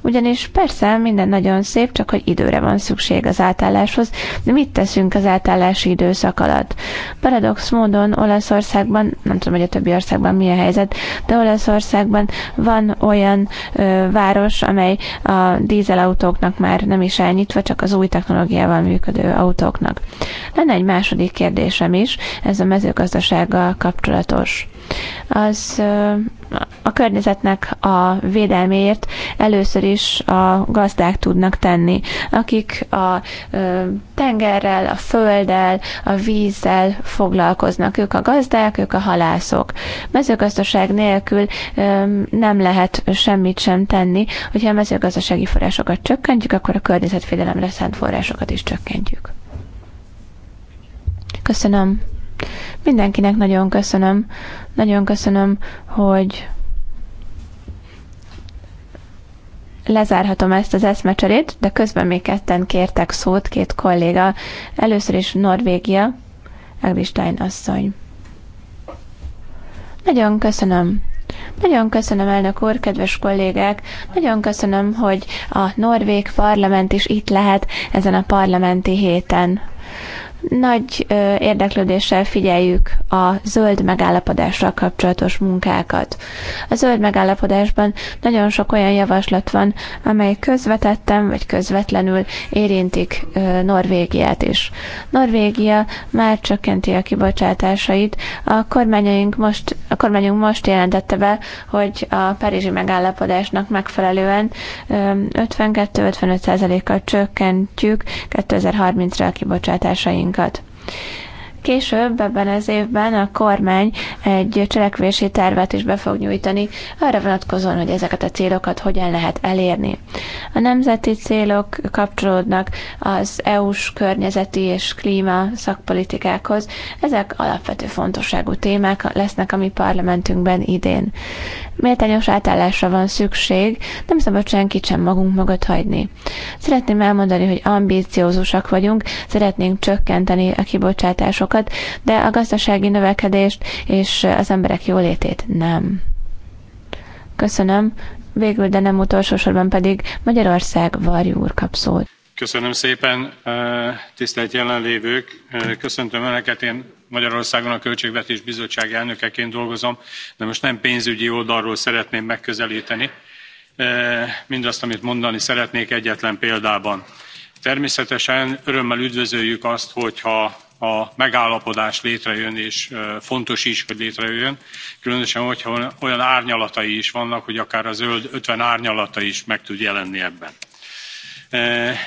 Ugyanis persze minden nagyon szép, csak hogy időre van szükség az átálláshoz, de mit teszünk az átállási időszak alatt? Paradox módon Olaszországban, nem tudom, hogy a többi országban mi a helyzet, de Olaszországban van olyan ö, város, amely a dízelautóknak már nem is elnyitva, csak az új technológiával működő autóknak. Lenne egy második kérdésem is, ez a mezőgazdasággal kapcsolatos az a környezetnek a védelméért először is a gazdák tudnak tenni, akik a tengerrel, a földdel, a vízzel foglalkoznak. Ők a gazdák, ők a halászok. Mezőgazdaság nélkül nem lehet semmit sem tenni. Hogyha a mezőgazdasági forrásokat csökkentjük, akkor a környezetvédelemre szánt forrásokat is csökkentjük. Köszönöm. Mindenkinek nagyon köszönöm. Nagyon köszönöm, hogy lezárhatom ezt az eszmecserét, de közben még ketten kértek szót, két kolléga. Először is Norvégia, Eglistein asszony. Nagyon köszönöm. Nagyon köszönöm, elnök úr, kedves kollégák! Nagyon köszönöm, hogy a norvég parlament is itt lehet ezen a parlamenti héten. Nagy érdeklődéssel figyeljük a zöld megállapodással kapcsolatos munkákat. A zöld megállapodásban nagyon sok olyan javaslat van, amely közvetetten vagy közvetlenül érintik Norvégiát is. Norvégia már csökkenti a kibocsátásait. A, kormányunk most, a kormányunk most jelentette be, hogy a Párizsi megállapodásnak megfelelően 52-55%-kal csökkentjük 2030-ra a kibocsátásaink munkáinkat. Később ebben az évben a kormány egy cselekvési tervet is be fog nyújtani, arra vonatkozóan, hogy ezeket a célokat hogyan lehet elérni. A nemzeti célok kapcsolódnak az EU-s környezeti és klíma szakpolitikákhoz. Ezek alapvető fontosságú témák lesznek a mi parlamentünkben idén. Méltányos átállásra van szükség, nem szabad senkit sem magunk mögött hagyni. Szeretném elmondani, hogy ambíciózusak vagyunk, szeretnénk csökkenteni a kibocsátásokat, dolgokat, de a gazdasági növekedést és az emberek jólétét nem. Köszönöm. Végül, de nem utolsó sorban pedig Magyarország Varjú úr kap szót. Köszönöm szépen, tisztelt jelenlévők! Köszöntöm Önöket, én Magyarországon a Költségvetés Bizottság elnökeként dolgozom, de most nem pénzügyi oldalról szeretném megközelíteni mindazt, amit mondani szeretnék egyetlen példában. Természetesen örömmel üdvözöljük azt, hogyha a megállapodás létrejön, és fontos is, hogy létrejöjjön, különösen, hogyha olyan árnyalatai is vannak, hogy akár a zöld 50 árnyalata is meg tud jelenni ebben.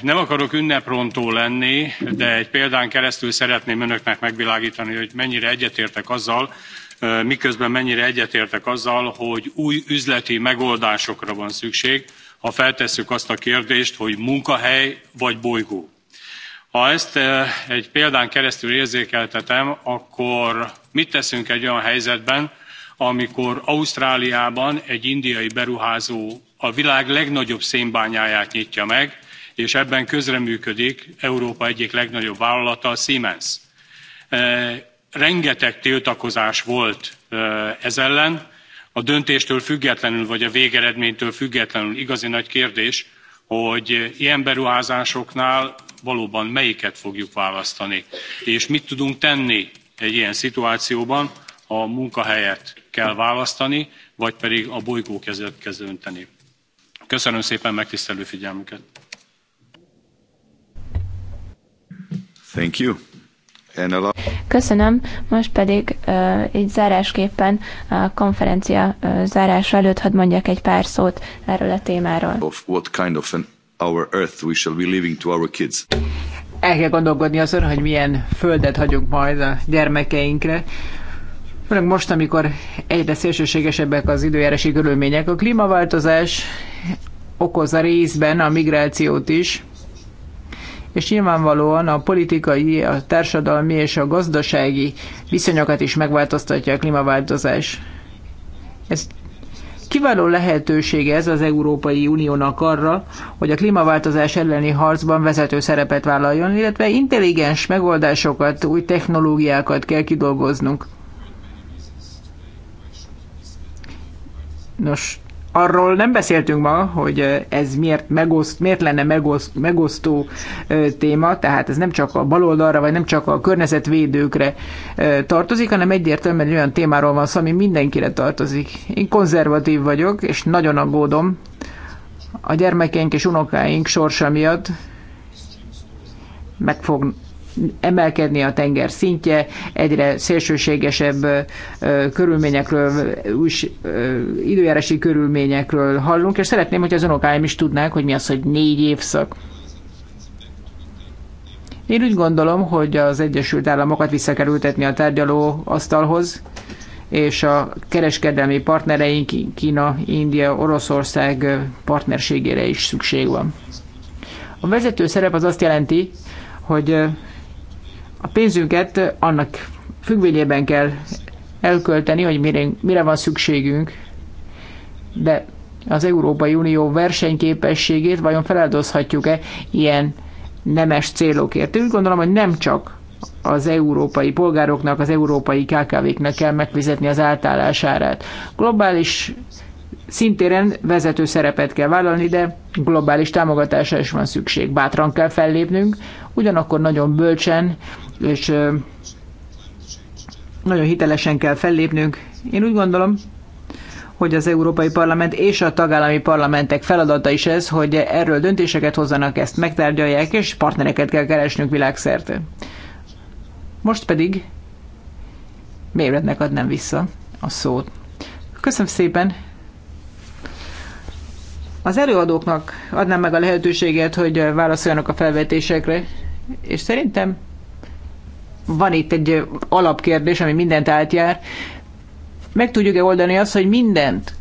Nem akarok ünneprontó lenni, de egy példán keresztül szeretném önöknek megvilágítani, hogy mennyire egyetértek azzal, miközben mennyire egyetértek azzal, hogy új üzleti megoldásokra van szükség, ha feltesszük azt a kérdést, hogy munkahely vagy bolygó ha ezt eh, egy példán keresztül érzékeltetem, akkor mit teszünk egy olyan helyzetben, amikor Ausztráliában egy indiai beruházó a világ legnagyobb szénbányáját nyitja meg, és ebben közreműködik Európa egyik legnagyobb vállalata, a Siemens. Eh, rengeteg tiltakozás volt eh, ez ellen. A döntéstől függetlenül, vagy a végeredménytől függetlenül igazi nagy kérdés, hogy ilyen beruházásoknál valóban melyiket fogjuk választani, és mit tudunk tenni egy ilyen szituációban, ha a munkahelyet kell választani, vagy pedig a bolygó kezet kell önteni. Köszönöm szépen megtisztelő figyelmüket. Thank you. Köszönöm, most pedig uh, így zárásképpen a konferencia uh, zárása előtt hadd mondjak egy pár szót erről a témáról. Of what kind of an our earth we shall be leaving to our kids. El kell gondolkodni azon, hogy milyen földet hagyunk majd a gyermekeinkre. Főleg most, amikor egyre szélsőségesebbek az időjárási körülmények, a klímaváltozás okozza részben a migrációt is, és nyilvánvalóan a politikai, a társadalmi és a gazdasági viszonyokat is megváltoztatja a klímaváltozás. Ez Kiváló lehetőség ez az Európai Uniónak arra, hogy a klímaváltozás elleni harcban vezető szerepet vállaljon, illetve intelligens megoldásokat, új technológiákat kell kidolgoznunk. Nos, arról nem beszéltünk ma, hogy ez miért, megoszt, miért lenne megoszt, megosztó téma, tehát ez nem csak a baloldalra, vagy nem csak a környezetvédőkre tartozik, hanem egyértelműen egy olyan témáról van szó, ami mindenkire tartozik. Én konzervatív vagyok, és nagyon aggódom a gyermekeink és unokáink sorsa miatt, meg, fog, emelkedni a tenger szintje, egyre szélsőségesebb körülményekről, új időjárási körülményekről hallunk, és szeretném, hogy az önokáim is tudnák, hogy mi az, hogy négy évszak. Én úgy gondolom, hogy az Egyesült Államokat vissza kell ültetni a tárgyaló asztalhoz, és a kereskedelmi partnereink Kína, India, Oroszország partnerségére is szükség van. A vezető szerep az azt jelenti, hogy a pénzünket annak függvényében kell elkölteni, hogy mire, mire van szükségünk, de az Európai Unió versenyképességét vajon feláldozhatjuk-e ilyen nemes célokért. Úgy gondolom, hogy nem csak az európai polgároknak, az európai kkv knek kell megfizetni az átállás árát. Globális szintéren vezető szerepet kell vállalni, de globális támogatásra is van szükség. Bátran kell fellépnünk, ugyanakkor nagyon bölcsen és nagyon hitelesen kell fellépnünk. Én úgy gondolom, hogy az Európai Parlament és a tagállami parlamentek feladata is ez, hogy erről döntéseket hozzanak, ezt megtárgyalják, és partnereket kell keresnünk világszerte. Most pedig Mébrednek adnám vissza a szót. Köszönöm szépen! Az előadóknak adnám meg a lehetőséget, hogy válaszoljanak a felvetésekre, és szerintem van itt egy alapkérdés, ami mindent átjár. Meg tudjuk-e oldani azt, hogy mindent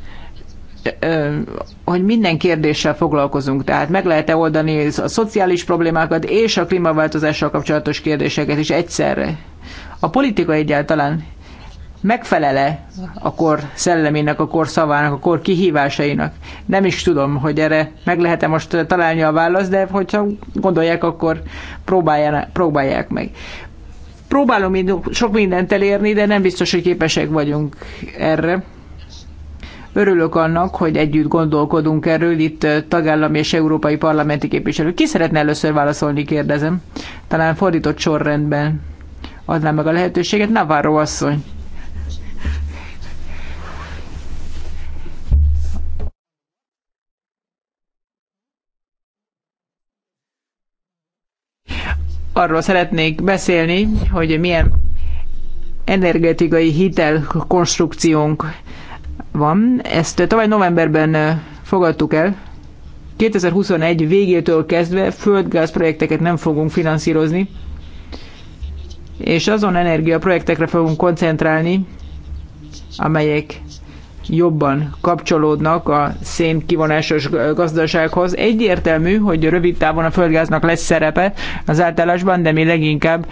hogy minden kérdéssel foglalkozunk, tehát meg lehet-e oldani a szociális problémákat és a klímaváltozással kapcsolatos kérdéseket is egyszerre. A politika egyáltalán megfelele a kor szellemének, a kor szavának, a kor kihívásainak. Nem is tudom, hogy erre meg lehet-e most találni a választ, de hogyha gondolják, akkor próbálják, próbálják meg. Próbálom mind, sok mindent elérni, de nem biztos, hogy képesek vagyunk erre. Örülök annak, hogy együtt gondolkodunk erről itt tagállami és európai parlamenti képviselők. Ki szeretne először válaszolni, kérdezem. Talán fordított sorrendben adnám meg a lehetőséget. Navarro asszony. arról szeretnék beszélni, hogy milyen energetikai hitel konstrukciónk van. Ezt tavaly novemberben fogadtuk el. 2021 végétől kezdve földgáz projekteket nem fogunk finanszírozni, és azon energiaprojektekre fogunk koncentrálni, amelyek jobban kapcsolódnak a szén kivonásos gazdasághoz. Egyértelmű, hogy rövid távon a földgáznak lesz szerepe az általásban, de mi leginkább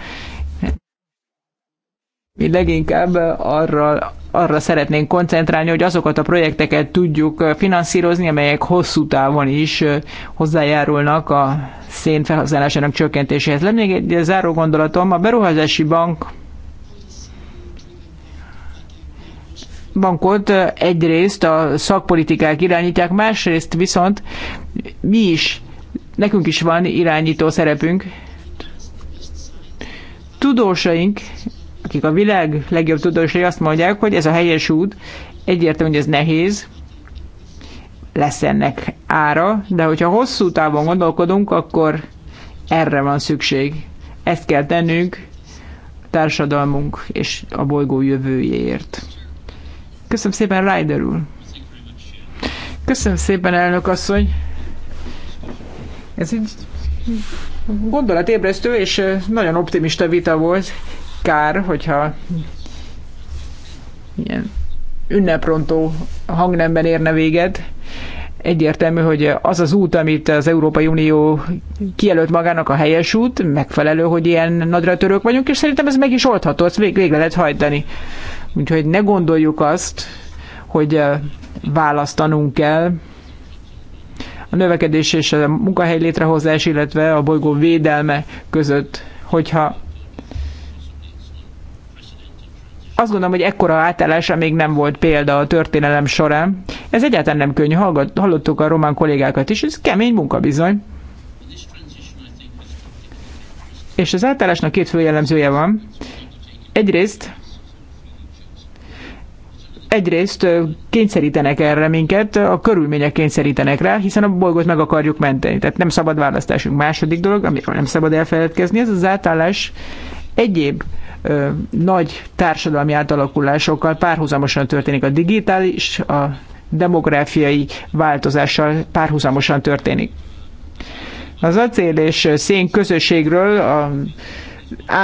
mi leginkább arra, arra szeretnénk koncentrálni, hogy azokat a projekteket tudjuk finanszírozni, amelyek hosszú távon is hozzájárulnak a szén felhasználásának csökkentéséhez. Lenne még egy záró gondolatom, a beruházási bank bankot eh, egyrészt a szakpolitikák irányítják, másrészt viszont mi is, nekünk is van irányító szerepünk. Tudósaink, akik a világ legjobb tudósai azt mondják, hogy ez a helyes út, egyértelmű, hogy ez nehéz, lesz ennek ára, de hogyha hosszú távon gondolkodunk, akkor erre van szükség. Ezt kell tennünk a társadalmunk és a bolygó jövőjéért. Köszönöm szépen, Ryder úr. Köszönöm szépen, elnök asszony. Ez egy gondolatébresztő és nagyon optimista vita volt. Kár, hogyha ilyen ünneprontó hangnemben érne véget. Egyértelmű, hogy az az út, amit az Európai Unió kijelölt magának a helyes út, megfelelő, hogy ilyen nagyra törők vagyunk, és szerintem ez meg is oldható, ezt végre lehet hajtani. Úgyhogy ne gondoljuk azt, hogy eh, választanunk kell a növekedés és a munkahely létrehozás, illetve a bolygó védelme között, hogyha azt gondolom, hogy ekkora átállása még nem volt példa a történelem során. Ez egyáltalán nem könnyű. Hallgat, hallottuk a román kollégákat is, ez kemény munka bizony. És az átállásnak két fő jellemzője van. Egyrészt egyrészt kényszerítenek erre minket, a körülmények kényszerítenek rá, hiszen a bolygót meg akarjuk menteni. Tehát nem szabad választásunk. Második dolog, amiről nem szabad elfeledkezni, ez az átállás egyéb ö, nagy társadalmi átalakulásokkal párhuzamosan történik. A digitális, a demográfiai változással párhuzamosan történik. Az acél és szén közösségről a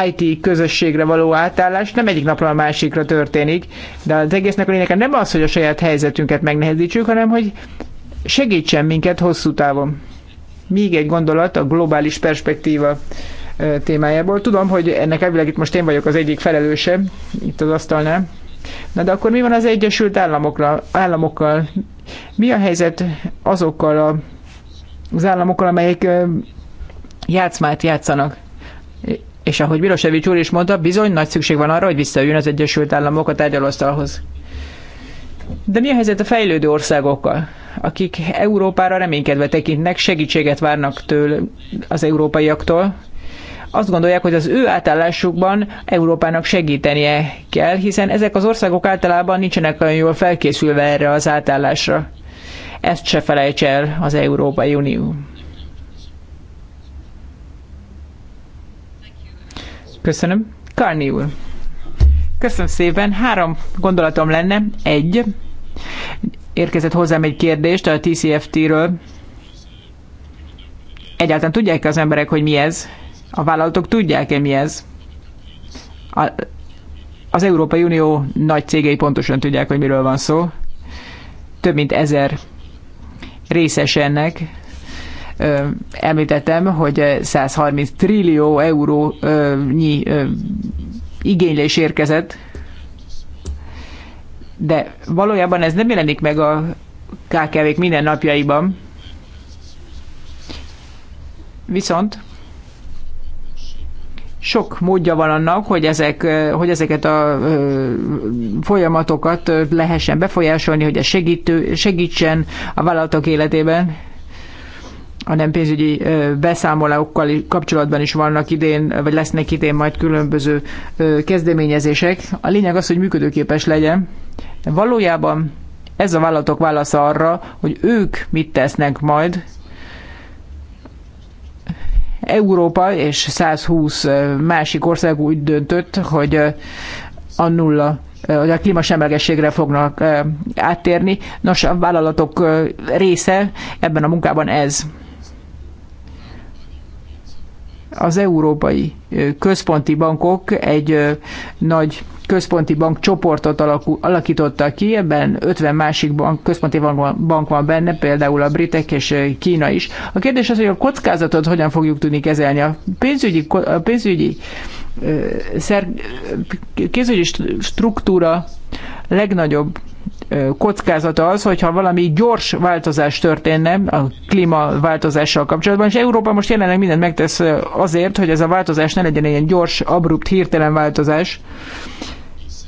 IT közösségre való átállás nem egyik napról a másikra történik, de az egésznek a lényege nem az, hogy a saját helyzetünket megnehezítsük, hanem hogy segítsen minket hosszú távon. Még egy gondolat a globális perspektíva témájából. Tudom, hogy ennek elvileg itt most én vagyok az egyik felelőse, itt az asztalnál. Na de akkor mi van az Egyesült Államokra, Államokkal? Mi a helyzet azokkal a, az államokkal, amelyek játszmát játszanak? És ahogy Milosevic úr is mondta, bizony nagy szükség van arra, hogy visszajön az Egyesült Államok a tárgyalóasztalhoz. De mi a helyzet a fejlődő országokkal, akik Európára reménykedve tekintnek, segítséget várnak től az európaiaktól? Azt gondolják, hogy az ő átállásukban Európának segítenie kell, hiszen ezek az országok általában nincsenek olyan jól felkészülve erre az átállásra. Ezt se felejts el az Európai Unió. Köszönöm. Karni úr. Köszönöm szépen. Három gondolatom lenne. Egy. Érkezett hozzám egy kérdést a TCFT-ről. Egyáltalán tudják -e az emberek, hogy mi ez? A vállalatok tudják-e, mi ez? A, az Európai Unió nagy cégei pontosan tudják, hogy miről van szó. Több mint ezer részes ennek. Említettem, hogy 130 trillió eurónyi igénylés érkezett, de valójában ez nem jelenik meg a KKV-k mindennapjaiban. Viszont sok módja van annak, hogy, ezek, hogy ezeket a folyamatokat lehessen befolyásolni, hogy ez segítő, segítsen a vállalatok életében. A nem pénzügyi beszámolókkal kapcsolatban is vannak idén, vagy lesznek idén majd különböző kezdeményezések. A lényeg az, hogy működőképes legyen. Valójában ez a vállalatok válasza arra, hogy ők mit tesznek majd. Európa és 120 másik ország úgy döntött, hogy a nulla hogy a klímasemlegességre fognak áttérni. Nos, a vállalatok része ebben a munkában ez az európai központi bankok egy nagy központi bank csoportot alakította alakítottak ki, ebben 50 másik bank, központi bank van benne, például a britek és Kína is. A kérdés az, hogy a kockázatot hogyan fogjuk tudni kezelni. A pénzügyi, a pénzügyi pénzügyi struktúra legnagyobb kockázata az, hogyha valami gyors változás történne a klímaváltozással kapcsolatban, és Európa most jelenleg mindent megtesz azért, hogy ez a változás ne legyen ilyen gyors, abrupt, hirtelen változás.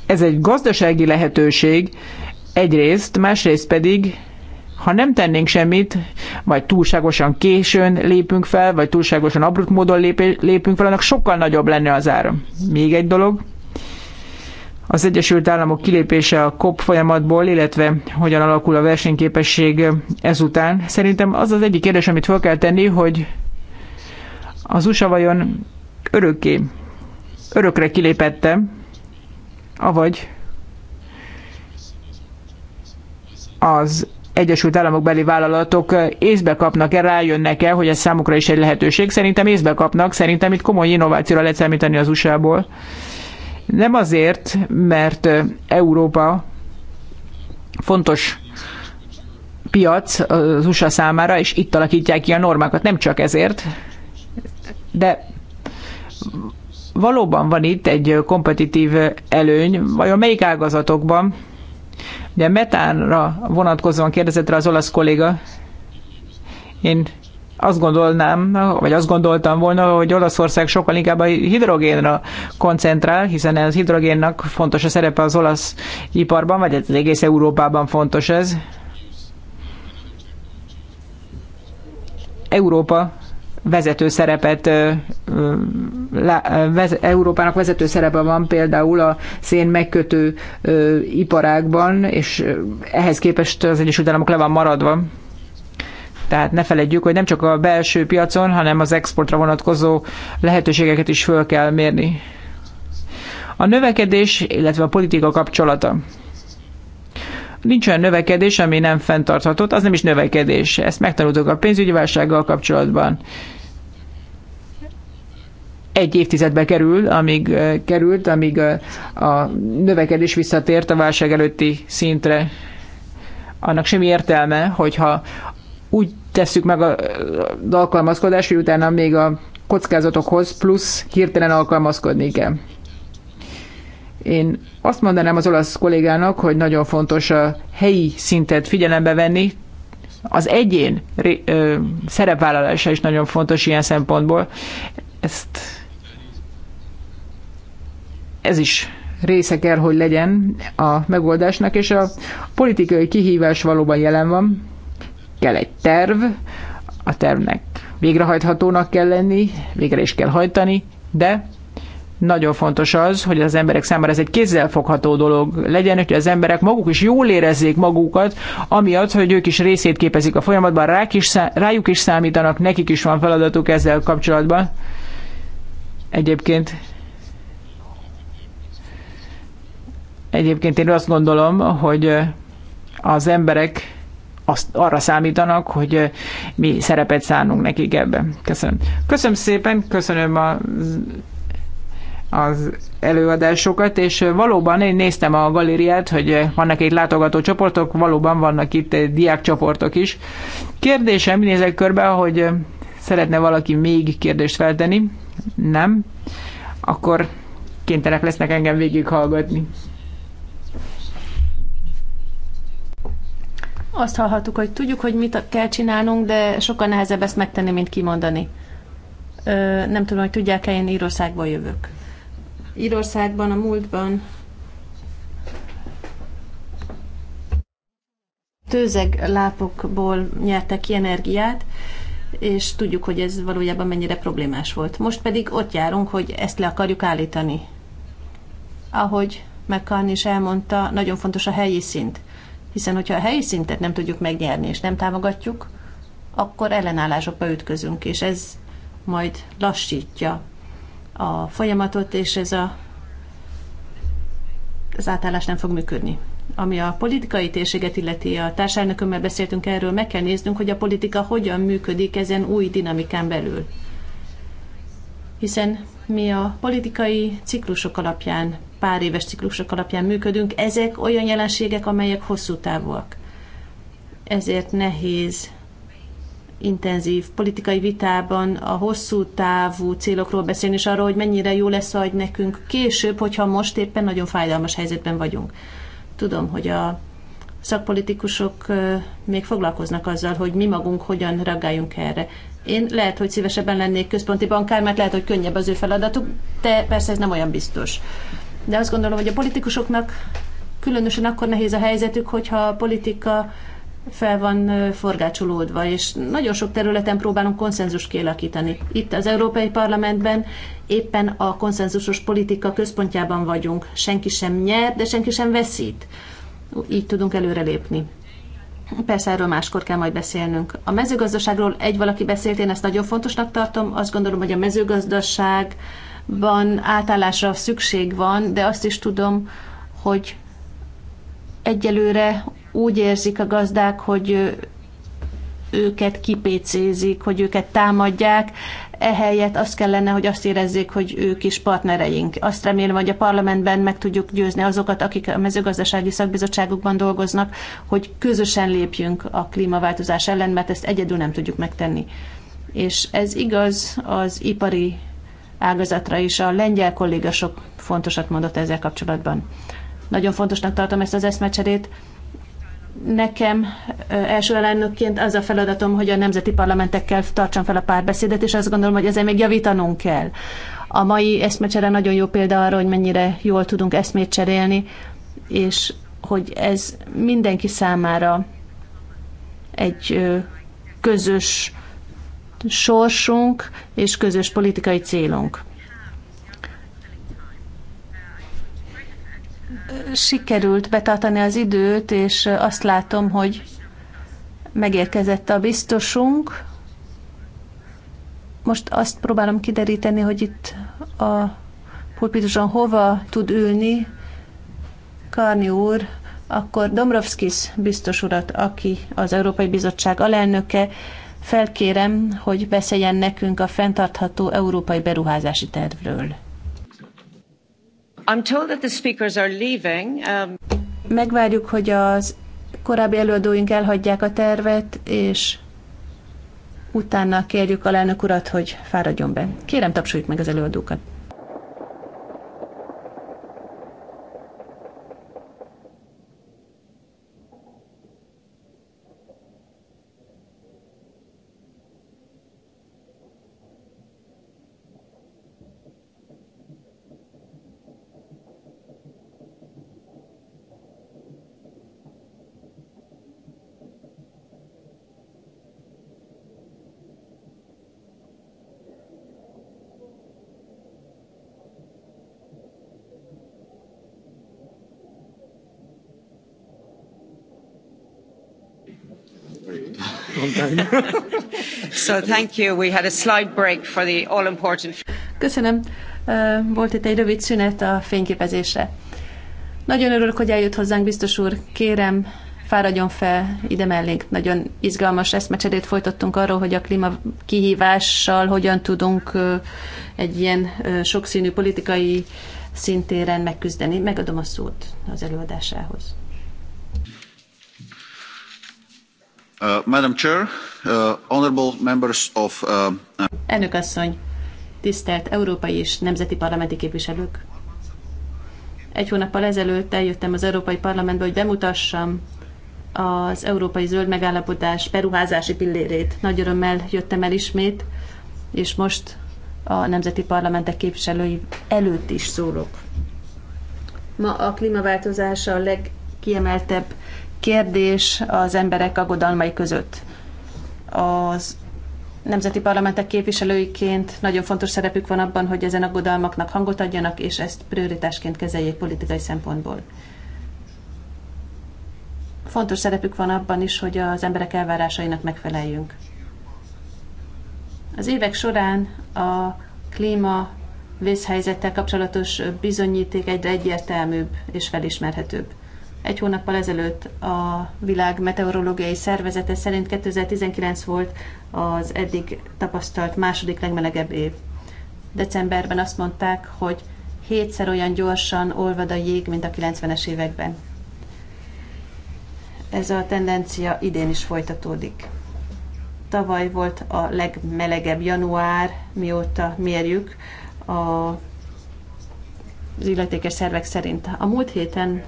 Ez egy gazdasági lehetőség egyrészt, másrészt pedig ha nem tennénk semmit, vagy túlságosan későn lépünk fel, vagy túlságosan abrupt módon lép, lépünk fel, annak sokkal nagyobb lenne az ára. Még egy dolog, az Egyesült Államok kilépése a COP folyamatból, illetve hogyan alakul a versenyképesség ezután. Szerintem az az egyik kérdés, amit fel kell tenni, hogy az USA vajon örökké, örökre kilépette, avagy az Egyesült Államok beli vállalatok észbe kapnak-e, rájönnek-e, hogy ez számukra is egy lehetőség. Szerintem észbe kapnak, szerintem itt komoly innovációra lehet számítani az USA-ból. Nem azért, mert Európa fontos piac az USA számára, és itt alakítják ki a normákat, nem csak ezért, de valóban van itt egy kompetitív előny, vajon melyik ágazatokban, Ugye metánra vonatkozóan kérdezett rá az olasz kolléga, én azt gondolnám, vagy azt gondoltam volna, hogy Olaszország sokkal inkább a hidrogénra koncentrál, hiszen az hidrogénnak fontos a szerepe az olasz iparban, vagy az egész Európában fontos ez. Európa vezető szerepet, Európának vezető szerepe van például a szén megkötő iparágban, és ehhez képest az Egyesült Államok le van maradva. Tehát ne feledjük, hogy nem csak a belső piacon, hanem az exportra vonatkozó lehetőségeket is föl kell mérni. A növekedés, illetve a politika kapcsolata. Nincs olyan növekedés, ami nem fenntartható, az nem is növekedés. Ezt megtanultuk a pénzügyi válsággal kapcsolatban egy évtizedbe kerül, amíg került, amíg a növekedés visszatért a válság előtti szintre. Annak semmi értelme, hogyha úgy tesszük meg a alkalmazkodást, hogy utána még a kockázatokhoz plusz hirtelen alkalmazkodni kell. Én azt mondanám az olasz kollégának, hogy nagyon fontos a helyi szintet figyelembe venni, az egyén szerepvállalása is nagyon fontos ilyen szempontból. Ezt ez is része kell, hogy legyen a megoldásnak, és a politikai kihívás valóban jelen van. Kell egy terv, a tervnek végrehajthatónak kell lenni, végre is kell hajtani, de nagyon fontos az, hogy az emberek számára ez egy kézzelfogható dolog legyen, hogy az emberek maguk is jól érezzék magukat, amiatt, hogy ők is részét képezik a folyamatban, rá is, rájuk is számítanak, nekik is van feladatuk ezzel kapcsolatban. Egyébként Egyébként én azt gondolom, hogy az emberek azt arra számítanak, hogy mi szerepet szánunk nekik ebben. Köszönöm. Köszönöm szépen, köszönöm a az előadásokat, és valóban én néztem a galériát, hogy vannak itt látogató csoportok, valóban vannak itt diákcsoportok is. Kérdésem, nézek körbe, hogy szeretne valaki még kérdést feltenni? Nem? Akkor kénytelenek lesznek engem végighallgatni. Azt hallhattuk, hogy tudjuk, hogy mit kell csinálnunk, de sokkal nehezebb ezt megtenni, mint kimondani. Ö, nem tudom, hogy tudják-e, én Írországból jövök. Írországban a múltban tőzeg lápokból nyertek ki energiát, és tudjuk, hogy ez valójában mennyire problémás volt. Most pedig ott járunk, hogy ezt le akarjuk állítani. Ahogy McCann is elmondta, nagyon fontos a helyi szint hiszen hogyha a helyi szintet nem tudjuk megnyerni és nem támogatjuk, akkor ellenállásokba ütközünk, és ez majd lassítja a folyamatot, és ez a, az átállás nem fog működni. Ami a politikai térséget illeti, a társadalmakömmel beszéltünk erről, meg kell néznünk, hogy a politika hogyan működik ezen új dinamikán belül. Hiszen mi a politikai ciklusok alapján pár éves ciklusok alapján működünk, ezek olyan jelenségek, amelyek hosszú távúak. Ezért nehéz intenzív politikai vitában a hosszú távú célokról beszélni, és arról, hogy mennyire jó lesz majd nekünk később, hogyha most éppen nagyon fájdalmas helyzetben vagyunk. Tudom, hogy a szakpolitikusok még foglalkoznak azzal, hogy mi magunk hogyan reagáljunk erre. Én lehet, hogy szívesebben lennék központi bankár, mert lehet, hogy könnyebb az ő feladatuk, de persze ez nem olyan biztos de azt gondolom, hogy a politikusoknak különösen akkor nehéz a helyzetük, hogyha a politika fel van forgácsolódva, és nagyon sok területen próbálunk konszenzust kialakítani. Itt az Európai Parlamentben éppen a konszenzusos politika központjában vagyunk. Senki sem nyer, de senki sem veszít. Így tudunk előrelépni. Persze erről máskor kell majd beszélnünk. A mezőgazdaságról egy valaki beszélt, én ezt nagyon fontosnak tartom. Azt gondolom, hogy a mezőgazdaság van átállásra szükség van, de azt is tudom, hogy egyelőre úgy érzik a gazdák, hogy őket kipécézik, hogy őket támadják, ehelyett azt kellene, hogy azt érezzék, hogy ők is partnereink. Azt remélem, hogy a parlamentben meg tudjuk győzni azokat, akik a mezőgazdasági szakbizottságokban dolgoznak, hogy közösen lépjünk a klímaváltozás ellen, mert ezt egyedül nem tudjuk megtenni. És ez igaz az ipari ágazatra is. A lengyel kolléga sok fontosat mondott ezzel kapcsolatban. Nagyon fontosnak tartom ezt az eszmecserét. Nekem első elnökként az a feladatom, hogy a nemzeti parlamentekkel tartsam fel a párbeszédet, és azt gondolom, hogy ezzel még javítanunk kell. A mai eszmecsere nagyon jó példa arra, hogy mennyire jól tudunk eszmét cserélni, és hogy ez mindenki számára egy közös sorsunk és közös politikai célunk. Sikerült betartani az időt, és azt látom, hogy megérkezett a biztosunk. Most azt próbálom kideríteni, hogy itt a pulpituson hova tud ülni Karni úr, akkor Dombrovskis biztos urat, aki az Európai Bizottság alelnöke, Felkérem, hogy beszéljen nekünk a fenntartható európai beruházási tervről. I'm told that the speakers are leaving. Um... Megvárjuk, hogy az korábbi előadóink elhagyják a tervet, és utána kérjük a lelnök urat, hogy fáradjon be. Kérem, tapsoljuk meg az előadókat. so thank you. We had a slight break for the all important... Köszönöm. Volt itt egy rövid szünet a fényképezésre. Nagyon örülök, hogy eljött hozzánk, biztos úr. Kérem, fáradjon fel ide mellénk. Nagyon izgalmas eszmecserét folytattunk arról, hogy a klíma kihívással hogyan tudunk egy ilyen sokszínű politikai szintéren megküzdeni. Megadom a szót az előadásához. Uh, uh, uh, Elnök asszony, tisztelt európai és nemzeti parlamenti képviselők! Egy hónappal ezelőtt eljöttem az Európai Parlamentbe, hogy bemutassam az Európai Zöld Megállapodás beruházási pillérét. Nagy örömmel jöttem el ismét, és most a nemzeti parlamentek képviselői előtt is szólok. Ma a klímaváltozás a legkiemeltebb kérdés az emberek aggodalmai között. Az nemzeti parlamentek képviselőiként nagyon fontos szerepük van abban, hogy ezen aggodalmaknak hangot adjanak, és ezt prioritásként kezeljék politikai szempontból. Fontos szerepük van abban is, hogy az emberek elvárásainak megfeleljünk. Az évek során a klíma vészhelyzettel kapcsolatos bizonyíték egyre egyértelműbb és felismerhetőbb. Egy hónappal ezelőtt a világ meteorológiai szervezete szerint 2019 volt az eddig tapasztalt második legmelegebb év. Decemberben azt mondták, hogy hétszer olyan gyorsan olvad a jég, mint a 90-es években. Ez a tendencia idén is folytatódik. Tavaly volt a legmelegebb január, mióta mérjük a, az illetékes szervek szerint. A múlt héten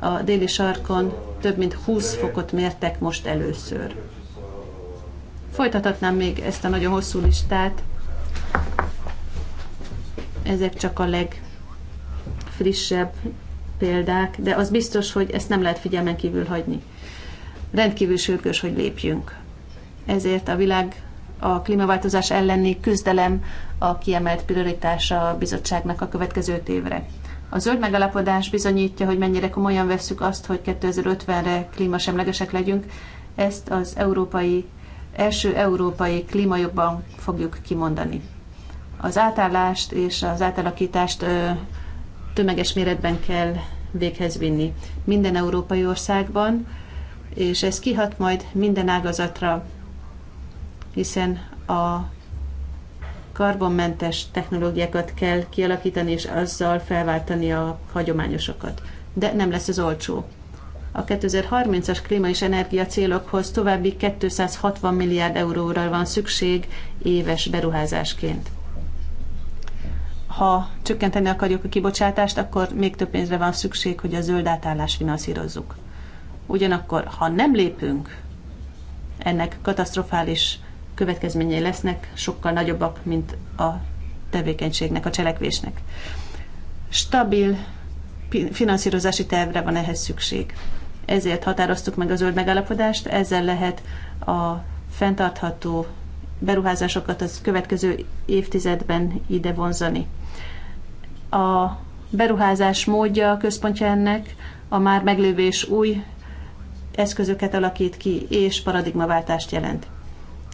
a déli sarkon több mint 20 fokot mértek most először. Folytathatnám még ezt a nagyon hosszú listát. Ezek csak a legfrissebb példák, de az biztos, hogy ezt nem lehet figyelmen kívül hagyni. Rendkívül sürgős, hogy lépjünk. Ezért a világ a klímaváltozás elleni küzdelem a kiemelt prioritása a bizottságnak a következő évre. A zöld megalapodás bizonyítja, hogy mennyire komolyan vesszük azt, hogy 2050-re klímasemlegesek legyünk. Ezt az európai, első európai klímajogban fogjuk kimondani. Az átállást és az átalakítást tömeges méretben kell véghez vinni. Minden európai országban, és ez kihat majd minden ágazatra, hiszen a karbonmentes technológiákat kell kialakítani, és azzal felváltani a hagyományosokat. De nem lesz ez olcsó. A 2030-as klíma és energia célokhoz további 260 milliárd euróra van szükség éves beruházásként. Ha csökkenteni akarjuk a kibocsátást, akkor még több pénzre van szükség, hogy a zöld átállást finanszírozzuk. Ugyanakkor, ha nem lépünk, ennek katasztrofális következményei lesznek, sokkal nagyobbak, mint a tevékenységnek, a cselekvésnek. Stabil finanszírozási tervre van ehhez szükség. Ezért határoztuk meg a zöld megállapodást, ezzel lehet a fenntartható beruházásokat az következő évtizedben ide vonzani. A beruházás módja a központja ennek, a már meglévő új eszközöket alakít ki, és paradigmaváltást jelent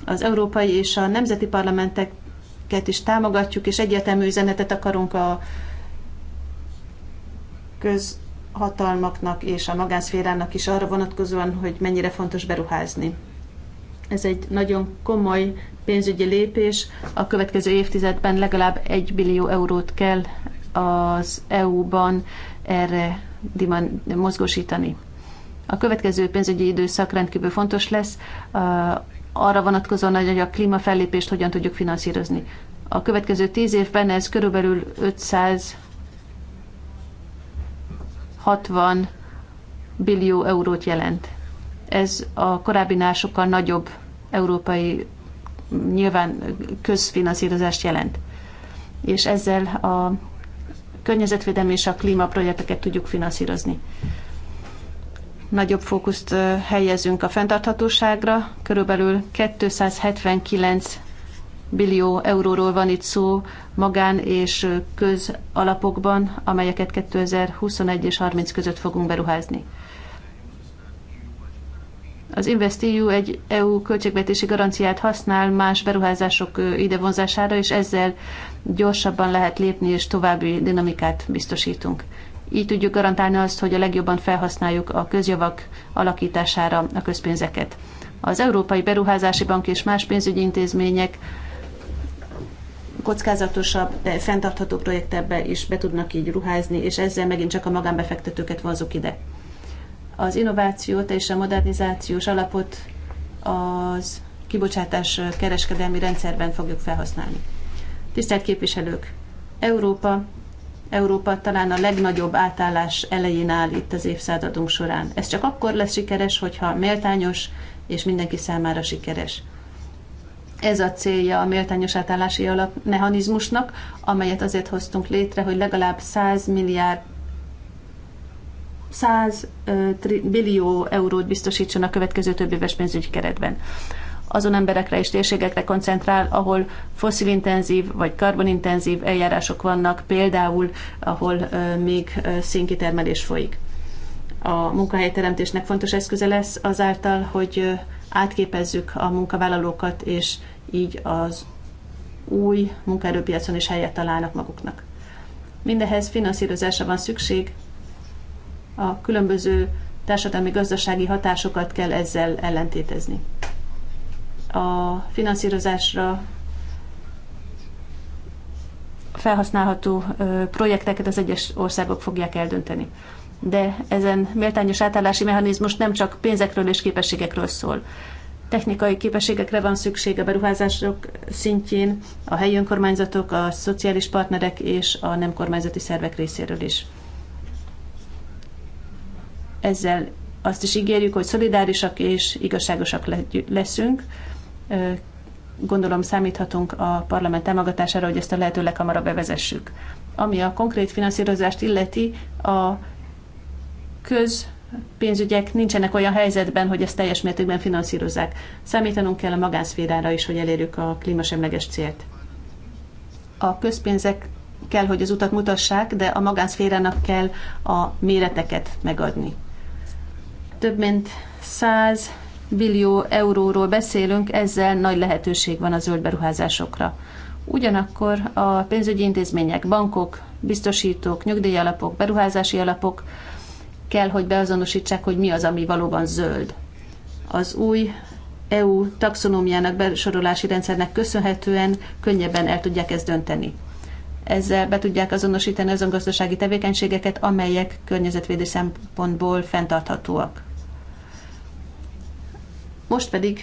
az európai és a nemzeti parlamenteket is támogatjuk, és egyetemű üzenetet akarunk a közhatalmaknak és a magánszférának is arra vonatkozóan, hogy mennyire fontos beruházni. Ez egy nagyon komoly pénzügyi lépés. A következő évtizedben legalább 1 billió eurót kell az EU-ban erre mozgósítani. A következő pénzügyi időszak rendkívül fontos lesz arra vonatkozóan, hogy a klímafellépést hogyan tudjuk finanszírozni. A következő tíz évben ez körülbelül 560 billió eurót jelent. Ez a korábbinál sokkal nagyobb európai nyilván közfinanszírozást jelent. És ezzel a környezetvédelmi és a klímaprojekteket tudjuk finanszírozni nagyobb fókuszt helyezünk a fenntarthatóságra. Körülbelül 279 billió euróról van itt szó magán és közalapokban, amelyeket 2021 és 30 között fogunk beruházni. Az InvestEU egy EU költségvetési garanciát használ más beruházások idevonzására, és ezzel gyorsabban lehet lépni, és további dinamikát biztosítunk. Így tudjuk garantálni azt, hogy a legjobban felhasználjuk a közjavak alakítására a közpénzeket. Az Európai Beruházási Bank és más pénzügyi intézmények kockázatosabb, de eh, fenntartható projektekbe is be tudnak így ruházni, és ezzel megint csak a magánbefektetőket vonzuk ide. Az innovációt és a modernizációs alapot az kibocsátás kereskedelmi rendszerben fogjuk felhasználni. Tisztelt képviselők! Európa Európa talán a legnagyobb átállás elején áll itt az évszázadunk során. Ez csak akkor lesz sikeres, hogyha méltányos és mindenki számára sikeres. Ez a célja a méltányos átállási alapmechanizmusnak, amelyet azért hoztunk létre, hogy legalább 100 milliárd 100 billió eurót biztosítson a következő több éves pénzügyi keretben azon emberekre és térségekre koncentrál, ahol foszilintenzív vagy karbonintenzív eljárások vannak, például ahol még szénkitermelés folyik. A munkahelyteremtésnek fontos eszköze lesz azáltal, hogy átképezzük a munkavállalókat, és így az új munkaerőpiacon is helyet találnak maguknak. Mindehhez finanszírozásra van szükség, a különböző társadalmi-gazdasági hatásokat kell ezzel ellentétezni a finanszírozásra felhasználható projekteket az egyes országok fogják eldönteni. De ezen méltányos átállási mechanizmus nem csak pénzekről és képességekről szól. Technikai képességekre van szükség a beruházások szintjén, a helyi önkormányzatok, a szociális partnerek és a nem kormányzati szervek részéről is. Ezzel azt is ígérjük, hogy szolidárisak és igazságosak leszünk, gondolom számíthatunk a parlament támogatására, hogy ezt a lehető leghamarabb bevezessük. Ami a konkrét finanszírozást illeti, a köz pénzügyek nincsenek olyan helyzetben, hogy ezt teljes mértékben finanszírozzák. Számítanunk kell a magánszférára is, hogy elérjük a klímasemleges célt. A közpénzek kell, hogy az utat mutassák, de a magánszférának kell a méreteket megadni. Több mint 100 billió euróról beszélünk, ezzel nagy lehetőség van a zöld beruházásokra. Ugyanakkor a pénzügyi intézmények, bankok, biztosítók, nyugdíjalapok, beruházási alapok kell, hogy beazonosítsák, hogy mi az, ami valóban zöld. Az új EU taxonómiának besorolási rendszernek köszönhetően könnyebben el tudják ezt dönteni. Ezzel be tudják azonosítani azon gazdasági tevékenységeket, amelyek környezetvédő szempontból fenntarthatóak. Most pedig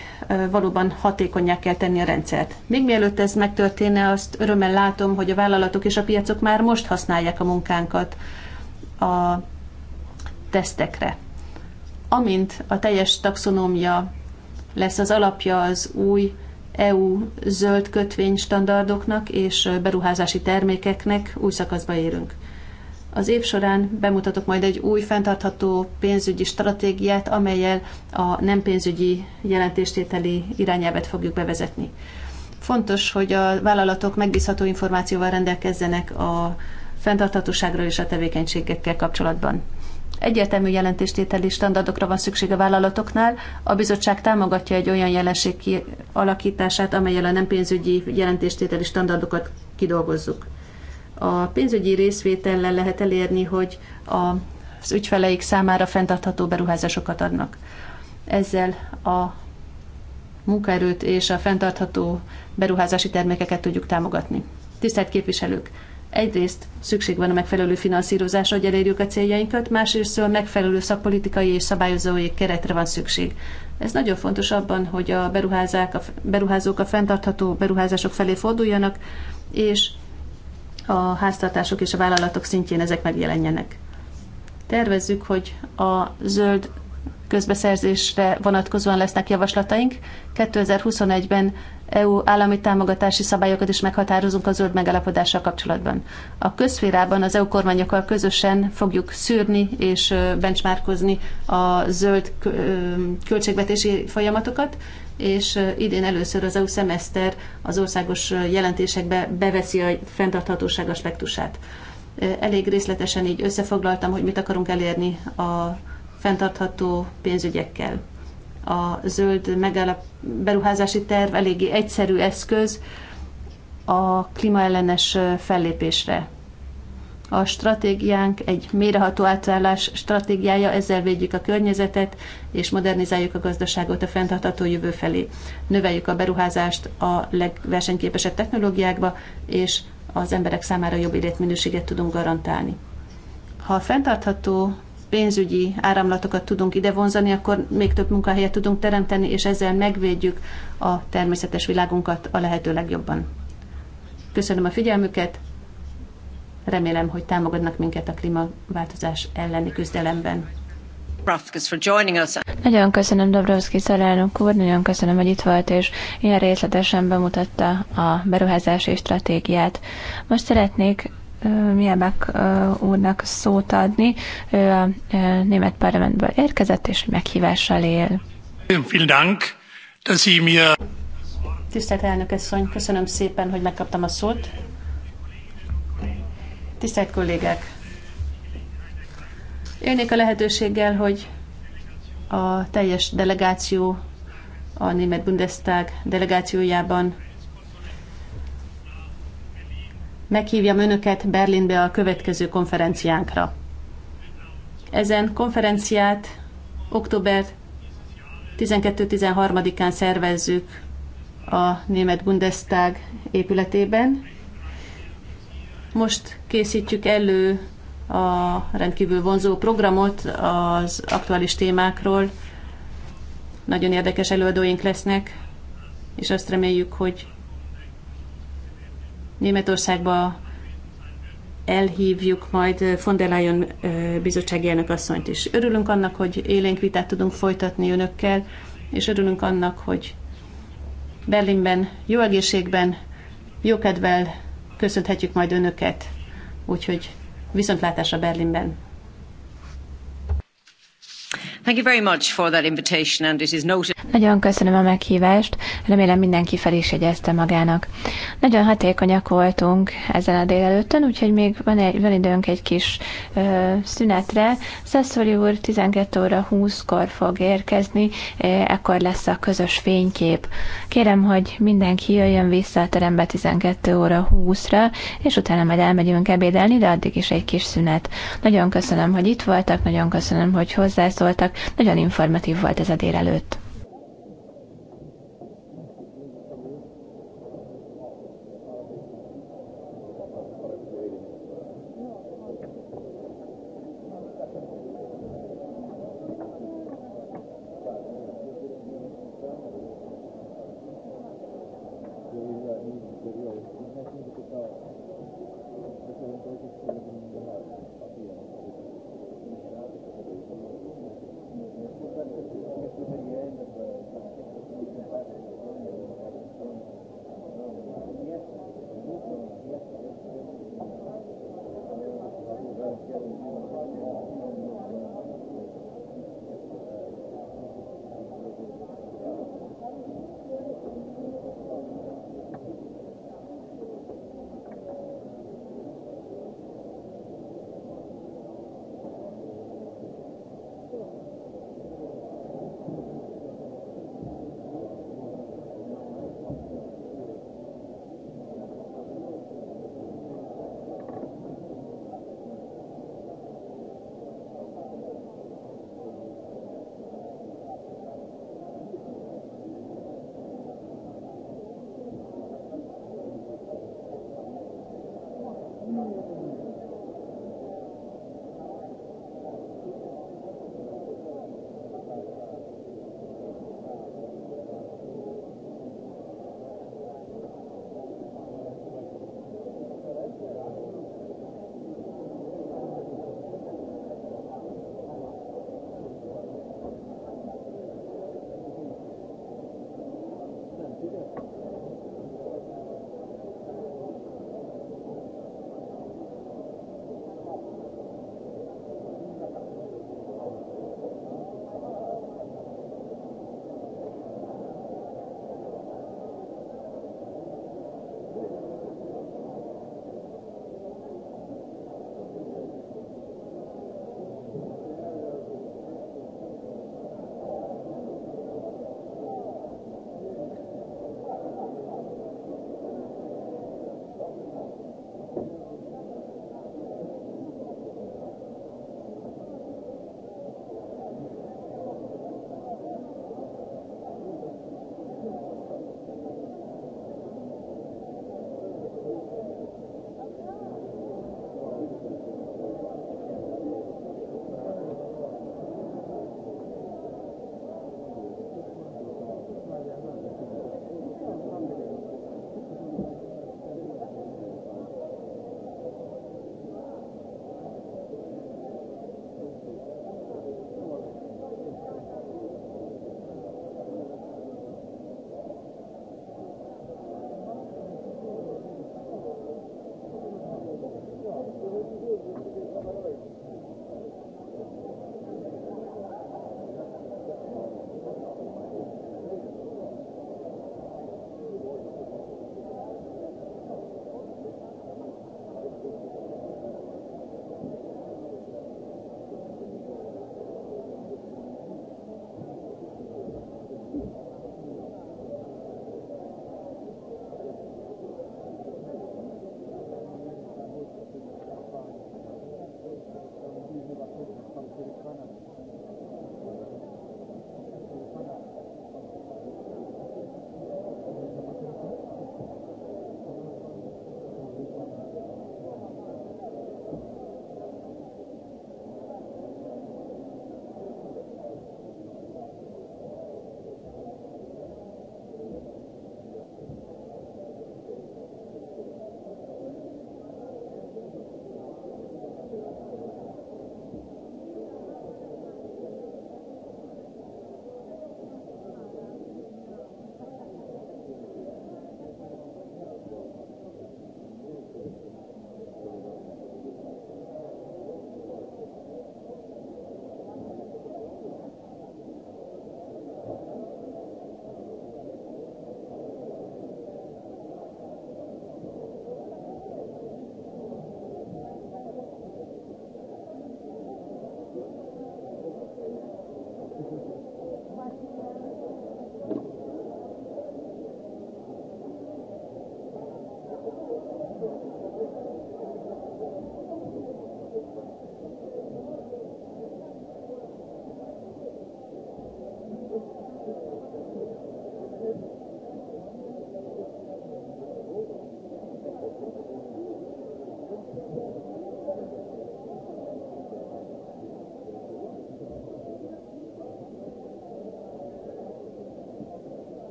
valóban hatékonyá kell tenni a rendszert. Még mielőtt ez megtörténne, azt örömmel látom, hogy a vállalatok és a piacok már most használják a munkánkat a tesztekre. Amint a teljes taxonómia lesz az alapja az új EU zöld kötvény standardoknak és beruházási termékeknek, új szakaszba érünk. Az év során bemutatok majd egy új fenntartható pénzügyi stratégiát, amelyel a nem pénzügyi jelentéstételi irányelvet fogjuk bevezetni. Fontos, hogy a vállalatok megbízható információval rendelkezzenek a fenntarthatóságról és a tevékenységekkel kapcsolatban. Egyértelmű jelentéstételi standardokra van szükség a vállalatoknál. A bizottság támogatja egy olyan jelenség kialakítását, amelyel a nem pénzügyi jelentéstételi standardokat kidolgozzuk. A pénzügyi részvétellel lehet elérni, hogy a, az ügyfeleik számára fenntartható beruházásokat adnak. Ezzel a munkaerőt és a fenntartható beruházási termékeket tudjuk támogatni. Tisztelt képviselők! Egyrészt szükség van a megfelelő finanszírozásra, hogy elérjük a céljainkat, másrészt a megfelelő szakpolitikai és szabályozói keretre van szükség. Ez nagyon fontos abban, hogy a, beruházák, a beruházók a fenntartható beruházások felé forduljanak, és a háztartások és a vállalatok szintjén ezek megjelenjenek. Tervezzük, hogy a zöld közbeszerzésre vonatkozóan lesznek javaslataink. 2021-ben EU állami támogatási szabályokat is meghatározunk a zöld megállapodással kapcsolatban. A közférában az EU kormányokkal közösen fogjuk szűrni és benchmarkozni a zöld költségvetési folyamatokat, és idén először az EU szemeszter az országos jelentésekbe beveszi a fenntarthatóság aspektusát. Elég részletesen így összefoglaltam, hogy mit akarunk elérni a fenntartható pénzügyekkel. A zöld megállap, beruházási terv eléggé egyszerű eszköz a klímaellenes fellépésre a stratégiánk egy méreható átállás stratégiája, ezzel védjük a környezetet, és modernizáljuk a gazdaságot a fenntartható jövő felé. Növeljük a beruházást a legversenyképesebb technológiákba, és az emberek számára jobb életminőséget tudunk garantálni. Ha a fenntartható pénzügyi áramlatokat tudunk ide vonzani, akkor még több munkahelyet tudunk teremteni, és ezzel megvédjük a természetes világunkat a lehető legjobban. Köszönöm a figyelmüket, Remélem, hogy támogatnak minket a klímaváltozás elleni küzdelemben. Nagyon köszönöm Dobrovszki szalelnök úr, nagyon köszönöm, hogy itt volt, és ilyen részletesen bemutatta a beruházási stratégiát. Most szeretnék Mielbek úrnak szót adni. Ő a német parlamentből érkezett, és meghívással él. Tisztelt elnök asszony, köszönöm szépen, hogy megkaptam a szót. Tisztelt kollégák! Élnék a lehetőséggel, hogy a teljes delegáció a német Bundestag delegációjában meghívjam Önöket Berlinbe a következő konferenciánkra. Ezen konferenciát október 12-13-án szervezzük a német Bundestag épületében, most készítjük elő a rendkívül vonzó programot az aktuális témákról. Nagyon érdekes előadóink lesznek, és azt reméljük, hogy Németországba elhívjuk majd von der Leyen bizottsági elnökasszonyt is. Örülünk annak, hogy élénk vitát tudunk folytatni önökkel, és örülünk annak, hogy Berlinben jó egészségben, jó kedvel köszönhetjük majd önöket. Úgyhogy viszontlátásra Berlinben! Nagyon köszönöm a meghívást, remélem mindenki fel is jegyezte magának. Nagyon hatékonyak voltunk ezen a délelőttön, úgyhogy még van, egy, van időnk egy kis ö, szünetre. Szeszori úr 12 óra 20-kor fog érkezni, ekkor lesz a közös fénykép. Kérem, hogy mindenki jöjjön vissza a terembe 12 óra 20-ra, és utána majd elmegyünk ebédelni, de addig is egy kis szünet. Nagyon köszönöm, hogy itt voltak, nagyon köszönöm, hogy hozzászóltak, nagyon informatív volt ez a délelőtt.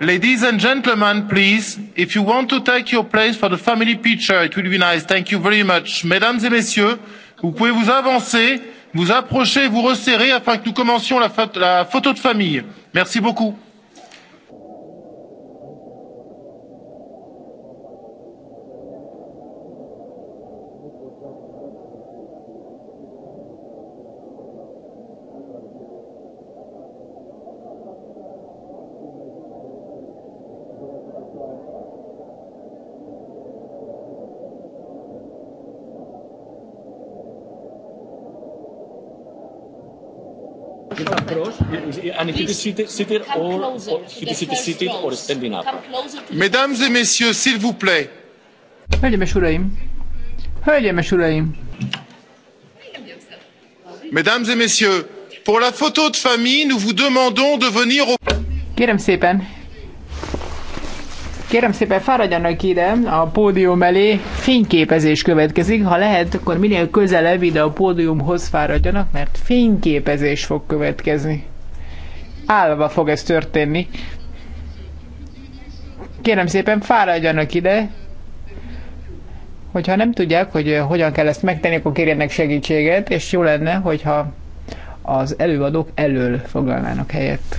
ladies and gentlemen please if you want to take your place for the family picture it will be nice thank you very much mesdames et messieurs vous pouvez vous avancer vous approcher vous resserrer afin que nous commencions la photo de famille merci beaucoup. And if you seated or, or if you seated or standing up. Mesdames et messieurs, s'il vous plaît. Hölgyeim és uraim! Hölgyeim és uraim! Mesdames et messieurs, pour la photo de famille, nous vous demandons de venir au... Kérem szépen, Kérem szépen, fáradjanak ide a pódium elé, fényképezés következik. Ha lehet, akkor minél közelebb ide a pódiumhoz fáradjanak, mert fényképezés fog következni állva fog ez történni. Kérem szépen, fáradjanak ide. Hogyha nem tudják, hogy eh, hogyan kell ezt megtenni, akkor kérjenek segítséget, és jó lenne, hogyha az előadók elől foglalnának helyet.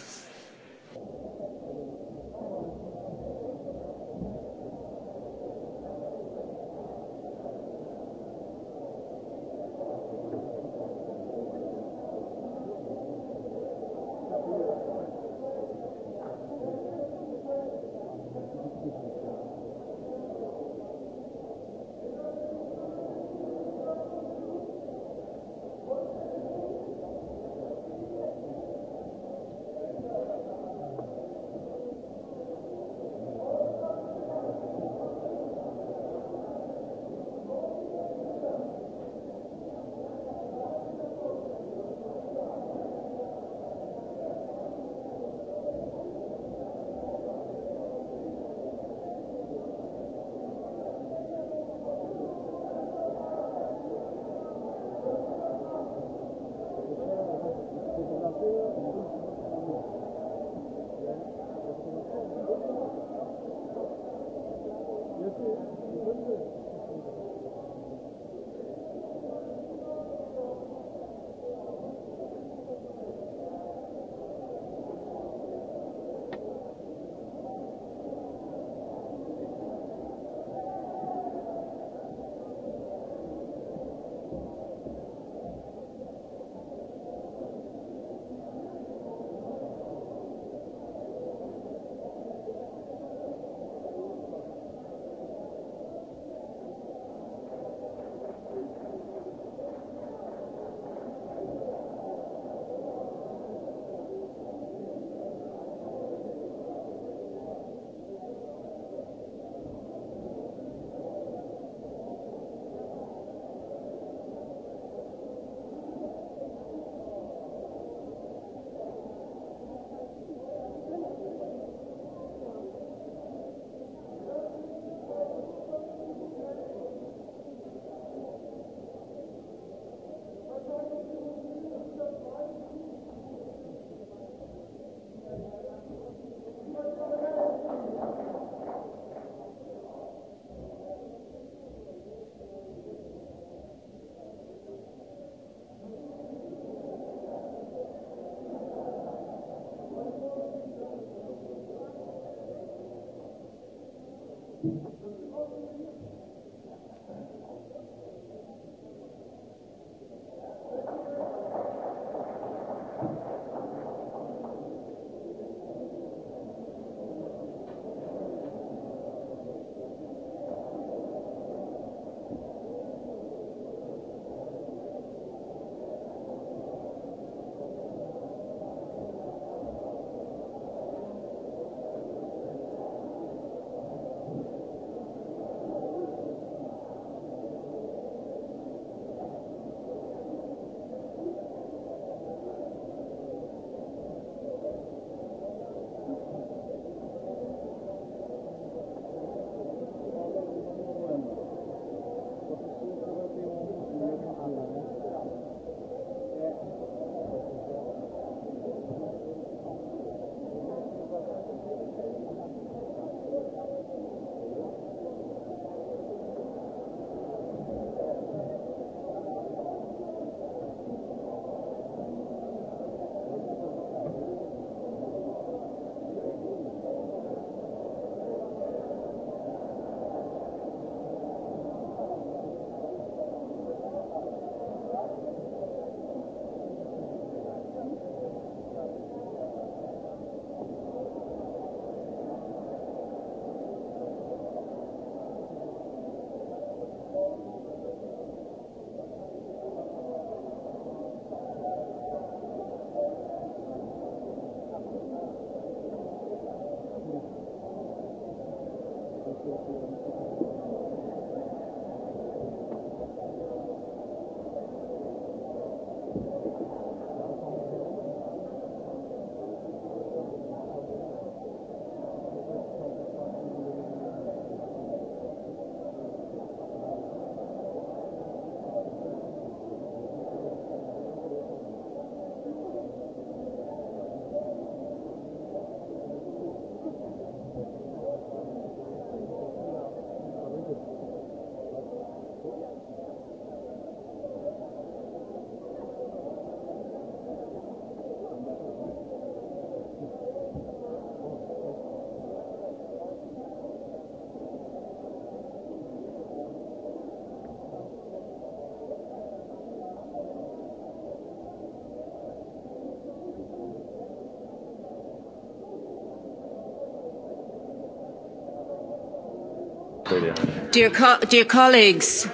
Dear, co dear colleagues,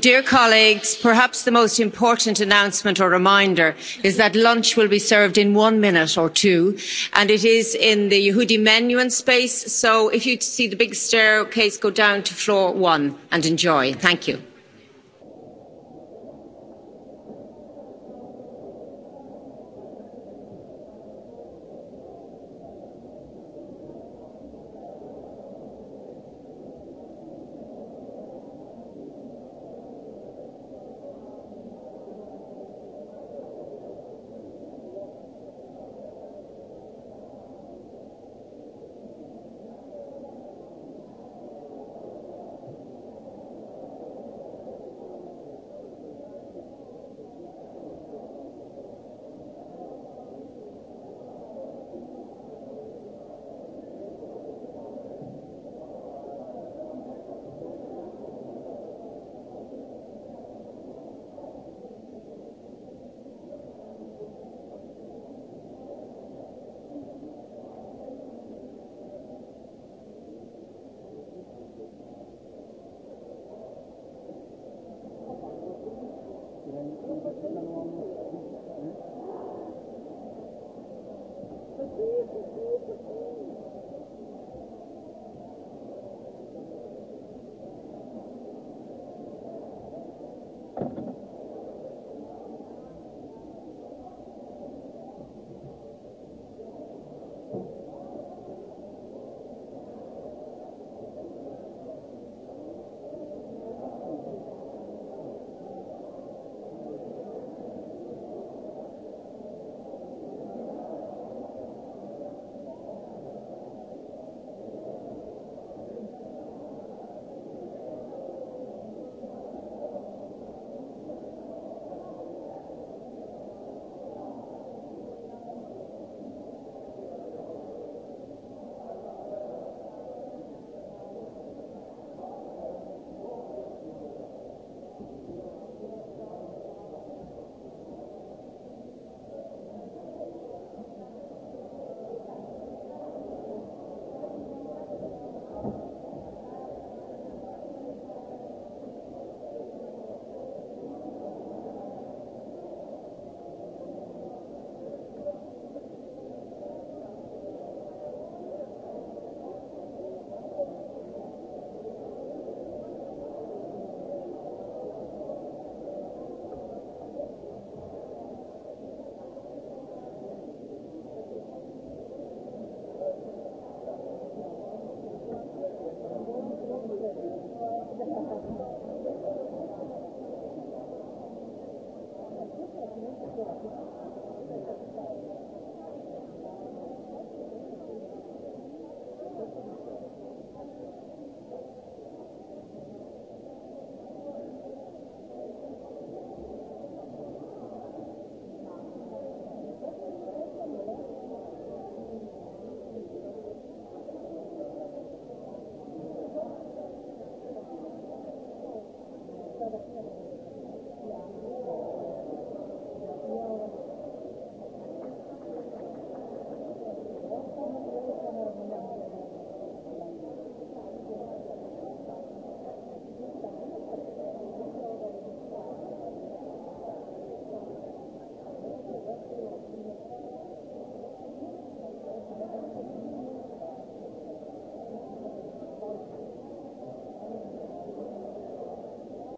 dear colleagues, perhaps the most important announcement or reminder is that lunch will be served in one minute or two, and it is in the Yehudi Menuhin space. So if you see the big staircase, go down to floor one and enjoy. Thank you.